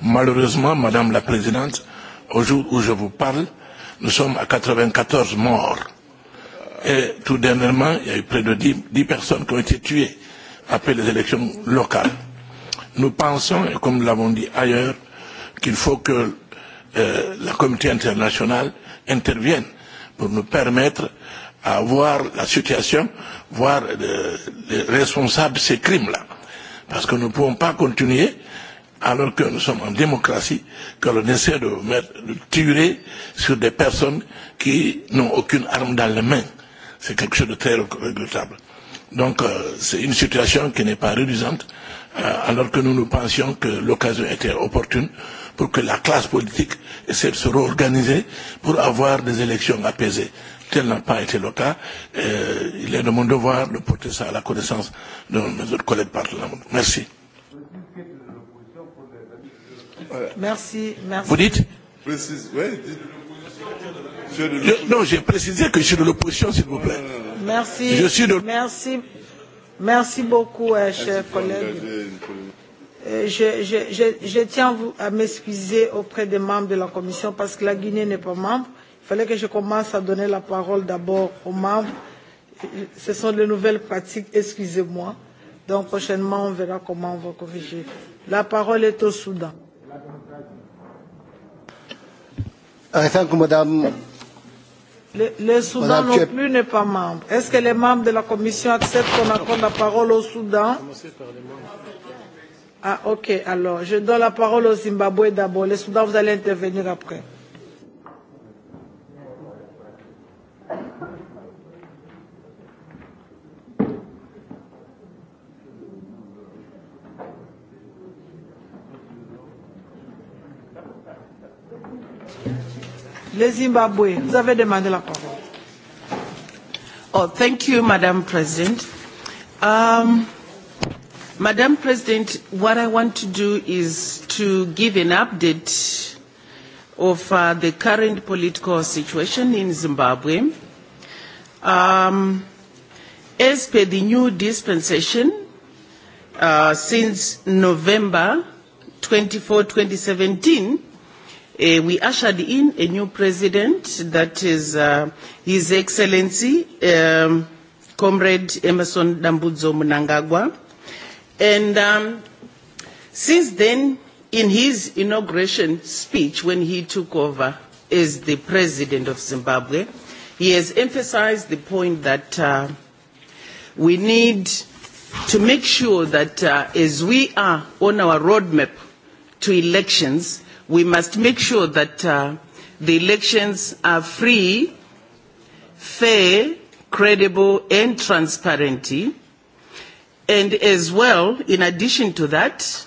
Malheureusement, Madame la Présidente, au jour où je vous parle, nous sommes à 94 morts. Et tout dernièrement, il y a eu près de 10, 10 personnes qui ont été tuées après les élections locales. Nous pensons, et comme nous l'avons dit ailleurs, qu'il faut que euh, la communauté internationale intervienne pour nous permettre à voir la situation, voir les responsables de ces crimes-là. Parce que nous ne pouvons pas continuer, alors que nous sommes en démocratie, que l'on essaie de, mettre, de tirer sur des personnes qui n'ont aucune arme dans les mains. C'est quelque chose de très regrettable. Donc euh, c'est une situation qui n'est pas réduisante, euh, alors que nous nous pensions que l'occasion était opportune pour que la classe politique essaie de se réorganiser pour avoir des élections apaisées. Tel n'a pas été le cas. Euh, il est de mon devoir de porter ça à la connaissance de mes autres collègues parlementaires. Merci. Euh, merci, merci. Vous dites Précise, ouais, dites. Je, non, j'ai précisé que je suis de l'opposition, s'il vous plaît. Merci. Je suis de... Merci. Merci beaucoup, euh, cher collègue. Euh, je, je, je, je tiens à m'excuser auprès des membres de la commission parce que la Guinée n'est pas membre. Il fallait que je commence à donner la parole d'abord aux membres. Ce sont de nouvelles pratiques, excusez-moi. Donc prochainement, on verra comment on va corriger. La parole est au Soudan. Ah, madame. Le, le Soudan Madame non plus n'est pas membre. Est-ce que les membres de la commission acceptent qu'on accorde la parole au Soudan? Ah, ok. Alors, je donne la parole au Zimbabwe d'abord. Les Soudan, vous allez intervenir après. Les Zimbabwe, vous avez demandé la parole. Oh, thank you, Madam President. Um, Madam President, what I want to do is to give an update of uh, the current political situation in Zimbabwe. Um, as per the new dispensation, uh, since November 24, 2017, Uh, we ushered in a new president, that is uh, His Excellency um, Comrade Emerson Dambudzo Munangagwa, And um, since then, in his inauguration speech when he took over as the president of Zimbabwe, he has emphasized the point that uh, we need to make sure that uh, as we are on our roadmap to elections, we must make sure that uh, the elections are free, fair, credible and transparent And as well, in addition to that,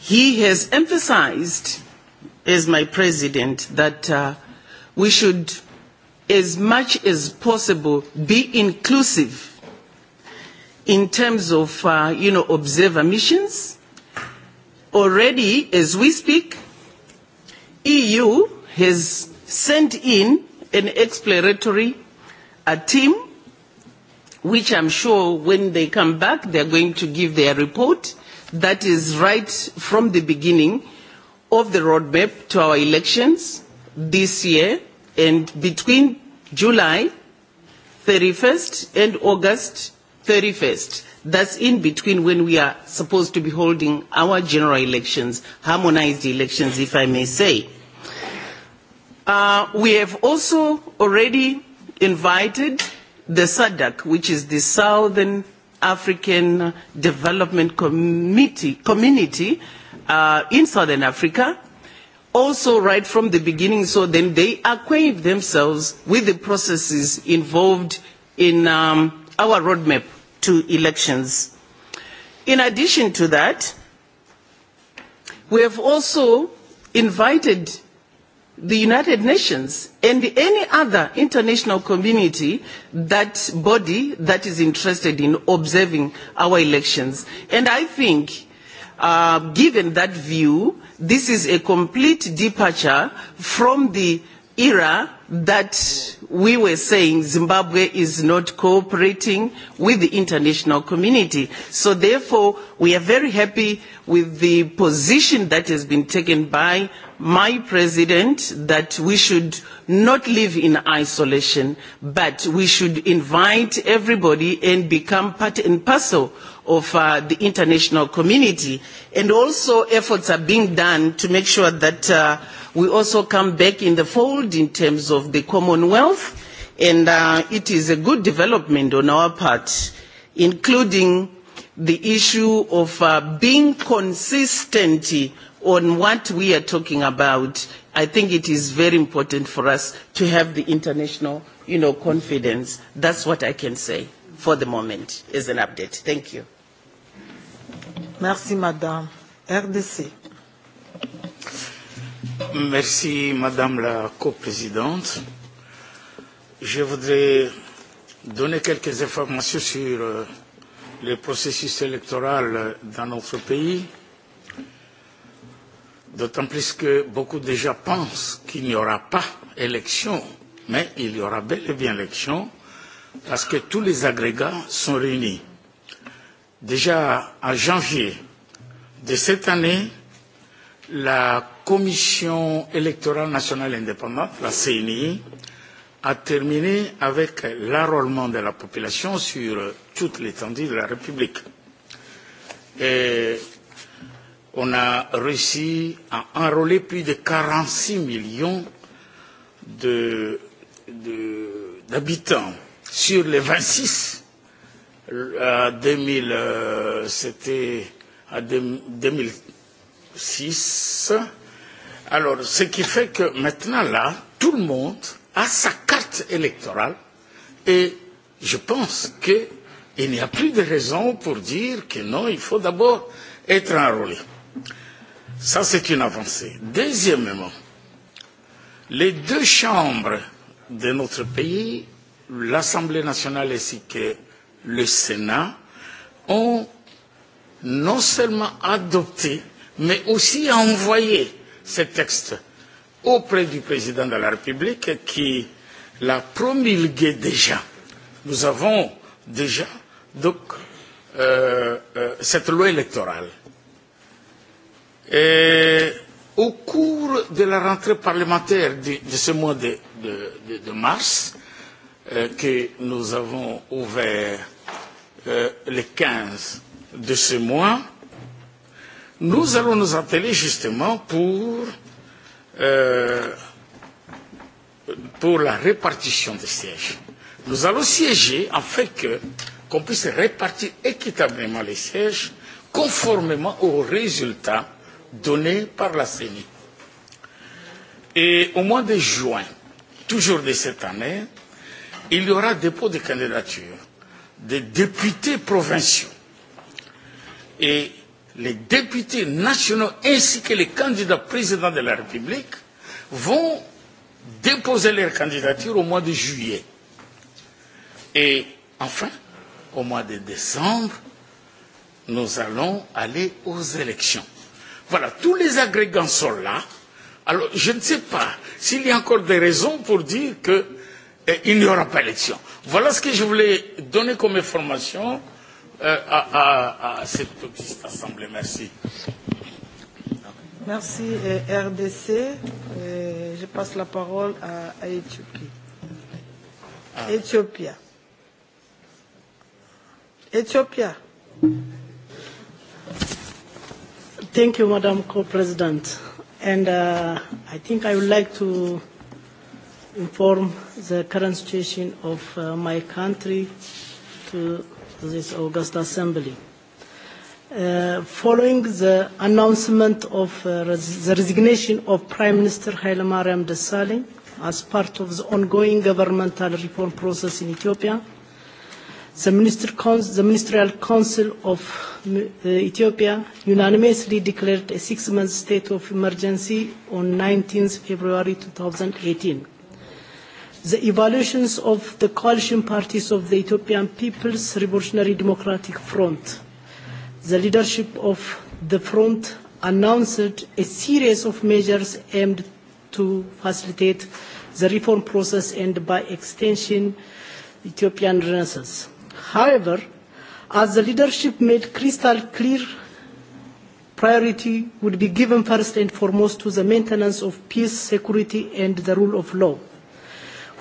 he has emphasized, as my president, that uh, we should, as much as possible, be inclusive in terms of, uh, you know, observer missions. Already, as we speak, EU has sent in an exploratory a team which I'm sure when they come back, they're going to give their report that is right from the beginning of the roadmap to our elections this year and between July 31st and August 31st. That's in between when we are supposed to be holding our general elections, harmonized elections, if I may say. Uh, we have also already invited the SADC, which is the Southern African Development Committee, Community uh, in Southern Africa, also right from the beginning, so then they acquaint themselves with the processes involved in um, our roadmap to elections. In addition to that, we have also invited the United Nations and any other international community that body that is interested in observing our elections. And I think uh, given that view, this is a complete departure from the era that we were saying Zimbabwe is not cooperating with the international community. So therefore, we are very happy with the position that has been taken by my president that we should not live in isolation, but we should invite everybody and become part and parcel of uh, the international community. And also efforts are being done to make sure that uh, We also come back in the fold in terms of the Commonwealth and uh, it is a good development on our part, including the issue of uh, being consistent on what we are talking about. I think it is very important for us to have the international you know, confidence. That's what I can say for the moment as an update. Thank you. Merci, Madame. RDC. Merci, Madame la coprésidente. Je voudrais donner quelques informations sur euh, le processus électoral dans notre pays, d'autant plus que beaucoup de gens pensent qu'il n'y aura pas élection, mais il y aura bel et bien élection, parce que tous les agrégats sont réunis. Déjà en janvier de cette année, la Commission électorale nationale indépendante, la CNI, a terminé avec l'enrôlement de la population sur toute l'étendue de la République. Et on a réussi à enrôler plus de 46 millions d'habitants de, de, sur les 26 à 2000, c'était à 2000 6. Alors, ce qui fait que maintenant, là, tout le monde a sa carte électorale et je pense qu'il n'y a plus de raison pour dire que non, il faut d'abord être enrôlé. Ça, c'est une avancée. Deuxièmement, les deux chambres de notre pays, l'Assemblée nationale ainsi que le Sénat, ont non seulement adopté mais aussi à envoyer ce texte auprès du président de la République qui l'a promulgué déjà. Nous avons déjà donc euh, euh, cette loi électorale. Et au cours de la rentrée parlementaire de, de ce mois de, de, de mars, euh, que nous avons ouvert euh, le 15 de ce mois, Nous allons nous appeler justement pour, euh, pour la répartition des sièges. Nous allons siéger afin qu'on qu puisse répartir équitablement les sièges conformément aux résultats donnés par la CENI. Et au mois de juin, toujours de cette année, il y aura dépôt de candidature des députés provinciaux. Et les députés nationaux ainsi que les candidats présidents de la République vont déposer leur candidature au mois de juillet. Et enfin, au mois de décembre, nous allons aller aux élections. Voilà, tous les agrégants sont là. Alors, je ne sais pas s'il y a encore des raisons pour dire qu'il eh, n'y aura pas d'élection. Voilà ce que je voulais donner comme information à, à, à cette petite assemblée. Merci. Merci RDC. Je passe la parole à Éthiopie. Ah. Éthiopia. Ethiopia. Thank you, Madam Co-President. And uh, I think I would like to inform the current situation of uh, my country to this August Assembly. Uh, following the announcement of uh, res the resignation of Prime Minister Hailemariam Desalegn as part of the ongoing governmental reform process in Ethiopia, the, Minister the Ministerial Council of uh, Ethiopia unanimously declared a six-month state of emergency on 19 February 2018 the evaluations of the coalition parties of the Ethiopian People's Revolutionary Democratic Front. The leadership of the front announced a series of measures aimed to facilitate the reform process and by extension Ethiopian Renaissance. However, as the leadership made crystal clear, priority would be given first and foremost to the maintenance of peace, security and the rule of law.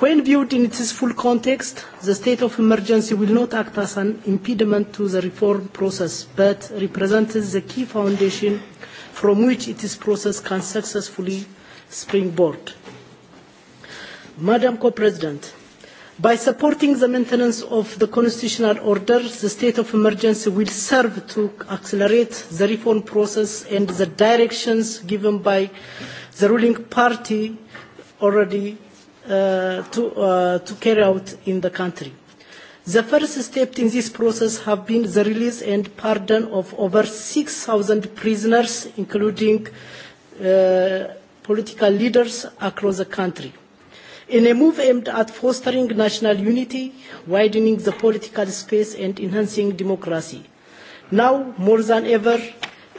When viewed in its full context, the state of emergency will not act as an impediment to the reform process, but represents the key foundation from which its process can successfully springboard. Madam Co-President, by supporting the maintenance of the constitutional order, the state of emergency will serve to accelerate the reform process and the directions given by the ruling party already Uh, to, uh, to carry out in the country. The first step in this process have been the release and pardon of over 6,000 prisoners, including uh, political leaders across the country. In a move aimed at fostering national unity, widening the political space and enhancing democracy. Now, more than ever,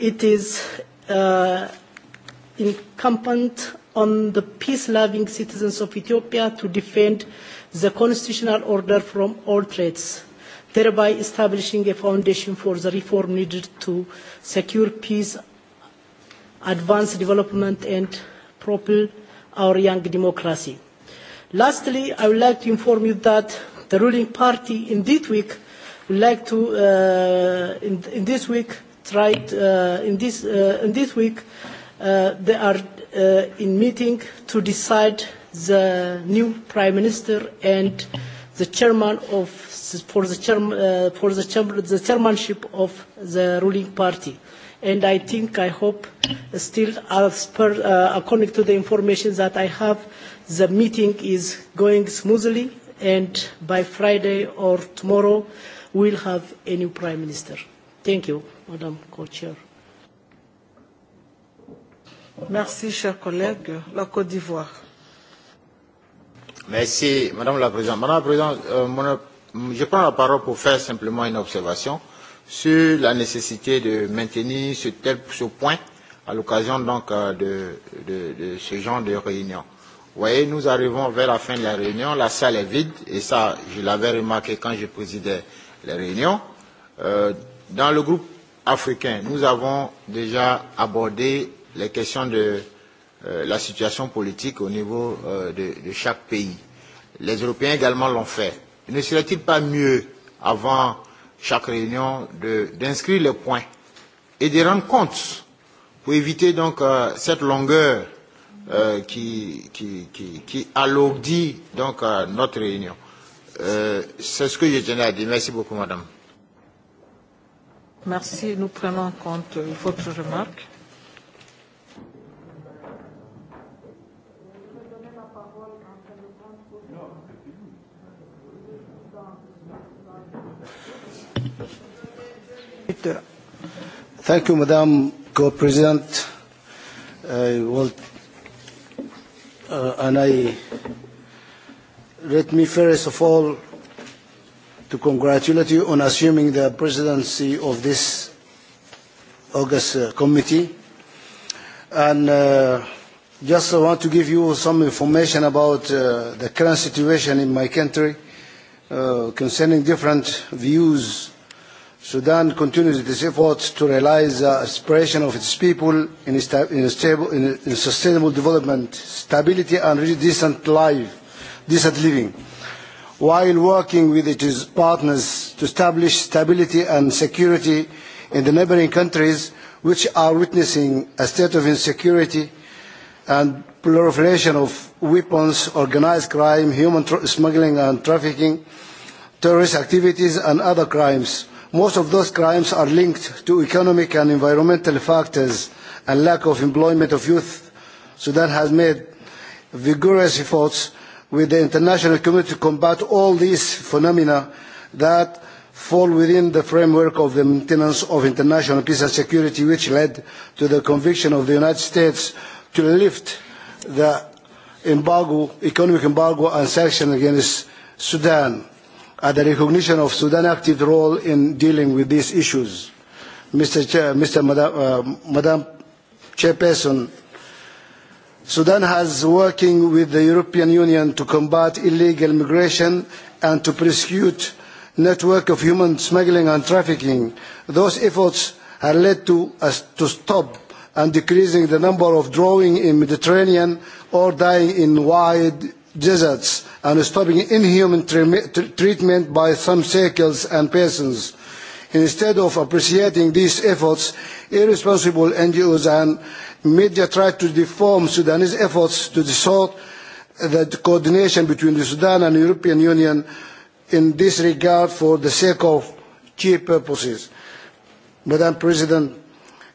it is uh, incumbent on the peace-loving citizens of Ethiopia to defend the constitutional order from all threats, thereby establishing a foundation for the reform needed to secure peace, advance development and propel our young democracy. Lastly, I would like to inform you that the ruling party in this week would like to uh, in, this week tried uh, in this uh, in this week they are Uh, in meeting to decide the new prime minister and the chairman of for the chair, uh, for the, the chairmanship of the ruling party and i think i hope still as per uh, according to the information that i have the meeting is going smoothly and by friday or tomorrow we'll have a new prime minister thank you madam co-chair Merci, cher collègue. La Côte d'Ivoire. Merci, Madame la Présidente. Madame la Présidente, euh, je prends la parole pour faire simplement une observation sur la nécessité de maintenir ce, tel, ce point à l'occasion donc euh, de, de, de ce genre de réunion. Vous voyez, nous arrivons vers la fin de la réunion, la salle est vide, et ça, je l'avais remarqué quand je présidais les réunions. Euh, dans le groupe africain, nous avons déjà abordé les questions de euh, la situation politique au niveau euh, de, de chaque pays. Les Européens également l'ont fait. Ne serait-il pas mieux, avant chaque réunion, d'inscrire les points et de rendre compte pour éviter donc euh, cette longueur euh, qui, qui, qui, qui alourdit donc euh, notre réunion. Euh, C'est ce que je tenais à dire. Merci beaucoup, madame. Merci. Nous prenons en compte votre remarque. Thank you, Madam Co-President. I uh, and I, let me first of all to congratulate you on assuming the presidency of this August uh, committee. And uh, just I want to give you some information about uh, the current situation in my country concerning different views Sudan continues its efforts to realize the aspiration of its people in, a in, a stable, in, a, in sustainable development, stability and really decent life, decent living, while working with its partners to establish stability and security in the neighboring countries which are witnessing a state of insecurity and proliferation of weapons, organised crime, human smuggling and trafficking, terrorist activities and other crimes most of those crimes are linked to economic and environmental factors and lack of employment of youth. sudan has made vigorous efforts with the international community to combat all these phenomena that fall within the framework of the maintenance of international peace and security which led to the conviction of the united states to lift the embargo, economic embargo and sanctions against sudan at the recognition of Sudan's active role in dealing with these issues. Mr. Chair, Mr. Uh, Madam, uh, Chairperson, Sudan has working with the European Union to combat illegal migration and to prosecute network of human smuggling and trafficking. Those efforts have led to us to stop and decreasing the number of drowning in Mediterranean or dying in wide deserts and stopping inhuman treatment by some circles and persons. Instead of appreciating these efforts, irresponsible NGOs and media try to deform Sudanese efforts to distort the coordination between the Sudan and the European Union in this regard for the sake of cheap purposes. Madam President,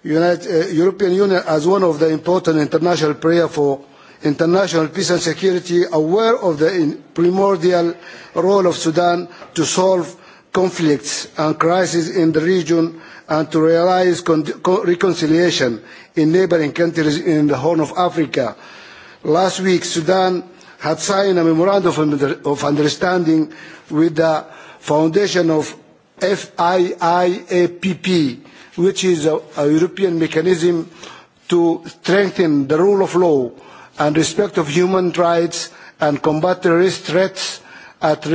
United, uh, European Union as one of the important international players for international peace and security aware of the primordial role of Sudan to solve conflicts and crises in the region and to realise reconciliation in neighbouring countries in the Horn of Africa. Last week, Sudan had signed a memorandum of understanding with the foundation of FIIAPP, which is a European mechanism to strengthen the rule of law and respect of human rights and combat terrorist threats at,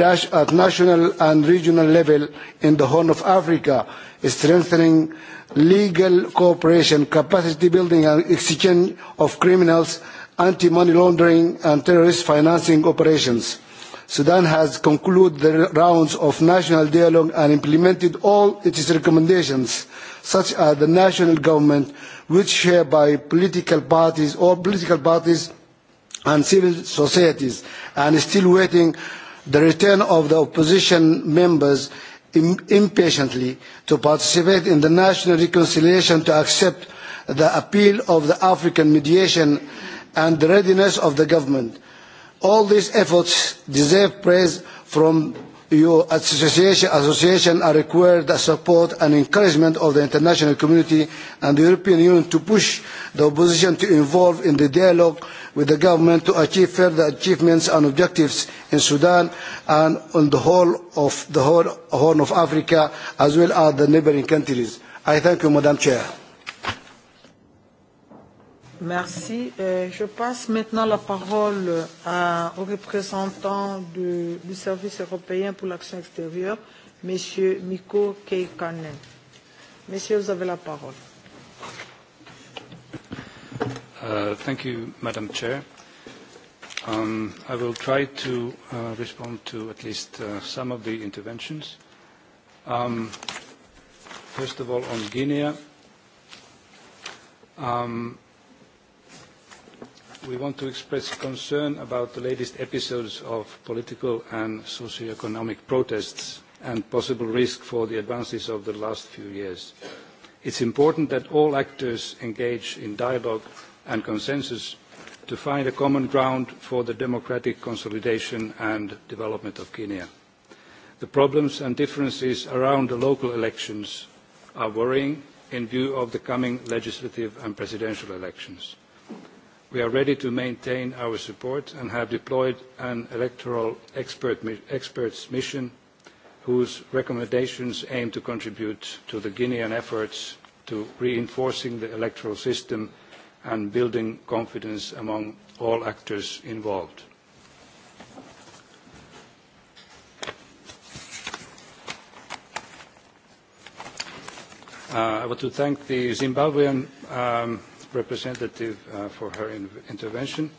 national and regional level in the Horn of Africa, strengthening legal cooperation, capacity building and exchange of criminals, anti-money laundering and terrorist financing operations. Sudan has concluded the rounds of national dialogue and implemented all its recommendations such as the national government which share by political parties or political parties and civil societies and is still waiting the return of the opposition members impatiently to participate in the national reconciliation to accept the appeal of the African mediation and the readiness of the government. All these efforts deserve praise from EU association, association are required the support and encouragement of the international community and the European Union to push the opposition to involve in the dialogue with the government to achieve further achievements and objectives in Sudan and on the whole of the whole Horn of Africa as well as the neighbouring countries. I thank you, Madam Chair. Merci. Et euh, je passe maintenant la parole à, euh, au représentant de, du Service européen pour l'action extérieure, M. Miko Keikanen. Monsieur, vous avez la parole. Uh, thank you, Madam Chair. Um, I will try to uh, respond to at least uh, some of the interventions. Um, first of all, on Guinea. Um, we want to express concern about the latest episodes of political and socio-economic protests and possible risk for the advances of the last few years. It's important that all actors engage in dialogue and consensus to find a common ground for the democratic consolidation and development of Guinea. The problems and differences around the local elections are worrying in view of the coming legislative and presidential elections we are ready to maintain our support and have deployed an electoral expert, experts mission whose recommendations aim to contribute to the Guinean efforts to reinforcing the electoral system and building confidence among all actors involved. Uh, I want to thank the Zimbabwean um, representative uh, for her in intervention.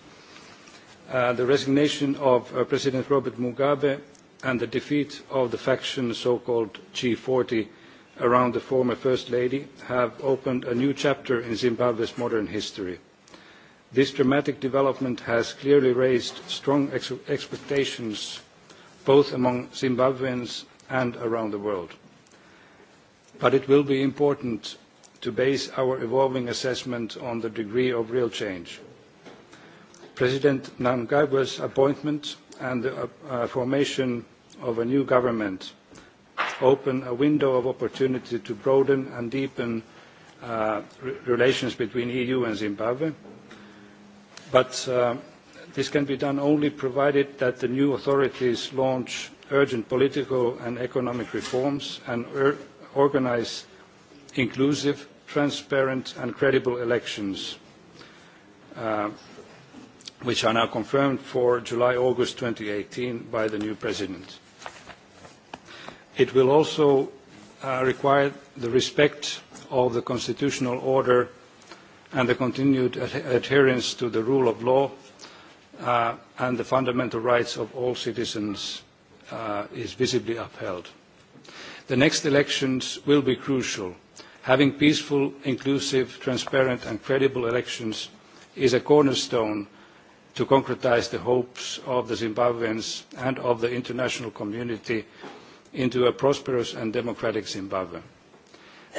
Uh, the resignation of uh, President Robert Mugabe and the defeat of the faction so-called G40 around the former First Lady have opened a new chapter in Zimbabwe's modern history. This dramatic development has clearly raised strong ex expectations both among Zimbabweans and around the world. But it will be important to base our evolving assessment on the degree of real change. President Mnangagwa's appointment and the uh, uh, formation of a new government open a window of opportunity to broaden and deepen uh, relations between EU and Zimbabwe. But uh, this can be done only provided that the new authorities launch urgent political and economic reforms and er organize inclusive transparent and credible elections, uh, which are now confirmed for July-August 2018 by the new president. It will also uh, require the respect of the constitutional order and the continued adherence to the rule of law uh, and the fundamental rights of all citizens is visibly upheld. The next elections will be crucial Having peaceful, inclusive, transparent and credible elections is a cornerstone to concretise the hopes of the Zimbabweans and of the international community into a prosperous and democratic Zimbabwe.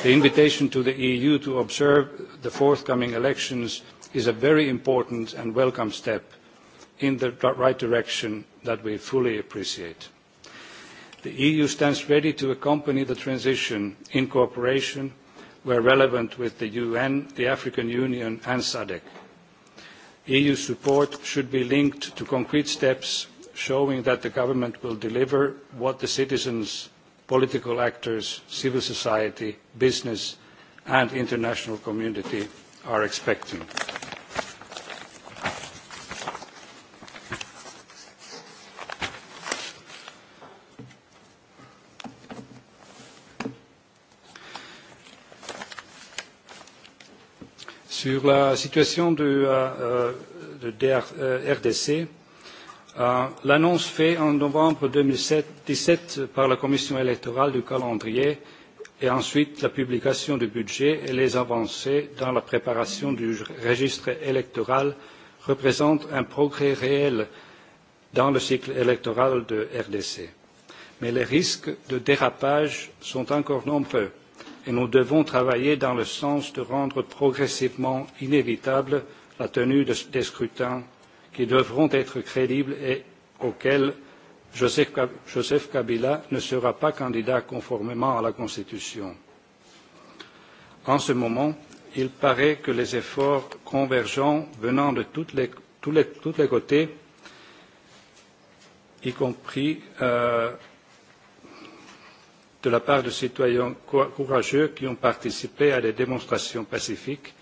The invitation to the EU to observe the forthcoming elections is a very important and welcome step in the right direction that we fully appreciate. The EU stands ready to accompany the transition in cooperation where relevant with the UN, the African Union and SADC. EU support should be linked to concrete steps showing that the government will deliver what the citizens, political actors, civil society, business and international community are expecting. Sur la situation de, euh, euh, de RDC, euh, l'annonce faite en novembre 2017 par la Commission électorale du calendrier et ensuite la publication du budget et les avancées dans la préparation du registre électoral représentent un progrès réel dans le cycle électoral de RDC. Mais les risques de dérapage sont encore nombreux et nous devons travailler dans le sens de rendre progressivement inévitable la tenue de, des scrutins qui devront être crédibles et auxquels Joseph, Joseph Kabila ne sera pas candidat conformément à la Constitution. En ce moment, il paraît que les efforts convergents venant de toutes les, tous les, les côtés, y compris euh, de la part de citoyens courageux qui ont participé à des démonstrations pacifiques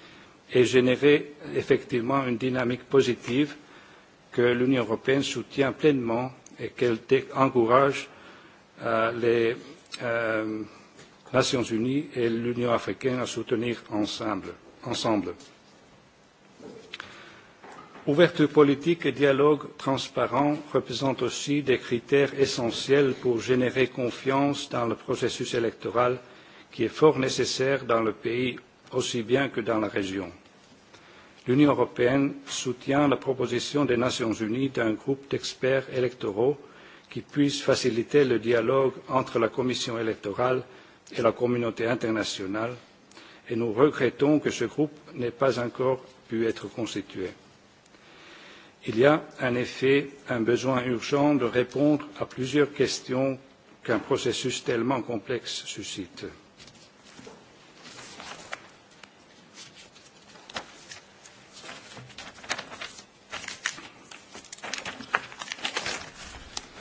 et généré effectivement une dynamique positive que l'Union européenne soutient pleinement et qu'elle encourage euh, les euh, Nations unies et l'Union africaine à soutenir ensemble. ensemble. Ouverture politique et dialogue transparent représentent aussi des critères essentiels pour générer confiance dans le processus électoral qui est fort nécessaire dans le pays aussi bien que dans la région. L'Union européenne soutient la proposition des Nations unies d'un groupe d'experts électoraux qui puisse faciliter le dialogue entre la Commission électorale et la communauté internationale et nous regrettons que ce groupe n'ait pas encore pu être constitué. Il y a en effet un besoin urgent de répondre à plusieurs questions qu'un processus tellement complexe suscite.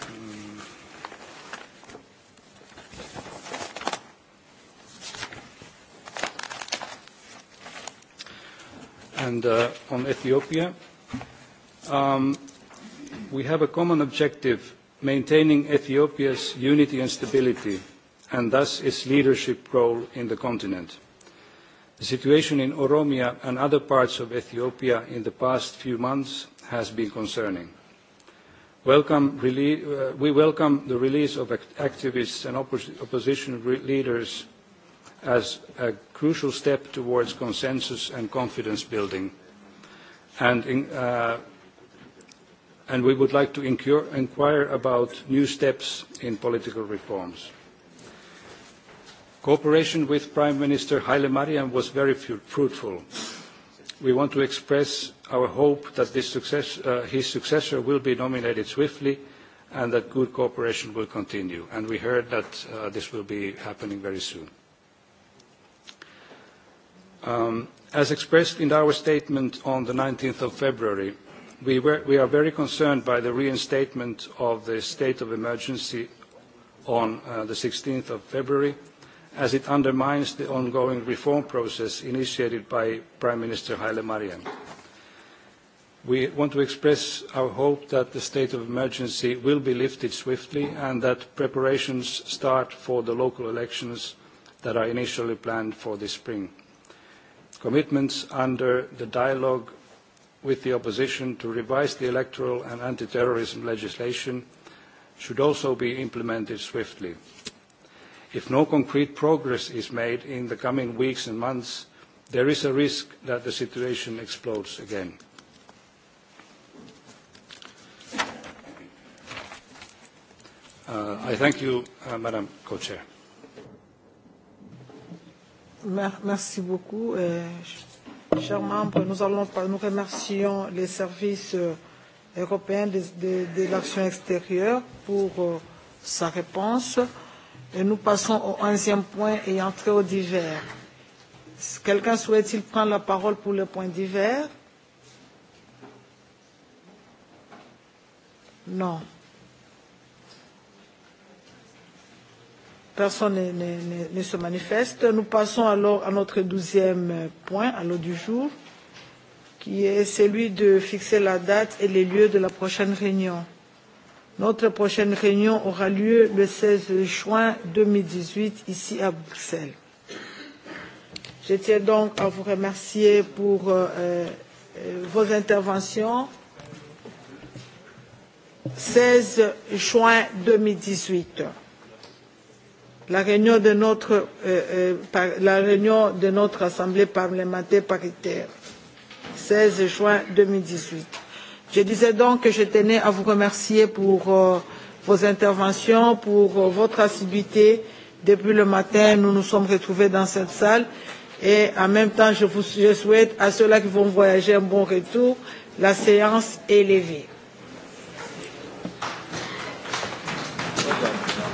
Hmm. And uh, on Ethiopia, Um, we have a common objective, maintaining Ethiopia's unity and stability, and thus its leadership role in the continent. The situation in Oromia and other parts of Ethiopia in the past few months has been concerning. Welcome, uh, we welcome the release of activists and opposition leaders as a crucial step towards consensus and confidence building, and in, uh, and we would like to inquire about new steps in political reforms. Cooperation with Prime Minister Mariam was very fruitful. We want to express our hope that this uh, his successor will be nominated swiftly and that good cooperation will continue. And we heard that uh, this will be happening very soon. Um, as expressed in our statement on the 19th of February, We, are very concerned by the reinstatement of the state of emergency on uh, the 16th of February, as it undermines the ongoing reform process initiated by Prime Minister Haile Mariam. We want to express our hope that the state of emergency will be lifted swiftly and that preparations start for the local elections that are initially planned for this spring. Commitments under the dialogue with the opposition to revise the electoral and anti-terrorism legislation should also be implemented swiftly. If no concrete progress is made in the coming weeks and months, there is a risk that the situation explodes again. Uh, I thank you, uh, Madam Co-Chair. Merci beaucoup. Euh, Chers membres, nous, allons, nous remercions les services euh, européens de, de, de l'action extérieure pour euh, sa réponse. Et nous passons au onzième point et entrer au divers. Quelqu'un souhaite-t-il prendre la parole pour le point divers Non. personne ne, ne, ne se manifeste. Nous passons alors à notre douzième point, à l'ordre du jour, qui est celui de fixer la date et les lieux de la prochaine réunion. Notre prochaine réunion aura lieu le 16 juin 2018 ici à Bruxelles. Je tiens donc à vous remercier pour euh, euh vos interventions. 16 juin 2018 la réunion de notre, euh, euh, la réunion de notre Assemblée parlementaire paritaire, 16 juin 2018. Je disais donc que je tenais à vous remercier pour euh, vos interventions, pour votre assiduité. Depuis le matin, nous nous sommes retrouvés dans cette salle et en même temps, je, vous, je souhaite à ceux-là qui vont voyager un bon retour. La séance est levée.